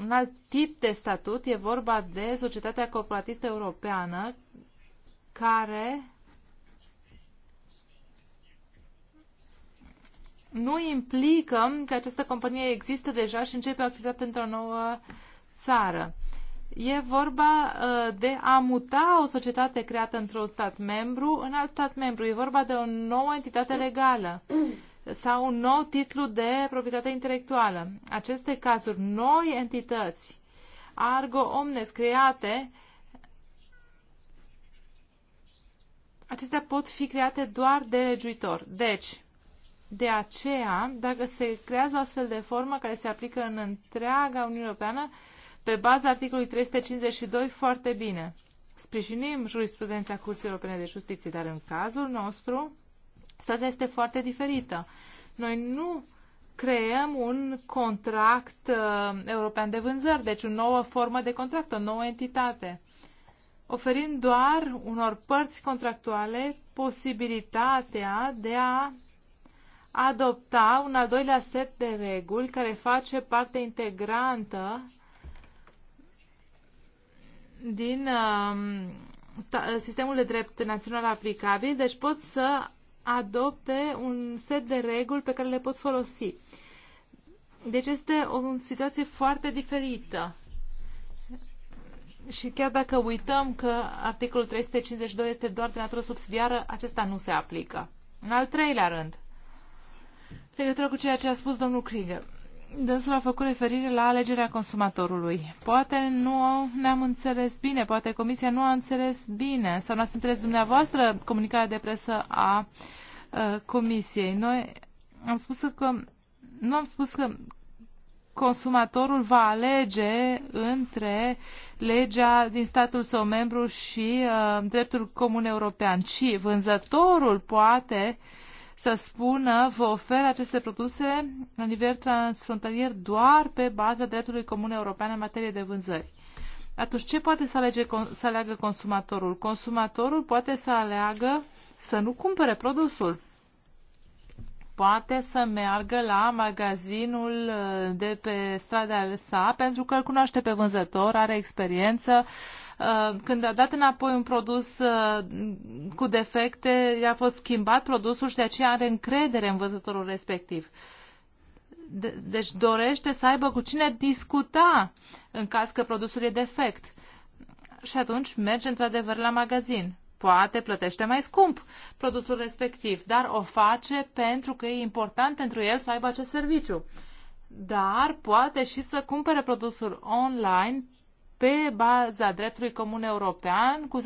un alt tip de statut, e vorba de Societatea Cooperatistă Europeană care nu implică că această companie există deja și începe o activitate într-o nouă țară. E vorba uh, de a muta o societate creată într-un stat membru în alt stat membru. E vorba de o nouă entitate legală sau un nou titlu de proprietate intelectuală. Aceste cazuri, noi entități, argo omnes create, acestea pot fi create doar de legiuitor. Deci, de aceea, dacă se creează o astfel de formă care se aplică în întreaga Uniune Europeană, pe baza articolului 352 foarte bine. Sprijinim jurisprudența Curții Europene de Justiție, dar în cazul nostru situația este foarte diferită. Noi nu creăm un contract uh, european de vânzări, deci o nouă formă de contract, o nouă entitate. Oferim doar unor părți contractuale posibilitatea de a adopta un al doilea set de reguli care face parte integrantă din um, sistemul de drept național aplicabil, deci pot să adopte un set de reguli pe care le pot folosi. Deci este o situație foarte diferită. Și chiar dacă uităm că articolul 352 este doar de natură subsidiară, acesta nu se aplică. În al treilea rând, legătură cu ceea ce a spus domnul Krieger. Dânsul a făcut referire la alegerea consumatorului. Poate nu ne-am înțeles bine, poate Comisia nu a înțeles bine sau n-ați înțeles dumneavoastră comunicarea de presă a uh, Comisiei. Noi am spus că nu am spus că consumatorul va alege între legea din statul său membru și uh, dreptul comun european, ci vânzătorul poate uh, să spună vă ofer aceste produse la nivel transfrontalier doar pe baza dreptului comun european în materie de vânzări. Atunci ce poate să, alege, să aleagă consumatorul? Consumatorul poate să aleagă să nu cumpere produsul. Poate să meargă la magazinul de pe strada sa pentru că îl cunoaște pe vânzător, are experiență, uh, Uh, când a dat înapoi un produs uh, cu defecte, i-a fost schimbat produsul și de aceea are încredere în văzătorul respectiv. De deci dorește să aibă cu cine discuta în caz că produsul e defect. Și atunci merge într-adevăr la magazin poate plătește mai scump produsul respectiv, dar o face pentru că e important pentru el să aibă acest serviciu. Dar poate și să cumpere produsul online pe baza dreptului comun european cu 10%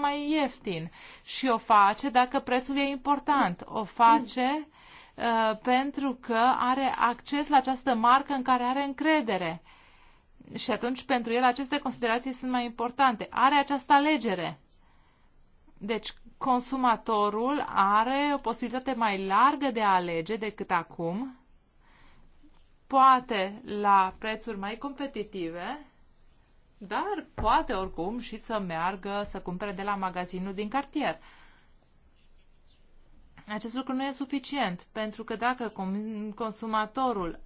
mai ieftin și o face dacă prețul e important. O face uh, pentru că are acces la această marcă în care are încredere. Și atunci pentru el aceste considerații sunt mai importante. Are această alegere. Deci consumatorul are o posibilitate mai largă de a alege decât acum, poate la prețuri mai competitive, dar poate oricum și să meargă să cumpere de la magazinul din cartier. Acest lucru nu e suficient, pentru că dacă consumatorul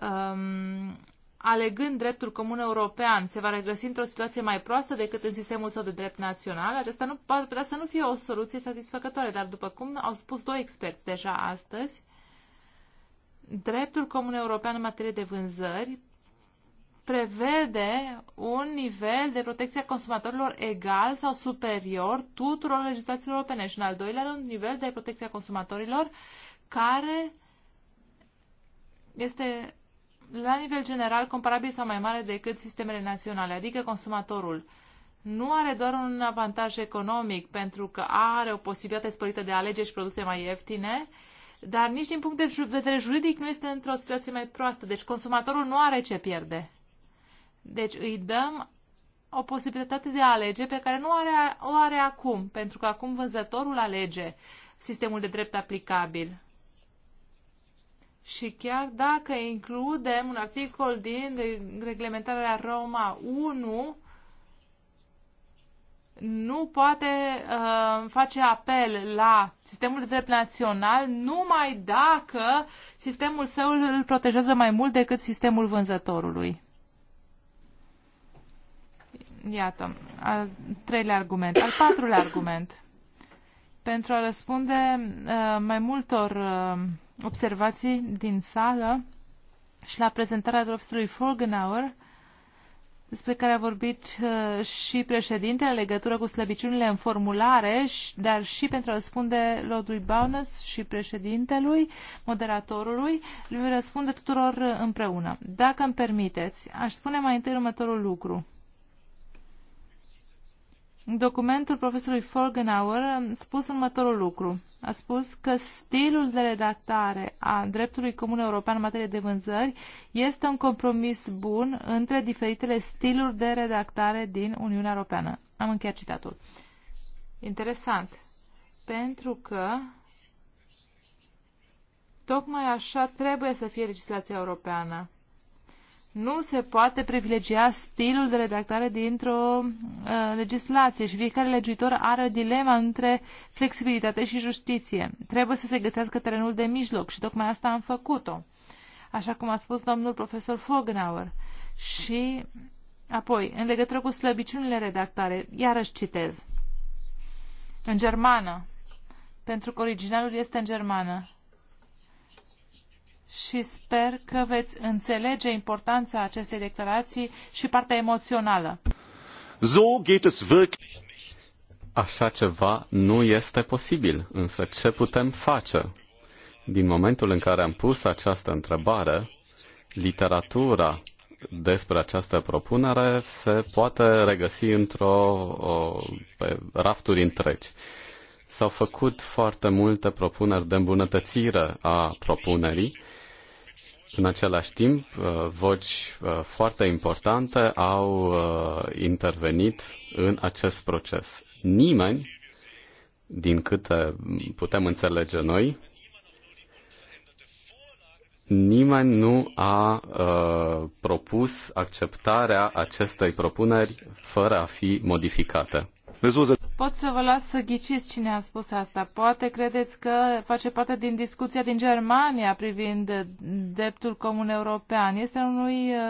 um, alegând dreptul comun european, se va regăsi într-o situație mai proastă decât în sistemul său de drept național, acesta nu poate putea să nu fie o soluție satisfăcătoare, dar după cum au spus doi experți deja astăzi, dreptul comun european în materie de vânzări prevede un nivel de protecție a consumatorilor egal sau superior tuturor legislațiilor europene și, în al doilea rând, un nivel de protecție a consumatorilor care este la nivel general comparabil sau mai mare decât sistemele naționale, adică consumatorul nu are doar un avantaj economic pentru că are o posibilitate sporită de a alege și produse mai ieftine, dar nici din punct de vedere juridic nu este într-o situație mai proastă. Deci consumatorul nu are ce pierde. Deci îi dăm o posibilitate de a alege pe care nu are, o are acum, pentru că acum vânzătorul alege sistemul de drept aplicabil. Și chiar dacă includem un articol din reglementarea Roma 1, nu poate uh, face apel la sistemul de drept național numai dacă sistemul său îl protejează mai mult decât sistemul vânzătorului. Iată, al treilea argument. Al patrulea argument. Pentru a răspunde uh, mai multor uh, observații din sală și la prezentarea profesorului Folgenauer, despre care a vorbit uh, și președintele în legătură cu slăbiciunile în formulare, și, dar și pentru a răspunde Lordului Bowness și președintelui, moderatorului, lui răspunde tuturor uh, împreună. Dacă îmi permiteți, aș spune mai întâi următorul lucru. În documentul profesorului Forgenauer a spus următorul lucru. A spus că stilul de redactare a dreptului comun european în materie de vânzări este un compromis bun între diferitele stiluri de redactare din Uniunea Europeană. Am încheiat citatul. Interesant. Pentru că tocmai așa trebuie să fie legislația europeană nu se poate privilegia stilul de redactare dintr-o uh, legislație și fiecare legiuitor are o dilema între flexibilitate și justiție. Trebuie să se găsească terenul de mijloc și tocmai asta am făcut-o, așa cum a spus domnul profesor Fognauer. Și apoi, în legătură cu slăbiciunile redactare, iarăși citez. În germană, pentru că originalul este în germană și sper că veți înțelege importanța acestei declarații și partea emoțională. So geht es wirklich Așa ceva nu este posibil, însă ce putem face? Din momentul în care am pus această întrebare, literatura despre această propunere se poate regăsi într-o pe rafturi întregi. S-au făcut foarte multe propuneri de îmbunătățire a propunerii în același timp, uh, voci uh, foarte importante au uh, intervenit în acest proces. Nimeni, din câte putem înțelege noi, nimeni nu a propus acceptarea acestei propuneri fără a fi modificată. Pot să vă las să ghiciți cine a spus asta. Poate credeți că face parte din discuția din Germania privind dreptul comun european. Este unui uh,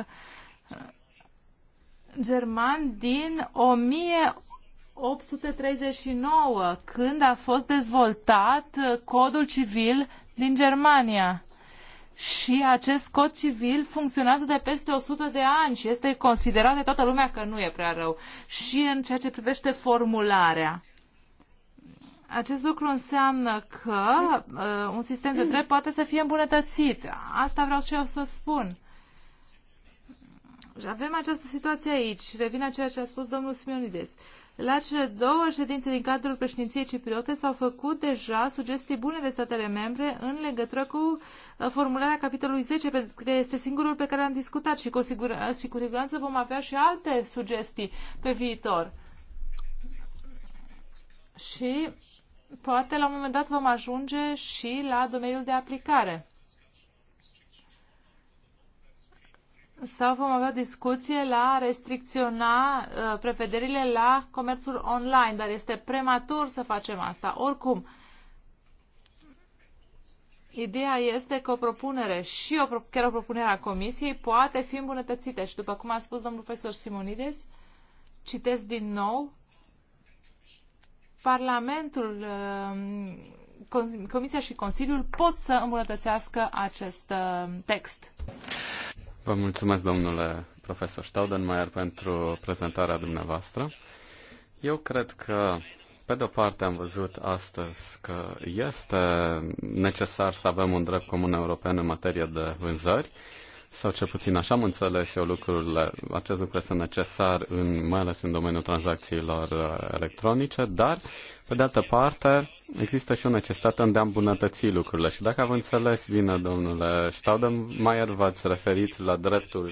german din 1839, când a fost dezvoltat uh, codul civil din Germania și acest cod civil funcționează de peste 100 de ani și este considerat de toată lumea că nu e prea rău. Și în ceea ce privește formularea, acest lucru înseamnă că uh, un sistem de drept poate să fie îmbunătățit. Asta vreau și eu să spun. Avem această situație aici. Revine ceea ce a spus domnul Simionides. La cele două ședințe din cadrul președinției cipriote s-au făcut deja sugestii bune de statele membre în legătură cu uh, formularea capitolului 10, pentru că este singurul pe care am discutat și cu siguranță vom avea și alte sugestii pe viitor. Și poate la un moment dat vom ajunge și la domeniul de aplicare. sau vom avea discuție la restricționa uh, prevederile la comerțul online, dar este prematur să facem asta. Oricum, ideea este că o propunere și o, chiar o propunere a comisiei poate fi îmbunătățită și, după cum a spus domnul profesor Simonides, citesc din nou, Parlamentul uh, Comisia și Consiliul pot să îmbunătățească acest uh, text. Vă mulțumesc, domnule profesor Staudenmayer, pentru prezentarea dumneavoastră. Eu cred că, pe de-o parte, am văzut astăzi că este necesar să avem un drept comun european în materie de vânzări, sau cel puțin așa am înțeles eu lucrurile. Acest lucru este necesar, în, mai ales în domeniul tranzacțiilor uh, electronice, dar pe de altă parte, există și o necesitate de a îmbunătăți lucrurile. Și dacă am înțeles bine, domnule Staudenmayer, v-ați referit la dreptul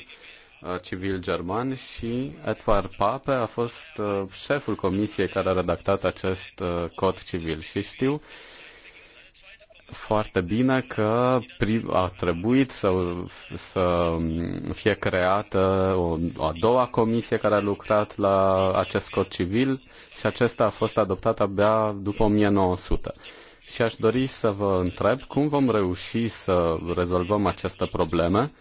uh, civil german și Edward Pape a fost uh, șeful comisiei care a redactat acest uh, cod civil. Și știu foarte bine că a trebuit să, să fie creată o, o a doua comisie care a lucrat la acest cod civil și acesta a fost adoptat abia după 1900. Și aș dori să vă întreb cum vom reuși să rezolvăm aceste probleme.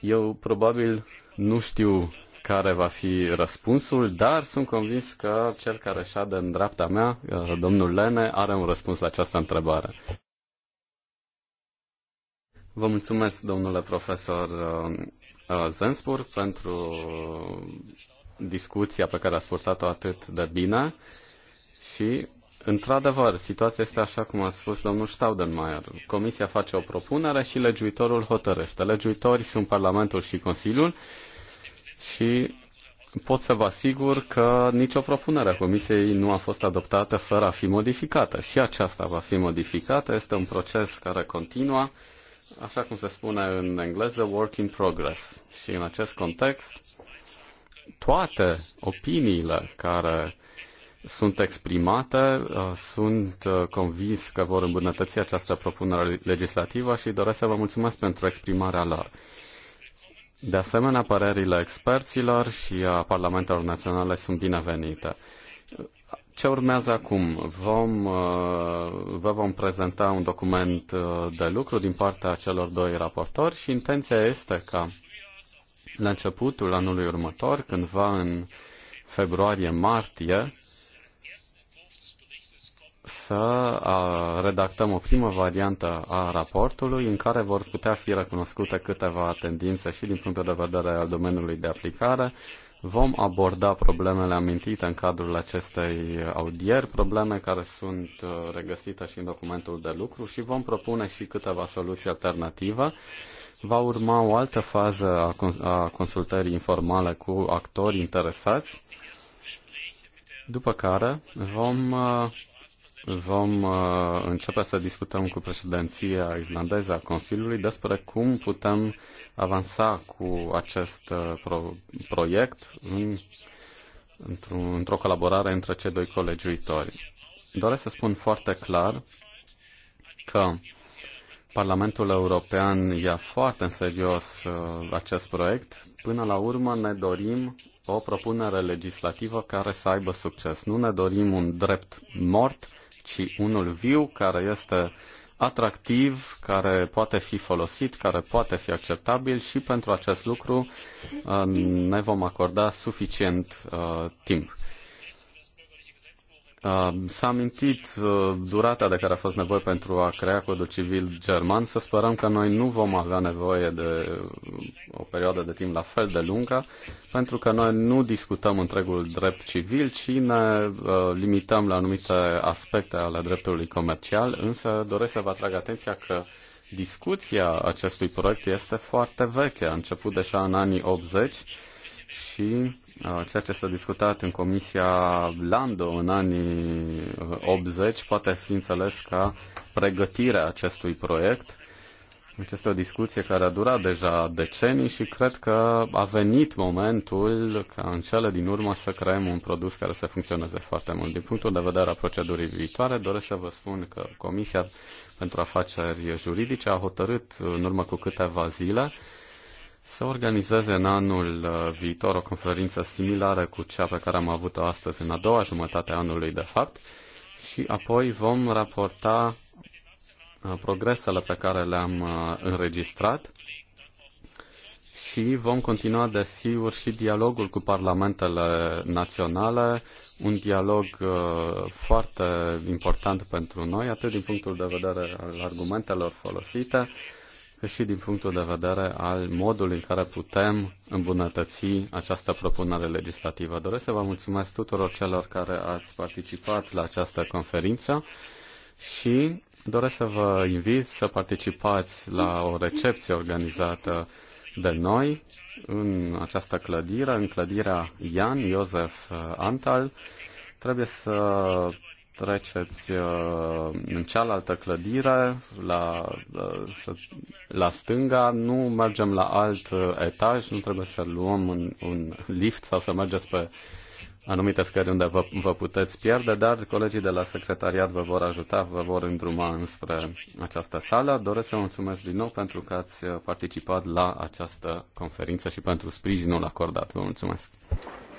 Eu probabil nu știu care va fi răspunsul, dar sunt convins că cel care șade în dreapta mea, uh, domnul Lene, are un răspuns la această întrebare. Vă mulțumesc, domnule profesor uh, uh, Zensburg, pentru discuția pe care a purtat-o atât de bine și Într-adevăr, situația este așa cum a spus domnul Staudenmayer. Comisia face o propunere și legiuitorul hotărăște. Legiuitorii sunt Parlamentul și Consiliul și pot să vă asigur că nicio propunere a Comisiei nu a fost adoptată fără a fi modificată. Și aceasta va fi modificată, este un proces care continuă, așa cum se spune în engleză, work in progress. Și în acest context, toate opiniile care sunt exprimate, uh, sunt uh, convins că vor îmbunătăți această propunere legislativă și doresc să vă mulțumesc pentru exprimarea lor. De asemenea, părerile experților și a parlamentelor naționale sunt binevenite. Ce urmează acum? Vom, uh, vă vom prezenta un document uh, de lucru din partea celor doi raportori și intenția este ca la începutul anului următor, cândva în februarie-martie, să redactăm o primă variantă a raportului în care vor putea fi recunoscute câteva tendințe și din punctul de vedere al domeniului de aplicare. Vom aborda problemele amintite în cadrul acestei audieri, probleme care sunt uh, regăsite și în documentul de lucru și vom propune și câteva soluții alternative. Va urma o altă fază a consultării informale cu actori interesați după care vom uh, vom uh, începe să discutăm cu președinția islandeză a Consiliului despre cum putem avansa cu acest uh, pro- proiect în, într-o, într colaborare între cei doi colegiuitori. Doresc să spun foarte clar că Parlamentul European ia foarte în serios uh, acest proiect. Până la urmă ne dorim o propunere legislativă care să aibă succes. Nu ne dorim un drept mort, ci unul viu care este atractiv, care poate fi folosit, care poate fi acceptabil și pentru acest lucru uh, ne vom acorda suficient uh, timp. Um, s-a amintit uh, durata de care a fost nevoie pentru a crea codul civil german. Să sperăm că noi nu vom avea nevoie de uh, o perioadă de timp la fel de lungă, pentru că noi nu discutăm întregul drept civil, ci ne uh, limităm la anumite aspecte ale dreptului comercial, însă doresc să vă atrag atenția că discuția acestui proiect este foarte veche, a început deja în anii 80 și uh, ceea ce s-a discutat în Comisia Lando în anii 80 uh, poate fi înțeles ca pregătirea acestui proiect. Este o discuție care a durat deja decenii și cred că a venit momentul ca în cele din urmă să creăm un produs care să funcționeze foarte mult. Din punctul de vedere a procedurii viitoare, doresc să vă spun că Comisia pentru Afaceri Juridice a hotărât uh, în urmă cu câteva zile să organizează în anul uh, viitor o conferință similară cu cea pe care am avut-o astăzi, în a doua jumătate a anului, de fapt, și apoi vom raporta uh, progresele pe care le-am uh, înregistrat și vom continua, desigur, și dialogul cu parlamentele naționale, un dialog foarte important pentru noi, atât din punctul de vedere al argumentelor folosite, cât și din punctul de vedere al modului în care putem îmbunătăți această propunere legislativă. Doresc să vă mulțumesc tuturor celor care ați participat la această conferință și doresc să vă invit să participați la o recepție organizată de noi în această clădire, în clădirea Ian Iosef Antal. Trebuie să treceți uh, în cealaltă clădire, la, uh, la stânga, nu mergem la alt uh, etaj, nu trebuie să luăm un, un lift sau să mergeți pe anumite scări unde vă, vă puteți pierde, dar colegii de la secretariat vă vor ajuta, vă vor îndruma înspre această sală. Doresc să vă mulțumesc din nou pentru că ați participat la această conferință și pentru sprijinul acordat. Vă mulțumesc!